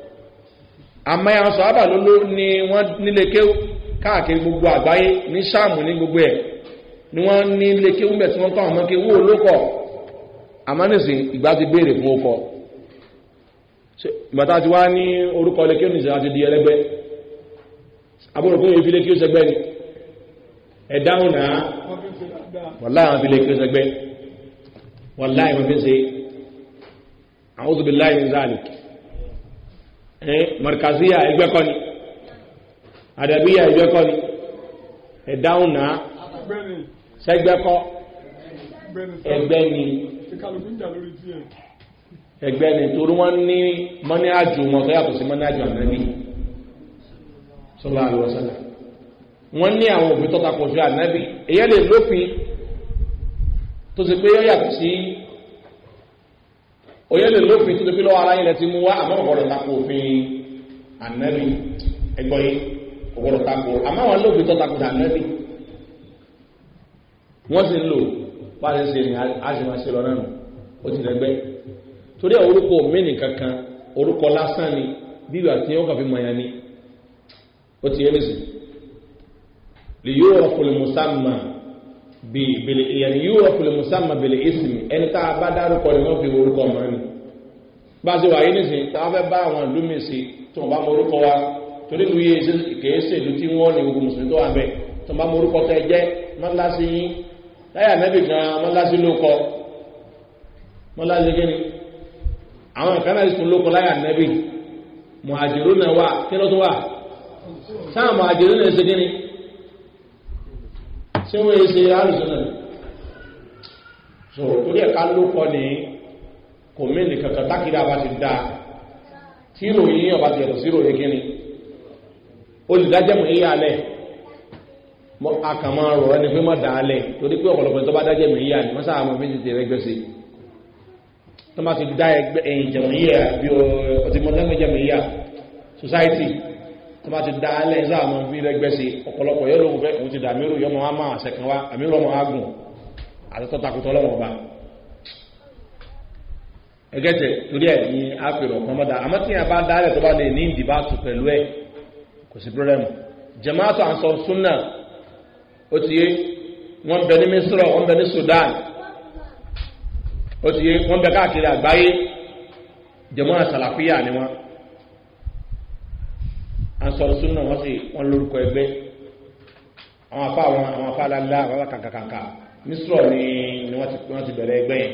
àmọ́ àwọn sọ̀hábà lóló ni wọ́n nílé kéwú káàkiri gbogbo àgbáyé ní sáàmù ní gbogbo ẹ̀ ni wọ́n nílé kéwú mẹ́ tí wọ́n kọ́ àwọn kéwú olókọ̀ àmọ́ nìsín ìgbà ti béèrè fún ọkọ̀ bàtà ti wá ní orúkọ lé kéwú nìsín àti di ẹlẹ́gbẹ́ abúrò pé èyí fi lé kéwú sẹgbẹ́ ni ẹ dáhùn náà wàlá àwọn fi lé sẹgbẹ́ wàlá àwọn fi ń se àwọn òṣèlú láì ní záàlì kì mọ̀rìkàzíyà ẹgbẹ́ kọ ni àdàbíyà ẹgbẹ́ kọ ni ẹ̀dáhùn náà ni ni torí wọ́n ní mọ́ní àjò wọn tó yàtọ̀ sí mọ́ní àjò ànábì sọ́lá àlùwọ̀sánà wọ́n ní àwọn òfin tọ́ta pọ̀ sí ànábì èyẹ́ lè lófin tó pé yọ́ yàtọ̀ sí oyè lè lófin tó tóbi lọ́wọ́ ara yìí lẹ ti mú wá àmọ́ ọ̀gbọ́dọ̀ tako òfin ànẹ́bì ẹgbọ́ yìí ọ̀gbọ́dọ̀ tako àmọ́ àwọn lófin tó tako ànẹ́bì wọ́n sì ń lò pàṣẹ ṣe ní àṣemáṣe lọ náà ó ti lẹ́gbẹ́ torí àwọn orúkọ mẹ́nì kankan orúkọ lásán ni bíbí àti ọkà fi mọ̀yàn ni ó ti yẹ lẹ́sìn lè yóò rọ̀ fún mùsàmà bìlì ìyẹn yóò rọ̀ fún mùsàmà bìlì ìsìn ẹni tá a bá dárúkọ ni wọ́n fi orúkọ mọ́ ni bá ṣe wà yí nìsín tá a fẹ́ bá àwọn ìlú mi sí tí wọ́n bá morúkọ wa torí ìlú yìí ṣe kèéṣe ìlú tí wọ́n ní ogun mùsùlùmí tó wà bẹ́ẹ̀ tí wọ́n bá morúkọ tẹ jẹ́ mọ́láṣí yín láyà mẹ́bì kan mọ́láṣí ló kọ mọ́láṣí kí ni àwọn ìkan náà sùn ló kọ láyà mẹ́bì mọ̀ àjèrò náà wà kí ló tó wà sáà mọ̀ náà ṣe kí ni ṣé wọ́n yẹ ṣe alùsùn náà kò mẹ́lì kankan tákìrí àbá ti dáa tí ìròyìn ọba ti yàtọ̀ sí ìròyìn kíni olùdájẹ́ mọ̀ yíyá alẹ́ akàmọ́ rọ̀ ẹni pé mọ̀ dáa alẹ́ torí pé ọ̀pọ̀lọpọ̀ tó bá dájẹ́ mọ̀ yíyá ni wọ́n sáà mọ̀ méjì ti rẹ́gbẹ́ sí tó bá ti dá ẹ̀yìn jẹ̀mọ̀ yíyá bí ọtí mọ̀ lẹ́gbẹ́ jẹ̀mọ̀ society tó bá ti dá alẹ́ sáà mọ̀ fi rẹ́gbẹ́ sí ọ̀pọ̀lọpọ̀ yẹ́ lóhun fẹ́ òun ti dà mírù yọmọ wa máa sẹ̀kan wa àmírù ọmọ wa gùn àtọ́takùtọ́ ẹgẹtẹ torí ẹ ní àpèrò ọ̀kan mọ́dá àmọ́ tí yẹn bá dálẹ̀ tó bá lè ní ìdìbàtù pẹ̀lú ẹ̀ kò sí pírọ́lẹ́mù jamaatu ansọ sunna ó ti yé wọ́n bẹ ní misrọ̀ wọ́n bẹ ní sudan ó ti yé wọ́n bẹ káàkiri àgbáyé jamaat salafiya ni wọ́n ansọ sunna wọ́n sì wọ́n lórúkọ ẹgbẹ́ àwọn afá àwọn afá lálá àwọn kàkàkàkà misrọ̀ ni wọ́n ti bẹ̀rẹ̀ ẹgbẹ́ yẹn.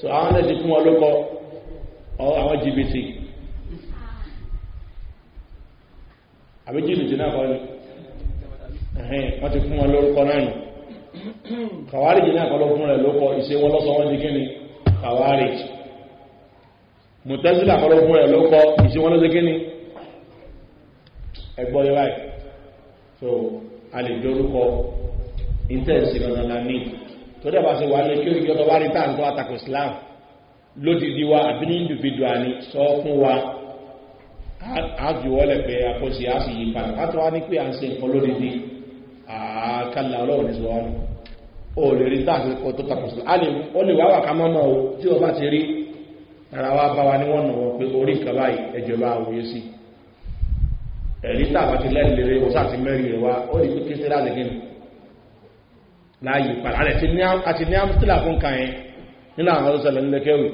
so àwọn náà ti fún wọn lókọ àwọn jìbìtì àbí jìbìtì náà kọ́ ni wọ́n ti fún wọn lórúkọ náà nù kàwárí jì náà kọ́ ló fún rẹ̀ lókọ ìṣe wọn lọ́sọ wọn di kí ni kàwárí mùtẹ́sílà kọ́ ló fún rẹ̀ lókọ ìṣe wọn lọ́sọ kí ni ẹgbọ́ yẹ so a lè dorúkọ intense gangan la ní tó dẹ̀ bá ṣe wà ní kí òkè ọtọ bá rí tá à ń tọ́ islam lódìdí wa àbí ní individual ni sọ fún wa á ju wọlé pé àkọsí á sì yí padà á tó wá ní pé à ń ṣe nǹkan lódìdí àkàlà ọlọ́run ní sọ wọn o lè rí tá à kọ tó takò islam ó lè wá wà ká mọ́mọ́ o tí o bá ti rí ara wa bá wa ní wọ́n nà wọ́n pé orí nǹkan báyìí ẹ̀jọ̀ bá wòye sí ẹ̀rí tá àbá ti lẹ́nu lè rí wọ́n sá ti mẹ́rin rẹ̀ wá ó rí pé kí láàyè padà rẹ̀ ti ní àmúsílà fún kan yẹn nínú àwọn ọ̀sẹ̀lẹ̀ nílẹ̀ kẹwì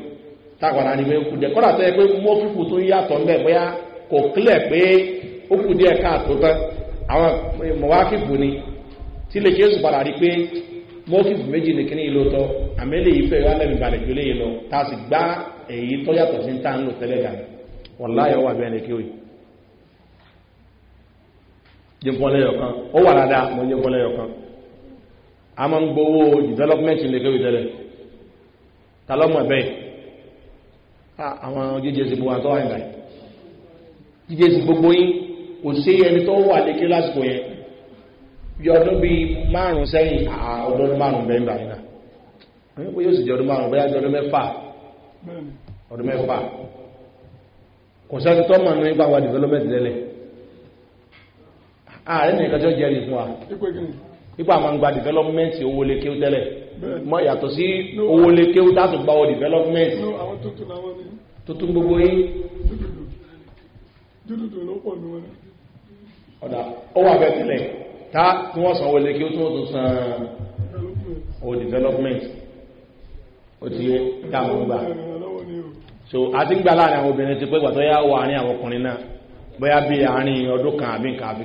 tágbàrá ní pé kùdẹ̀ kọ́dà tó yẹ pé mọ́ fífò tó yàtọ̀ ńbẹ̀ bóyá kò kílẹ̀ pé ó kù ka káàtó tán àwọn mọ̀wákìfù ni tí lè jésù padà rí pé mọ́kìfù méjì ní kíní ìlú tọ́ àmẹ́lẹ̀ ìfẹ́ lọ tá a sì gbá èyí tó yàtọ̀ sí a máa ń gbowó development ilé kéwì tẹ́lẹ̀ ta lọ́mọ̀ bẹ́ẹ̀ àwọn jíjẹ sí gbogbo àtọ́wà ìgbà jíjẹ sí gbogbo yí kò sí ẹni tó wà lékè lásìkò yẹn bí ọdún bí márùn sẹ́yìn ọdún márùn bẹ́ẹ̀ gbà yìí náà wọ́n yóò sì jẹ ọdún márùn bẹ́ẹ̀ jẹ ọdún mẹ́fà ọdún mẹ́fà kò sẹ́ni tó mọ̀ ní gbàgbà development lẹ́lẹ̀ ààrẹ nìkan tó jẹ́rìí fún wa nípa àwọn gba development owó lè kéwú tẹ́lẹ̀ mọ́ yàtọ̀ sí owó lè kéwú tàbí gba owó development tuntun gbogbo yìí ọ̀dà ó wà bẹ́ẹ̀ tẹ́lẹ̀ tá tí wọ́n san owó lè kéwú tí tún san owó development ó ti yẹ dáàmú gbà so àti gbà láàrin àwọn obìnrin ti pé gbà tó yá wà ní àwọn ọkùnrin náà bóyá bí àárín ọdún kan àbí nǹkan àbí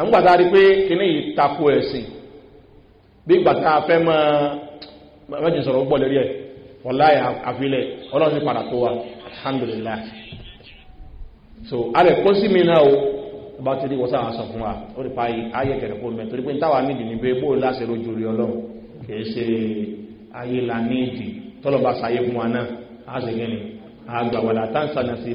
àmúgbàtà rí pé kíní yìí tako ẹ̀sìn bí gbàtà fẹ́ mọ́ mẹ́jì sọ̀rọ̀ gbọ́ lérí ẹ̀ wọláyà àfilẹ̀ ọlọ́run padà tó wa alhamdulillah so a lè kó sí mi náà o bá ti rí wọ́n sáà sọ fún wa ó rí parí ayé kẹ̀rẹ̀ la nídìí tọ́lọ̀ bá ṣayé fún wa náà á sì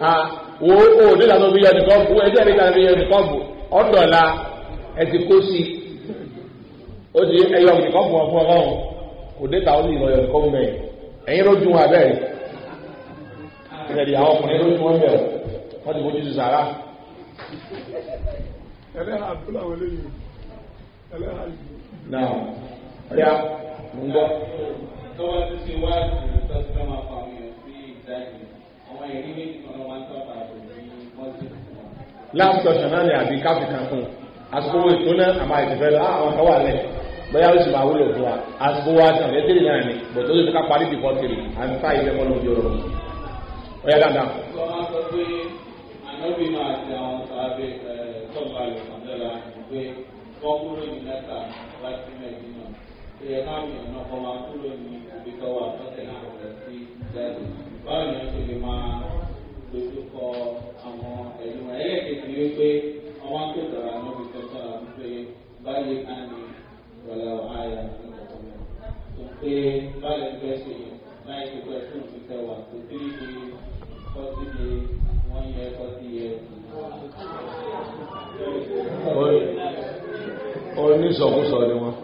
Ah, wo o De la òbí yẹn nìkan bu ẹjẹ ní ìlànà òbí yẹn nìkan bu ọdọọla ẹ ti kó sí ó di ẹyọ nìkan bu ọfún ọlọrun kò dé ta ó ní ìlànà nìkan bu mẹ ẹyin ló dùn abẹ rẹ ìrẹ̀lẹ̀ àwọn ọkùnrin ló dùn wọn bẹ wọn ti mójú ti sàrà. ẹlẹ́hà àbúrò àwọn eléyìí ẹlẹ́hà ìlú. náà ọ̀rẹ́ à ń gbọ́ tọ́wọ́ tó ṣe wá ìrìn tó ti fẹ́ máa fa àwọn èèyàn sí ìjáde àwọn èrí méjì kan lọ́ máa ń tọ́ta àbò ní mọ́sí. last question náà ni àbí káfí kan fún àsìkò owó ìtúná àmà ìtìfẹ́ lọ ah, àwọn kan wà lẹ̀ bóyá ó sì máa wúlò fún wa àsìkò wa sàn lẹ́tẹ̀lẹ̀ náà ni bọ̀ tó ti ká parí bí fọ́tìrì àti táyì fẹ́ mọ́ lójú ọ̀rọ̀ ó dáadáa. sọ sọ pé ànábì tó yẹ káwọn èèyàn náà kọ́ máa kúrò ní ibi tó wà lọ́sẹ̀ ni wọ́n ṣe lè máa dojú kọ àwọn ẹ̀yìn wọn ẹlẹ́kẹ̀ẹ́ ni wípé ọmọ akéwìtà rà náà fi tọ́jú ara wípé báyìí á ní wọlé ààyè àti ọ̀tọ̀mọ̀ tó pé báyìí ń fẹ́ ṣe láì ṣe pé fún three days forty days year forty years onísọkúsọ ni wọn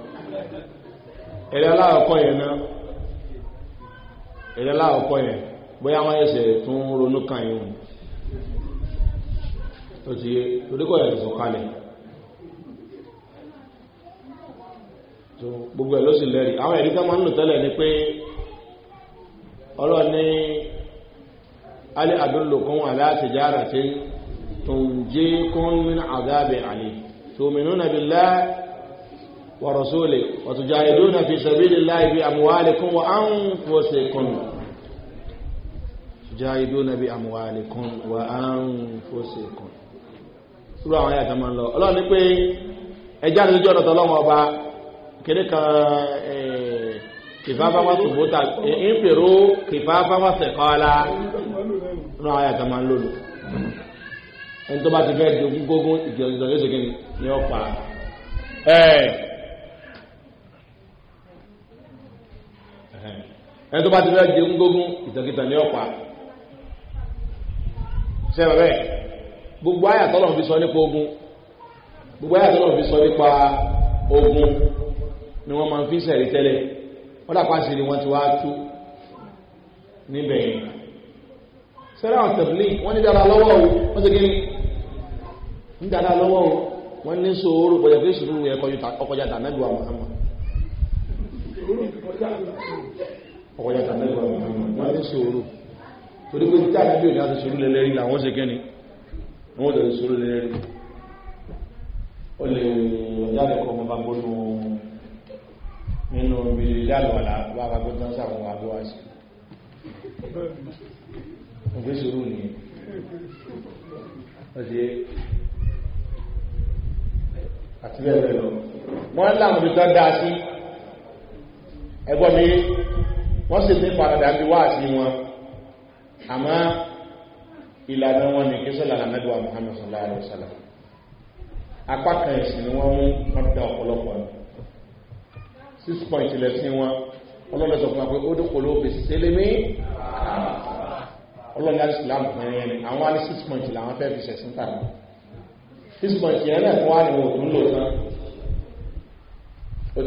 ẹ̀rẹ́ aláàkọ́ yẹn náà ẹ̀rẹ́ aláàkọ́ yẹn bóyá wọ́n yẹsẹ̀ tún ronú kan yìí hùn tó ti yé toríkọ̀ yẹn sọ kalẹ̀ tó gbogbo ẹ̀ ló sì lẹ́rìí àwọn ẹ̀rí ká máa ń lò tẹ́lẹ̀ ni pé ọlọ́ni alẹ́ àdúlòkún aláàtìjára tí tó ń jẹ́ kún ورسوله وتجاهدون في سبيل الله بأموالكم وأنفسكم تجاهدون بأموالكم وأنفسكم sura àwọn ayàtà máa ń lọ ọlọ́run ní pé ẹjá ní ojú ọ̀nà tọ́lọ́wọ́ ọba kéré kan kìfáfáwá tòbótà ń pèrò kìfáfáwá sẹ̀kọ́ọ́lá ọlọ́run ayàtà máa ń lòlò ẹni tó bá ti fẹ́ dogun gógún ìjọ ìjọ yóò ṣe kí ni ó pa ẹni tó bá ti fẹ́ jẹ ń gógún ìtàkìtà ní ọ̀pá sẹ́wẹ̀ẹ́ gbogbo ayàtọ́lọ̀ fi sọ nípa ogun gbogbo ayàtọ́lọ̀ fi sọ nípa ogun ni wọ́n máa ń fi sẹ̀rí tẹ́lẹ̀ wọ́n sí ni wọ́n ti wá tú níbẹ̀ yẹn sẹ́rẹ̀ àwọn tẹ̀bílì wọ́n ní dára lọ́wọ́ o wọ́n ti kiri ń dára lọ́wọ́ o wọ́n ní sòwòrò bọ̀dẹ̀ pé sùúrù yẹn ọkọjà tà náà ju àwọn àmọ́ ọkọ̀já tàbẹ́gbà wọ́n ní sòrò torí pé tí àti bí láti sòrò lẹ́lẹ́rí làwọn ṣe kẹ́ni wọ́n tẹ̀lé sòrò lẹ́lẹ́rí ó lè jáde kọ́ mọ́ bá gbónú nínú ibi lálùwàlà wà bá gbónú sáà wọn wà bó wá sí ọ̀gbẹ́ sòrò nìyẹn ọ̀dẹ́ àti bẹ́ẹ̀ bẹ́ẹ̀ lọ wọ́n láwọn ibi tó dáa sí ẹgbọ́n mi wọ́n sì ní faradà bí wá sí wọn àmá ìlànà wọn ní kí sọ́lá àmẹ́dùwà mohamed sọ́lá àrẹ́sọ́lá apá kan ìsìn ni wọ́n mú ọdún ọ̀pọ̀lọpọ̀ ní six point ilẹ̀ sí wọn ọlọ́dọ̀ sọ fún wa pé ó dúkò ló fi sílé mí ọlọ́dọ̀ àti islam kan yẹn ni àwọn á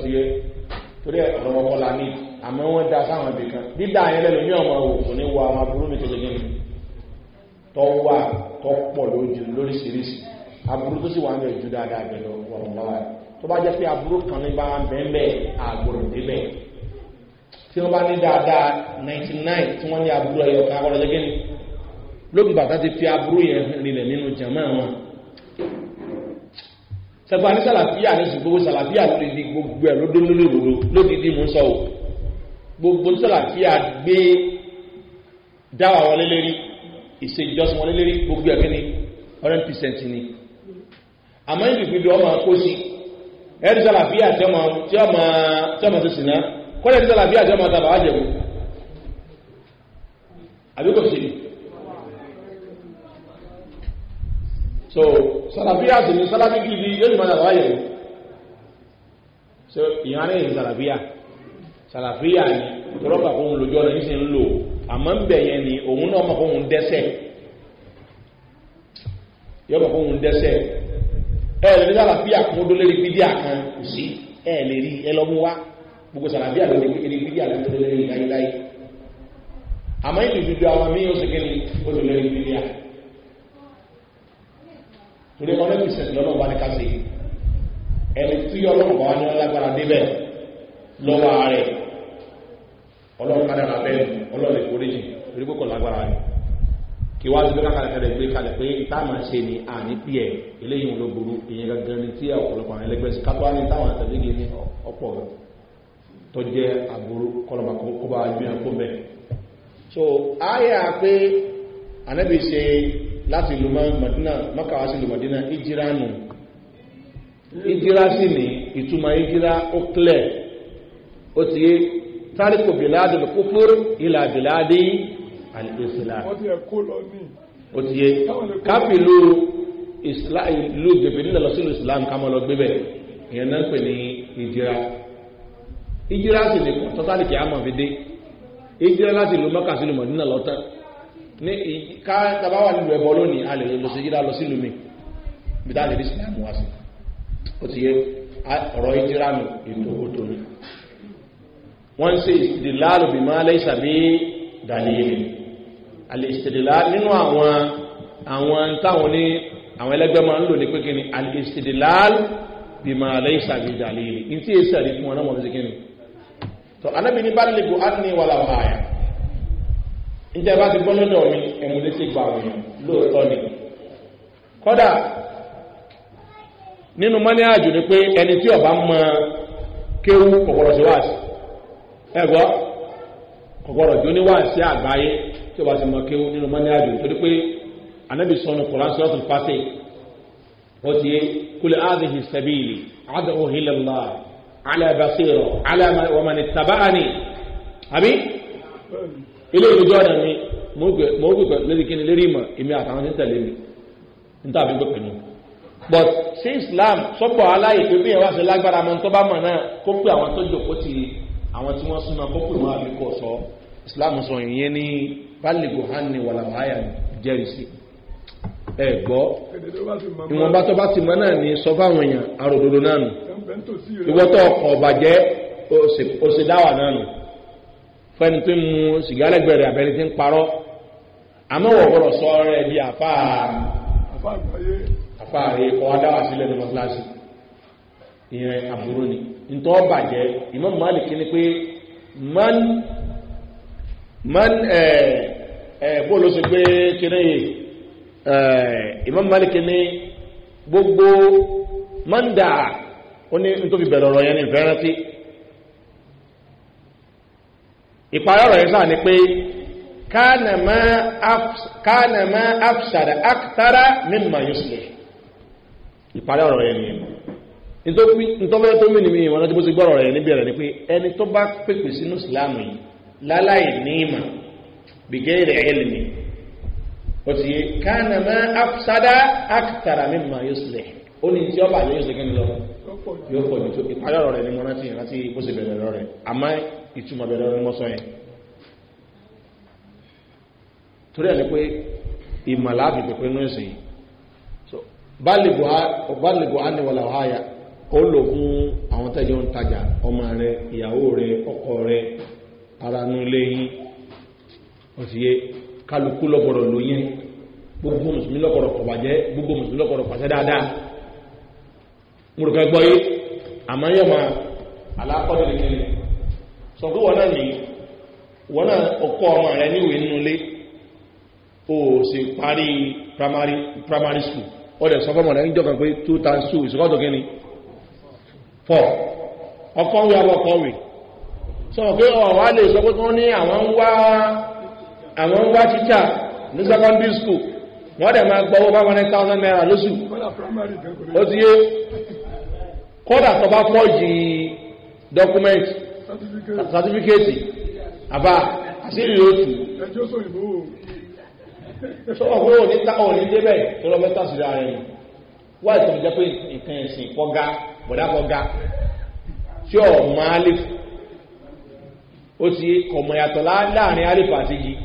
ní torí àwọn ọkọ la ní àmọ́ wọ́n da sáwọn ibì kan dídá yẹn lẹ́nu ní ọmọ òwò kò ní wọ àwọn aburú mi tẹ́jẹ́ gẹ́gẹ́ tọ́ wà tọ́ pọ̀ lójú lóríṣiríṣi aburú tó sì wà ní ẹ̀jú dáadáa bẹ̀ lọ wọ̀ wọ́n wá tó bá jẹ́ pé aburú kan ní bá ń bẹ́ẹ̀ bẹ́ẹ̀ àgbọ̀rọ̀ débẹ̀ tí wọ́n bá ní dáadáa 99 tí wọ́n ní aburú ẹ̀yọ̀ kan akọ́lọ́jẹ́gẹ́ni lóbi bàtà ti fi aburú yẹn rinlẹ̀ nínú jẹ̀mọ́ àwọn tẹgbà ní sàlàfíà ní ṣùgbọ́n sàlàfíà ló di gbogbo ẹ̀ lódó lólòrò lódìdí mú sọ o gbogbo sàlàfíà gbé dáwà wọlé lérí ìṣèjọsìn wọlé lérí gbogbo ẹ̀ kíni hundred percent ni àmọ́ ìdìbìdì ọmọ kó sí ẹ̀rí sàlàfíà tí ọmọ tí ọmọ tí ọmọ ti sìn náà kọ́lẹ̀ sàlàfíà tí ọmọ tàbá wájẹ̀ mú àbíkò sí ni so sàlàbíyà sì ni sàlàbí gidi yóò ní padà wáyé so ìyàn rẹ̀ ní sàlàbíyà sàlàbíyà ni tọ́lọ́gbà fún lójú ọ̀nà yìí sì ń lò àmọ́ ń bẹ̀ yẹn ni òun náà mọ̀ fóun dẹ́sẹ̀ yọ mọ̀ fóun dẹ́sẹ̀ ẹ lè ní sàlàbíyà kún dó lérí bídíà kan kò sí ẹ lè rí ẹ lọ́mú wá gbogbo sàlàbíyà lórí bídíà lórí bídíà lórí láyéláyé àmọ́ ìlú ìdúdú àwọn míì ó sì kéde ó sì lérí bídíà torí ọlọ́run ìṣẹ̀lẹ̀ lọ́nà ọba ní ká ṣe ẹni tí ọlọ́run ọba ní ọlágbára débẹ̀ lọ́wọ́ rẹ̀ ọlọ́run ká dára bẹ́ẹ̀ ọlọ́run lè forí yìí torí pé kò lágbára rẹ̀ kí wá sí pé kákalẹ̀ kẹlẹ̀ gbé kalẹ̀ pé táwọn ṣe ni àní pí ẹ̀ eléyìí ló burú ìyẹn gangan ni tí ọ̀pọ̀lọpọ̀ àwọn ẹlẹgbẹ́ sí kápá ní táwọn àtẹ̀lẹ́gì ní ọ̀pọ̀ tó jẹ́ àbúrú kọlọ̀mà kó bá gbé ẹ̀kọ́ mẹ́ so ayà pé ànábì ṣe láti ìlú Madina makawa sí ìlú Madina ìjírá nù ìjírá sì ní ìtumọ̀ ìjírá ó clear ó ti yé tárìkò bìláàdì kúfúrú ìlà bìláàdì àlìkèsìlá ó ti yé kápìlú ìlú gbèbè nílẹ̀ lọ́sílù Islam ká mọ́ lọ gbé bẹ̀ ìyẹn náà pè ní ìjírá ìjírá sì ní tọ́tàlìkì àmọ̀ fi dé ìjírá láti ìlú mọ́kà sí ìlú Madina lọ́tàn ní ká tàbá wà nílùú ẹbọ lónìí a lè lọ sí jíra lọ sílùú bí tá a lè rí sílùú àmúwá sí o ti yẹ ọ̀rọ̀ ìjíra nù ètò òtò ni wọ́n sì ìdìláàlù bí máa lẹ́ ìsàbí dàlíyè alẹ́ ìsìdìlá nínú àwọn àwọn táwọn ní àwọn ẹlẹ́gbẹ́ máa ń lò ní pé kí ni alẹ́ ìsìdìláàlù bí máa lẹ́ ìsàbí dàlíyè ní tí èsì àrí fún mọ̀ ìjẹ́ bá ti gbọ́ lọ́dọ̀ mi ẹ̀mùlétí gba òyìn lóòótọ́ ni kọ́dà nínú mọ́ní àjò ni pé ẹni tí ọba mọ kéwú kọ̀kọ̀rọ̀ sí wáàsí ẹ̀gbọ́ kọ̀kọ̀rọ̀ tí ó ní àgbáyé tí ọba ti mọ kéwú nínú mọ́ní àjò nítorí pé anábì sọnù kọ̀rán ilé ìlójú ọ̀nà mi mo gbé pẹ̀lú lórí kíni lórí ìmọ̀ èmi àtàwọn ní tẹ̀lé mi nta mi gbé ni but sí islam sọ́pọ̀ aláyè pé bíyẹn wá sí lágbára mọ́ tó bá mọ̀ náà kó pé ti àwọn tí wọ́n súnmọ́ kó pè wọ́n àbí kò sọ islam sọ ìyẹn ní bali gohani wàlàmáyà ti mọ́ náà ní sọ fáwọn èèyàn àròdodo náà nù pẹ́ni tó ń mu sìgá lẹ́gbẹ̀rẹ̀ àbẹ́ni tí ń parọ́ àmọ́wọ̀ ọ̀rọ̀ sọ rẹ̀ bí àfáàrí ọkọ̀ adáwà sílẹ̀ ní mọ́síláṣì ìyẹn àbúrò ni ìtọ́ bàjẹ́ ìmọ̀ malik ni pé man man ẹ̀ ẹ̀ bóòlù sí pé kíní yìí ìmọ̀ malik ni gbogbo man dà ó ní nítorí bẹ̀rẹ̀ ọ̀rọ̀ yẹn ní ìfẹ́rántí ìparí ọ̀rọ̀ yìí náà ni pé kánà má afṣàdà ákítárá mímọ̀ yóò sílẹ̀ ìparí ọ̀rọ̀ yẹn nìyẹn nítorí tó mìnìmí ìwọ̀n láti bó ti gbọ́rọ̀ rẹ̀ níbi rẹ̀ ni pé ẹni tó bá pèpè sínú ìsìláàmù yìí láláì ní ìmọ̀ bìgẹ́ rẹ̀ ẹlẹ́mì ó ti yé kánà má afṣàdà ákítárá mímọ̀ yóò sílẹ̀ ó ní tí ọba yóò sílẹ̀ kí ni lọ yóò pọ̀ jù tó ìparí ọ̀rọ̀ rẹ̀ ni mo rántí rántí bó ti bẹ̀rẹ̀ rẹ̀ ìtumọ̀ bẹ̀rẹ̀ ní mọ́sán yẹn torí ẹ̀ ní pé ìmọ̀lá àbìbẹ̀ pé inú ẹ̀sìn yìí bálẹ̀gù ánìwọ̀lá ọ̀háyà ó lò fún àwọn tẹ́jọ ń tajà ọmọ rẹ ìyàwó rẹ ọkọ rẹ ara nú léyìn ọ̀sìyẹ kálukú lọ́gbọ̀rọ̀ lóyìn gbogbo mùsùlùmí lọ́gbọ̀rọ̀ kọ̀bàjẹ́ gbogbo mùsùlùmí lọ́gbọ̀rọ̀ pàṣẹ dáadáa mo rò àmọ́ yẹ̀ máa alákọ̀ọ́dẹ̀ nìkan sọ pé wọ́n náà ní wọ́n náà ọkọ́ ọmọ rẹ̀ níwèé nínú ilé o sì parí primary school ọdẹ̀ sọ fọ́mọ̀ rẹ̀ níjọ́ kan pé 2 times 2 ìsọ́kọ́tọ̀ kí ni 4 ọkọ̀ ń wá ọkọ̀ wì sọ pé ọ̀wá lè sọ pé wọ́n ní àwọn ń wá títà ní secondary school wọ́n dẹ̀ máa gbọ́wọ́ bá wọn ní 1000 naira lóṣù ó ti yé kọ́dà tó bá pọ̀ jì dọ́kúmẹ́ntì sàtífíkẹ́tì àbá àṣírí yóò tù ọkọ̀ òní tákọ̀ òní débẹ̀ tó lọ mẹ́ta sí ara rẹ̀ wá ìtàn jẹ́ pé nǹkan ẹ̀sìn kọ́gá bọ̀dá kọ́gá tí ọ̀ máa lè ó ti kọ̀mọ̀ yàtọ̀ láàrin àlèfà àti yìí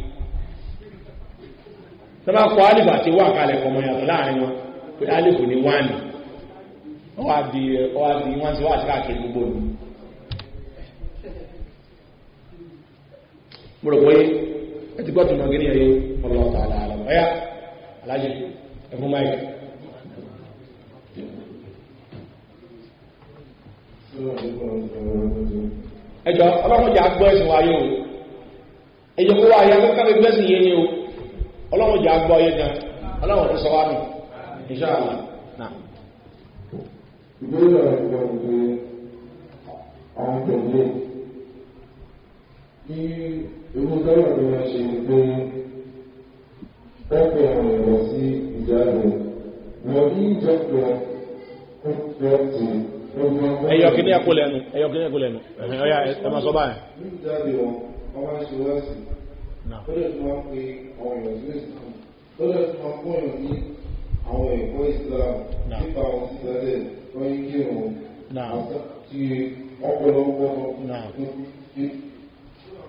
tọ́bá kọ àlèfà àti wà kalẹ̀ kọ̀mọ̀ yàtọ̀ láàrin wọn pé àlèfò ní wáàni wọ́n á di wọ́n ti wá àti káàkiri gbogbo nù mo rò pé ẹ ti gbọ́tù náà gíní ẹ̀yẹ ọlọ́ọ̀tà àlàálà ọ̀yá aláyé ẹ̀fún máìkì ẹjọ́ ọlọ́mọdé agbọ́ ẹ̀sìn wáyé o ẹjọ́ kó wáyé kó káfí gbẹ́sìn yé ni o ọlọ́mọdé agbọ́ yé gan ọlọ́mọdé sọ àwọn tẹ̀lé bí irú tọ́lọ̀ tó wọ́n ṣe ń pé tọ́pẹ̀ àwọn ẹ̀rọ sí ìjáde wọ́n ní ìjọpọ̀ kúrọ́tì ẹyọ kìíní ẹkú lẹ́nu ẹyọ kìíní ẹkú lẹ́nu ọya ẹ máa sọ báyìí. níjáde wọn ọmọ ṣe wáṣì tó lè tún wọn pé àwọn èèyàn sí ìsìlámù tó lè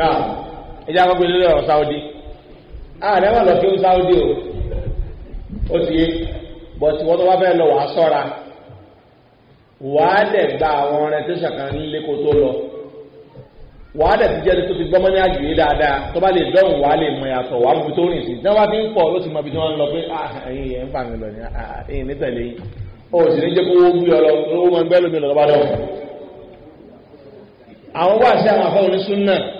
náà ẹjẹ́ akọ́gbé lórí ọ̀rọ̀ sáúdí ààrẹ wà lọ kí ó sáúdí o ó ti yé bọ́tí wọ́n tó wá bẹ́ẹ̀ lọ wàá sọ́ra wàá dẹ̀ gba àwọn ọ̀rẹ́ tó ṣàkàn nílé kó tó lọ wàá dẹ̀ ti jẹ́ tó ti gbọ́mọ́ ní àjùyé dáadáa tó bá lè dọ́hùn wàá lè mọ ìyàtọ̀ wàá mú tó rìn sí tí wọ́n bá ti ń pọ̀ ló ti mọ ibi tí wọ́n ń lọ pé ẹ̀yìn yẹn ń fà àwọn wáṣẹ́ àwọn afọ́ oníṣúná náà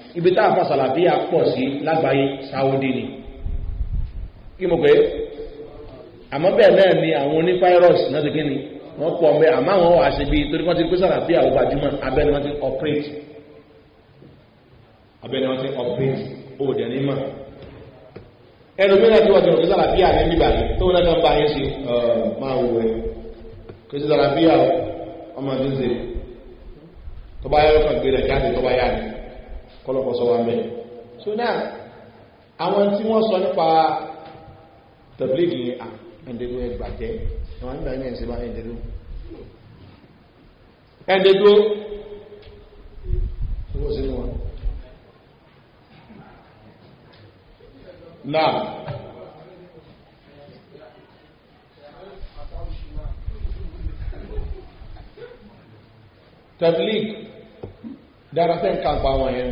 ibi tá àfa sàlàfíà pọ̀ sí lágbàáyé sáwọ́dí ni kí mo pé àmọ́ bẹ́ẹ̀ náà ni àwọn onífáírọ́ọ̀sì náà ti kí ni wọ́n pọ̀ ọ̀bẹ àmọ́ àwọn wà ṣe bí torí wọ́n ti pé sàlàfíà ó gbajúmọ̀ abẹ́ wọ́n ti operate abẹ́ ni wọ́n ti operate ó dẹ̀ ní mọ̀ ẹlòmíràn tí wọ́n ti rò pé sàlàfíà ní bíbà yìí tó wọn náà bá yín sí máa wù ẹ́ kí sàlàfíà ọmọdé ń ṣe tó bá yẹ tó bá yá kọ́lọ́kọ́ sọ wá mẹ́ so náà àwọn tí wọ́n sọ nípa tẹ̀blígì ní à ah, ẹ̀ndẹ̀dú ẹgbàjẹ́ àwọn nígbà ní ẹ̀sẹ̀ bá ẹ̀ndẹ̀dú ẹ̀ndẹ̀dú owó sínú wọn náà tẹ̀blígì dára fẹ́ ń ka pa wọn yẹn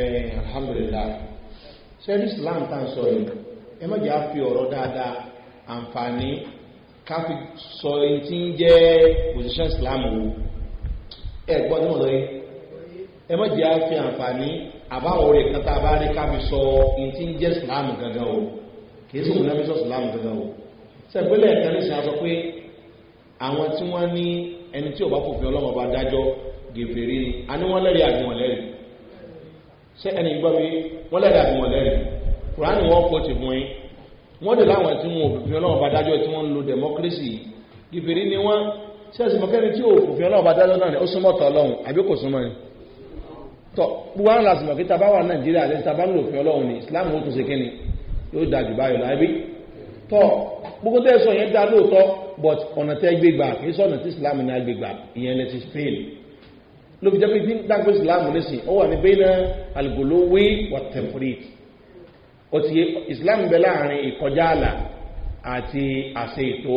ẹ̀yìn eh, alhamdulillah ṣẹ́rí islam tá ń sọ yìí ẹ má jẹ́ á fi ọ̀rọ̀ dáadáa àǹfààní ká fi sọ èyí tí ń jẹ́ position islam wo ẹ gbọ́ ní ọ̀dọ́ yìí ẹ má jẹ́ á fi àǹfààní àbáwọ̀ rẹ̀ kan tá a bá rí ká fi sọ èyí tí ń jẹ́ islam gangan o kì í sì fi sọ islam gangan o sẹ́gbẹ́lẹ̀ kan ní sàn sọ pé àwọn tí wọ́n ní ẹni tí ò bá fòfin ọlọ́mọba dájọ́ gèfèrè ni a ní wọ́n lẹ́rìí àbí wọ́n lẹ́rìí ṣé ẹni gbọ́ mi wọ́n lẹ́rìí àbí wọ́n lẹ́rìí kùránì wọ́n kọ́ ti fún yín wọ́n dè láwọn tí wọn ò fi ọlọ́run bá dájọ́ tí wọ́n ń lo democracy gèfèrè ni wọ́n ṣé ẹ̀sìn mọ̀kẹ́ni tí òfin ọlọ́run bá dájọ́ náà ni ó súnmọ́ tọ́ ọlọ́run àbí kò súnmọ́ ni tọ́ gbogbo àwọn làsìmọ̀ kí ta bá wà nàìjíríà lẹ́yìn ta bá ń lo òfin ọlọ́run ni islam ó tún ṣe kíni yóò dájú báyọ̀ láìbí tọ́ gbogbo tẹ́ sọ yẹn dá lóòótọ́ but ọ̀nà tẹ́ gbégbà kì í sọ ọ̀nà tí islam ní agbègbà ìyẹn lẹ ti fail ló fi jẹ́ pé dágbé ìsìláàmù nísìn ó wà ní bẹ́ẹ̀nà alìgòlówé wà tẹ̀mùrìt ó ti ìsìláàmù bẹ láàrin ìkọjá àlà àti àṣẹ ètò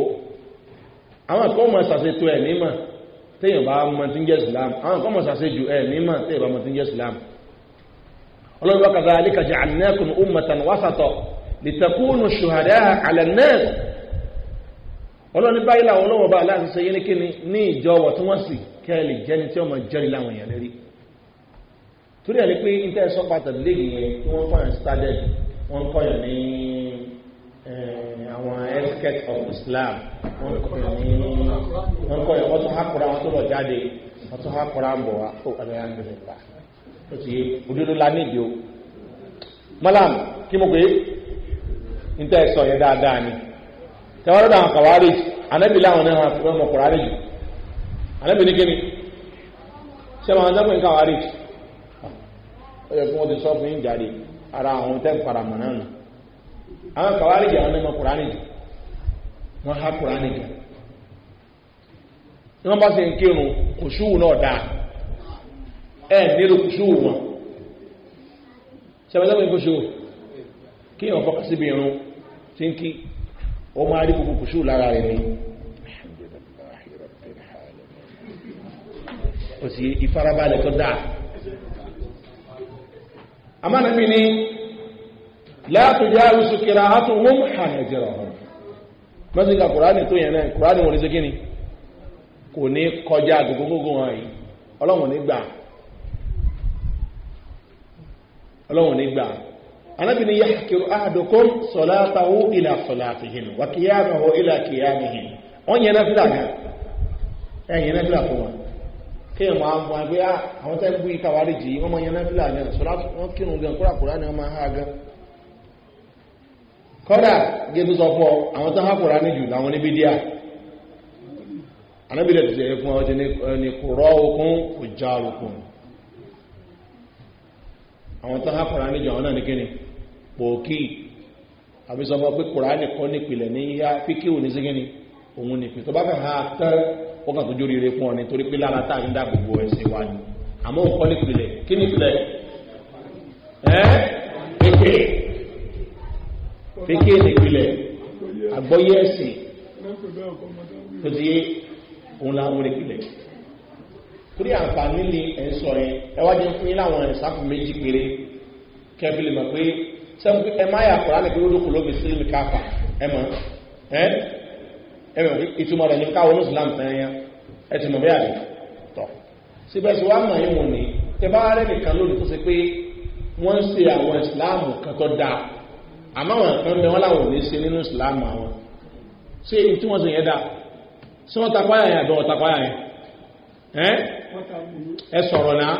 àwọn kan mọ̀ ṣàṣẹ tó ẹ̀ nímọ̀ téèyàn bá mọ̀ tí ń jẹ́ ìsìláàmù àwọn kan mọ̀ ṣàṣẹ jù ẹ̀ nímọ̀ téèyàn bá mọ̀ tí ń jẹ́ ìsìláàmù ọlọ́run bá kàdá alíkàjá ànákùn ummatan wásàtọ̀ lìtàkùnù ṣùhàdá àlẹ́nẹ́ẹ̀s ọlọ́run kẹ́ ẹ lè jẹ́ni tí ọmọ jẹ́rìí láwọn èèyàn lérí torí ẹ̀ lé pé níta ẹ̀ sọ́pà tẹ̀lé léyìí yẹn tí wọ́n kọ́yàn started wọ́n kọ́yàn ní eh, àwọn etiquette of Islam wọ́n kọ́yàn ní wọ́n kọ́yàn wọ́n tún hákùrá wọn tó lọ jáde wọ́n tún hákùrá ń bọ̀ wá ó alhamdulillah ó ti yé òdodo la nídìí o malam kí mo pé níta ẹ̀ sọ yẹn dáadáa ni tẹ́wọ́n lọ́dọ̀ àwọn kàwárí anábìlẹ̀ àwọn náà fẹ́ mọ̀ kùrárì yìí àlẹ́bìnrin kí ni ṣe máa dápò nǹkan àwárí ó yẹ kí wọ́n ti sọ fún ara àwọn tẹ́ paramọ̀ náà nù àwọn kàwárí jẹ́ àwọn ọmọ kùránì jù wọ́n há kùránì jù wọ́n bá sì ń kírun kò náà nílò kò wọn nǹkan kí èèyàn síbi irun tí kò sí ìfarabalẹ̀ tó dáa amánàbí ni látòjá ìsùkìrà àtúnwó hànàjẹ̀rọ ọ̀rọ̀ mẹ́sìnkà kùránì tó yẹn náà kùránì wọn ní sí kíni kò ní kọjá gbogbogbò wọn yìí ọlọ́wọ̀n ní gbà ọlọ́wọ̀n ní gbà anábìnrin yà kìrò àdókòm sọ̀látàwó ìlà sọ̀látìhìn wà kìyàmọ̀ ìlà kìyàmìhìn wọ́n yẹn náà fìlà kan ẹ̀yìn náà fìlà fún wọn kéèyàn máa mọ àgbé àwọn tẹ́ gbé kàwárí jì wọ́n mọ̀ yẹn náà fílà nwoke sọ́lá wọ́n kírun gan kúràkúrà ni wọ́n máa há gan kọ́dà gẹ́gẹ́ sọ fọ́ àwọn tó hákùrà ní jù láwọn níbi díà anábìlẹ̀ tó tẹ̀lé fún ọjọ́ ní kùrọ́ okun òjá okun àwọn tó hákùrà ní jù àwọn náà ní kíni pòókì pé nìkan ní yá òní sí kíni ha kọ́kàn tó jórí ire fún ọ ni torí pé lára tá à ń dá gbogbo ẹ̀sìn wa ni àmọ́ òun kọ́ ní ìpìlẹ̀ kí ní ìpìlẹ̀ ẹ́ pékè pékè ní ìpìlẹ̀ àgbọ́yé ẹ̀sìn tó ti yé òun láwọn ìpìlẹ̀ torí àǹfààní ni ẹ̀ ń sọ yẹn ẹ wá jẹ́ fún yín láwọn ẹ̀sáfù méjì péré kẹ́bílì mọ̀ pé sẹ́mu ẹ má yà kọ́ra lẹ́gbẹ̀ẹ́ olókùn lóbi sílẹ̀ káfà ẹ mọ̀ ẹ́ ẹ̀rọ ìtumọ̀ rẹ̀ ní káwọn Islam tẹ́yẹ ẹ̀tùnú bí àrí tọ̀ síbẹ̀sí wá mọ̀ yíwọ̀n ní tẹbá rẹ̀ nìkan lónìí tó ṣe pé wọ́n ń ṣe àwọn Islam kan tó dáa àmáwọn kan bẹ wọ́n láwọn ní ṣe nínú Islam àwọn ṣe èyí tí wọ́n ṣe yẹn dáa ṣé wọ́n tapáyà yẹn àbẹ́ wọ́n tapáyà yẹn ẹ sọ̀rọ̀ náà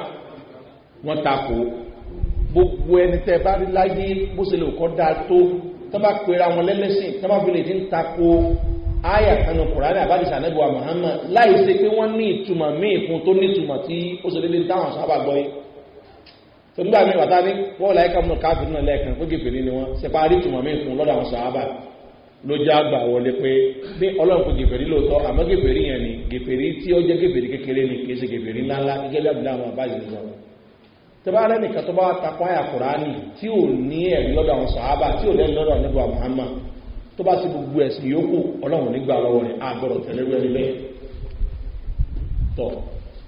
wọ́n takò gbogbo ẹni tẹ bá rí láyé bó ṣe lè kọ́ dáa tó tọ́ bá pera wọn lẹ́lẹ́sìn tọ́ bá fi lè ti ń takò áyà kanu kùránì àbájíṣà nẹ́bùwà muhammad láì ṣe pé wọ́n ní ìtumọ̀ míì fún tó ní ìtumọ̀ tí ó sọ délé táwọn sábà gbọ́ yìí tó nígbà míì wàtá ní wọ́n láì kàmú káàfin náà lẹ́ẹ̀kan fún gèfèrè ni wọ́n ṣe pa rí ìtumọ̀ míì fún lọ́dọ̀ àwọn sábà ló já gbà wọlé pé bí ọlọ́run kò gèfèrè lóòótọ́ àmọ́ gèfèrè yẹn ni gèfèrè tí ó jẹ́ gèfèrè kékeré ni kì í ṣe gèfèrè ńláńlá gẹ́gẹ́ bí tẹ́bá rẹ́ nìkan tó bá takọ́ àyà kùránì tí ò ní ẹ̀rí lọ́dọ̀ àwọn sàábà tí ò lẹ́nu lọ́dọ̀ nígbà muhammad tó bá sí gbogbo ẹ̀sìn yòókù ọlọ́run nígbà lọ́wọ́ rẹ̀ àgbọ̀rọ̀ tẹ̀lẹ́wẹ́ rí bẹ́ẹ̀ tọ́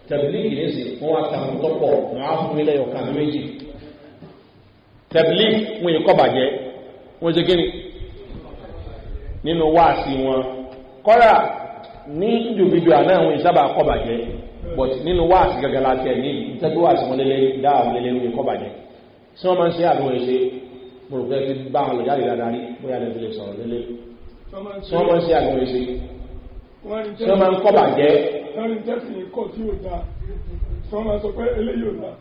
tẹ̀bílíìgì ní sí wọ́n wá tàwọn tọ́pọ̀ wọ́n á fún ilẹ̀ ọ̀kan méjì tẹ̀bílíìgì wọ́n yìí kọ́bàjẹ́ wọ́n ní individual náà wọ́n but nínú wáàsí gẹ́gẹ́ láti ẹ̀ ní ìtẹ́gbẹ́wàsí wọn lélẹ́ dáàmú lélẹ́ wọ́n yìí kọ́bàjẹ́ wọ́n máa ń ṣe àdúgbò mo rò pé kí bá wọn lọ jáde dáadáa rí bóyá lè fi lè sọ̀rọ̀ lélé tí wọ́n máa ń ṣe àwọn èsì tí wọ́n máa ń kọ́ bàjẹ́. lórí jẹ́sìn ikọ̀ tí ò dáa tí wọ́n máa sọ pé eléyìí ò dáa.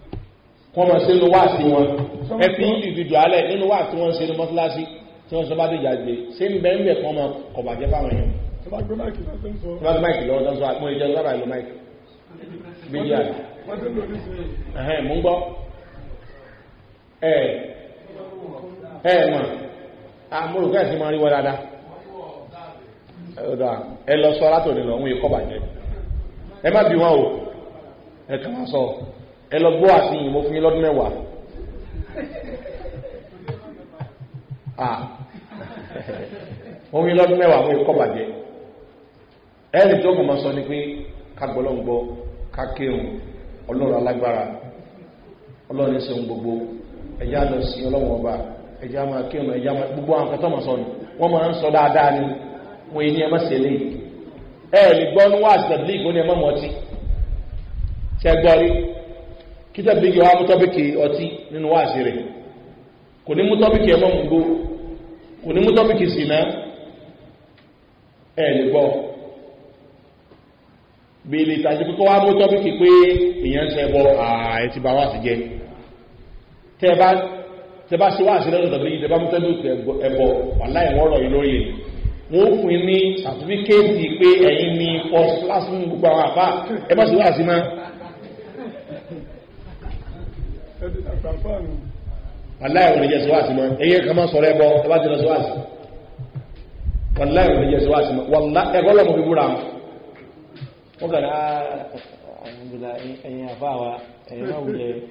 kọ́ máa ṣe ló wá sí wọn ẹ fi ìdìdì alẹ́ nínú wá tí wọ́n ṣe ní mọ́tíláṣí tí wọ́n sọ bá dìjà gbé ṣé ń bẹ́ẹ̀ ń bẹ̀ kọ́ máa kọ̀ bàjẹ́ fáwọn èèyàn. tí máìkì lọ́wọ́ tó ń sọ. àpò ìjọ sábà ìlú máìkì. bíjì àná. mo ń gbọ́. E ma sí máa rí wọ́n dáadáa ẹ lọ sọ látò nílọ òun ikọ́ bàjẹ́ ẹ má bí wọn o ẹ kà máa sọ ẹ lọ gbọ́ àti yìí mo fún lọ́dún mẹ́wàá lọ́dún mẹ́wàá ikọ́ bàjẹ́ ẹni kàn máa sọ pé gbogbo ẹ̀yà lọ sí ọba ẹjá máa kí ọmọ ẹjá máa gbogbo àwọn kẹtọ́ máa sọ ni wọ́n máa ń sọ dáadáa ni wọ́n èyí ẹmọ́ sí ilé ẹ lè gbọ́ ní wáàsì tẹ̀lé ìgbóni ẹmọ́ mọ́ ọtí ṣe gbọ́ rí kí tẹ̀lé ìgbé wa mú tọ́bìkì wá mú tọ́bìkì pé èèyàn ń ṣẹ́ bọ́ ti bá wáàsì jẹ tẹ́ bá tẹba ṣe wá àṣírí ọ̀dọ̀ ní ìjọba mọ́tẹ́lùkù ẹ̀bọ̀ aláìwọ́rọ̀ ìlóye wọ́n fún ní sàtífíkéètì pé ẹ̀yìn ni first class ní gbogbo àwọn àbá ẹbá ṣe wá àṣí máa aláìwọ̀n ìjẹ́ ṣe wá àṣí máa ẹyẹ kan máa sọ̀rọ̀ ẹbọ ẹbá ti lọ ṣe wá àṣí aláìwọ̀n ìjẹ́ ṣe wá àṣí máa ẹgbọ́ lọ́mọ fi búra wọn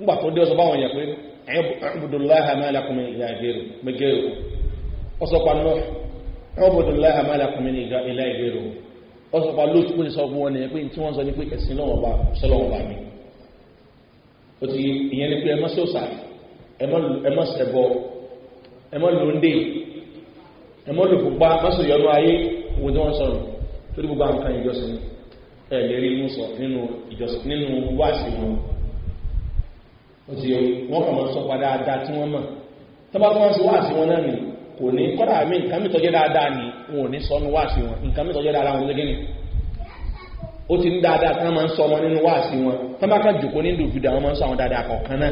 ńgbà tó dé ọsọ báwọn yẹ pé ẹ̀bùdùláhà mẹ́lẹ̀kùnmí ìlà ìgbèrò mẹ́gẹ́rò ọsọpa náà ẹ̀bùdùláhà mẹ́lẹ̀kùnmí ìlà ìgbèrò ọsọpa lóòtú pé sọ fún wọn ni pé tí wọ́n sọ ní pé ẹ̀sìn lọ́wọ́ bá sọ́lọ́wọ́ bá mi ó ti ìyẹn ni pé ẹmọ́ sí òsà ẹmọ́ sẹ̀bọ ẹmọ́ lóńdè ẹmọ́ lòpùpá mọ́sọ̀ yọnu ayé wo ni wọ́n sọ̀rọ̀ tó dé gbogbo àwọn kan ìjọsìn ẹ̀ lérí mú sọ nínú wáàsì wọn ó ti wọ́n kàn máa sọ padà dáa tí wọ́n mọ̀ tọ́ba tó máa ń sọ wáàsí wọn náà nì kò ní kọ́dà mí nǹkan mi tọ́jẹ́ dáadáa ni wọn ò ní sọ nu wáàsí wọn nǹkan mi tọ́jẹ́ dáadáa wọn lẹ́gẹ́ni ó ti ń dáadáa tí máa ń sọ nínú wáàsí wọn tọ́ba jòkó ní dòfìdà wọn máa ń sọ àwọn dáadáa kọ̀ọ̀kan náà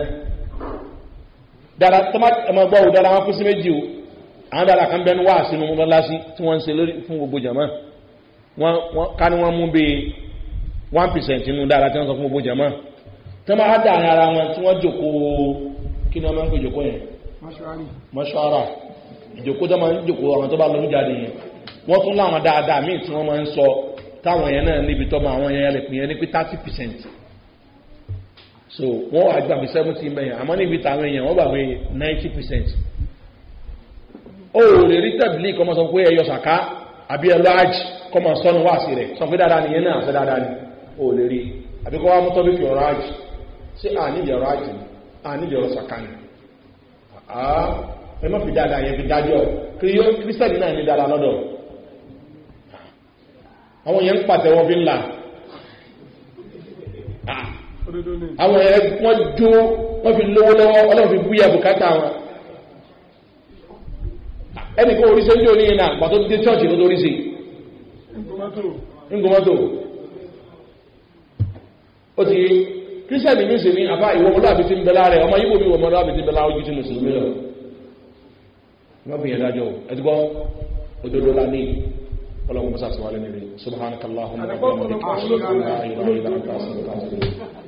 dada gbọ́ òdara wọn kú sí méjì o àwọn dáadáa kan bẹ́ẹ̀ ní wáàsí nu wọn lásì tí wọ́n ń se lórí fún gbogbo jàmọ́ wọn ká ní wọ́n mú bíi one percent nínú dáadáa tí wọ́n sọ fún gbogbo jàmọ́ tán a dà ní ara wọn tí wọ́n jòkó kí ni wọ́n máa ń pè jòkó yẹn mọ́ṣọ́rà ìjòkó tó máa ń jòkó àwọn tó bá lọ́rú jáde yẹn wọ́n tún láwọn dáadáa míì tí wọ́n máa ń sọ táwọn yẹn náà níbi tọ́ máa wọ́n so wọ́n wà gbàgbé seventy mẹ́yìn àmọ́ níbi táwọn èèyàn wọ́n gbàgbé ninety percent ó lè rí tẹ̀bílì kọ́ máa sọ pé ẹyọ sàká àbí ẹ kọ́ sí àníyọ̀rọ̀ àjì àníyọ̀rọ̀ sàkánì àá ẹ má fi dáadáa yẹn fi dájọ́ kírísítẹ́nì náà ní dáadáa lọ́dọ̀ àwọn yẹn ń pàtẹ́wọ́ bí ńlá àwọn ẹ̀ wọ́n jó wọ́n fi lówó lọ́wọ́ ọlọ́run fi búyà bùkátà wọn ẹni kó oríṣẹ́ ní oníyìn náà pàtó dé chọ́ọ̀chì ló torí sí ngomọ́tò ó ti christian mi ṣe ní àbá ìwọ ọmọláàbí ti ń bẹ láàrẹ ọmọ yíbo mi wọ ọmọláàbí ti ń bẹ láàrẹ ojú tí mùsùlùmí lọ wọ́n fi yẹn dájọ́ ẹdúgbọ́ òdodo la ní ọlọ́run mọ́sàtúwálẹ́ nílé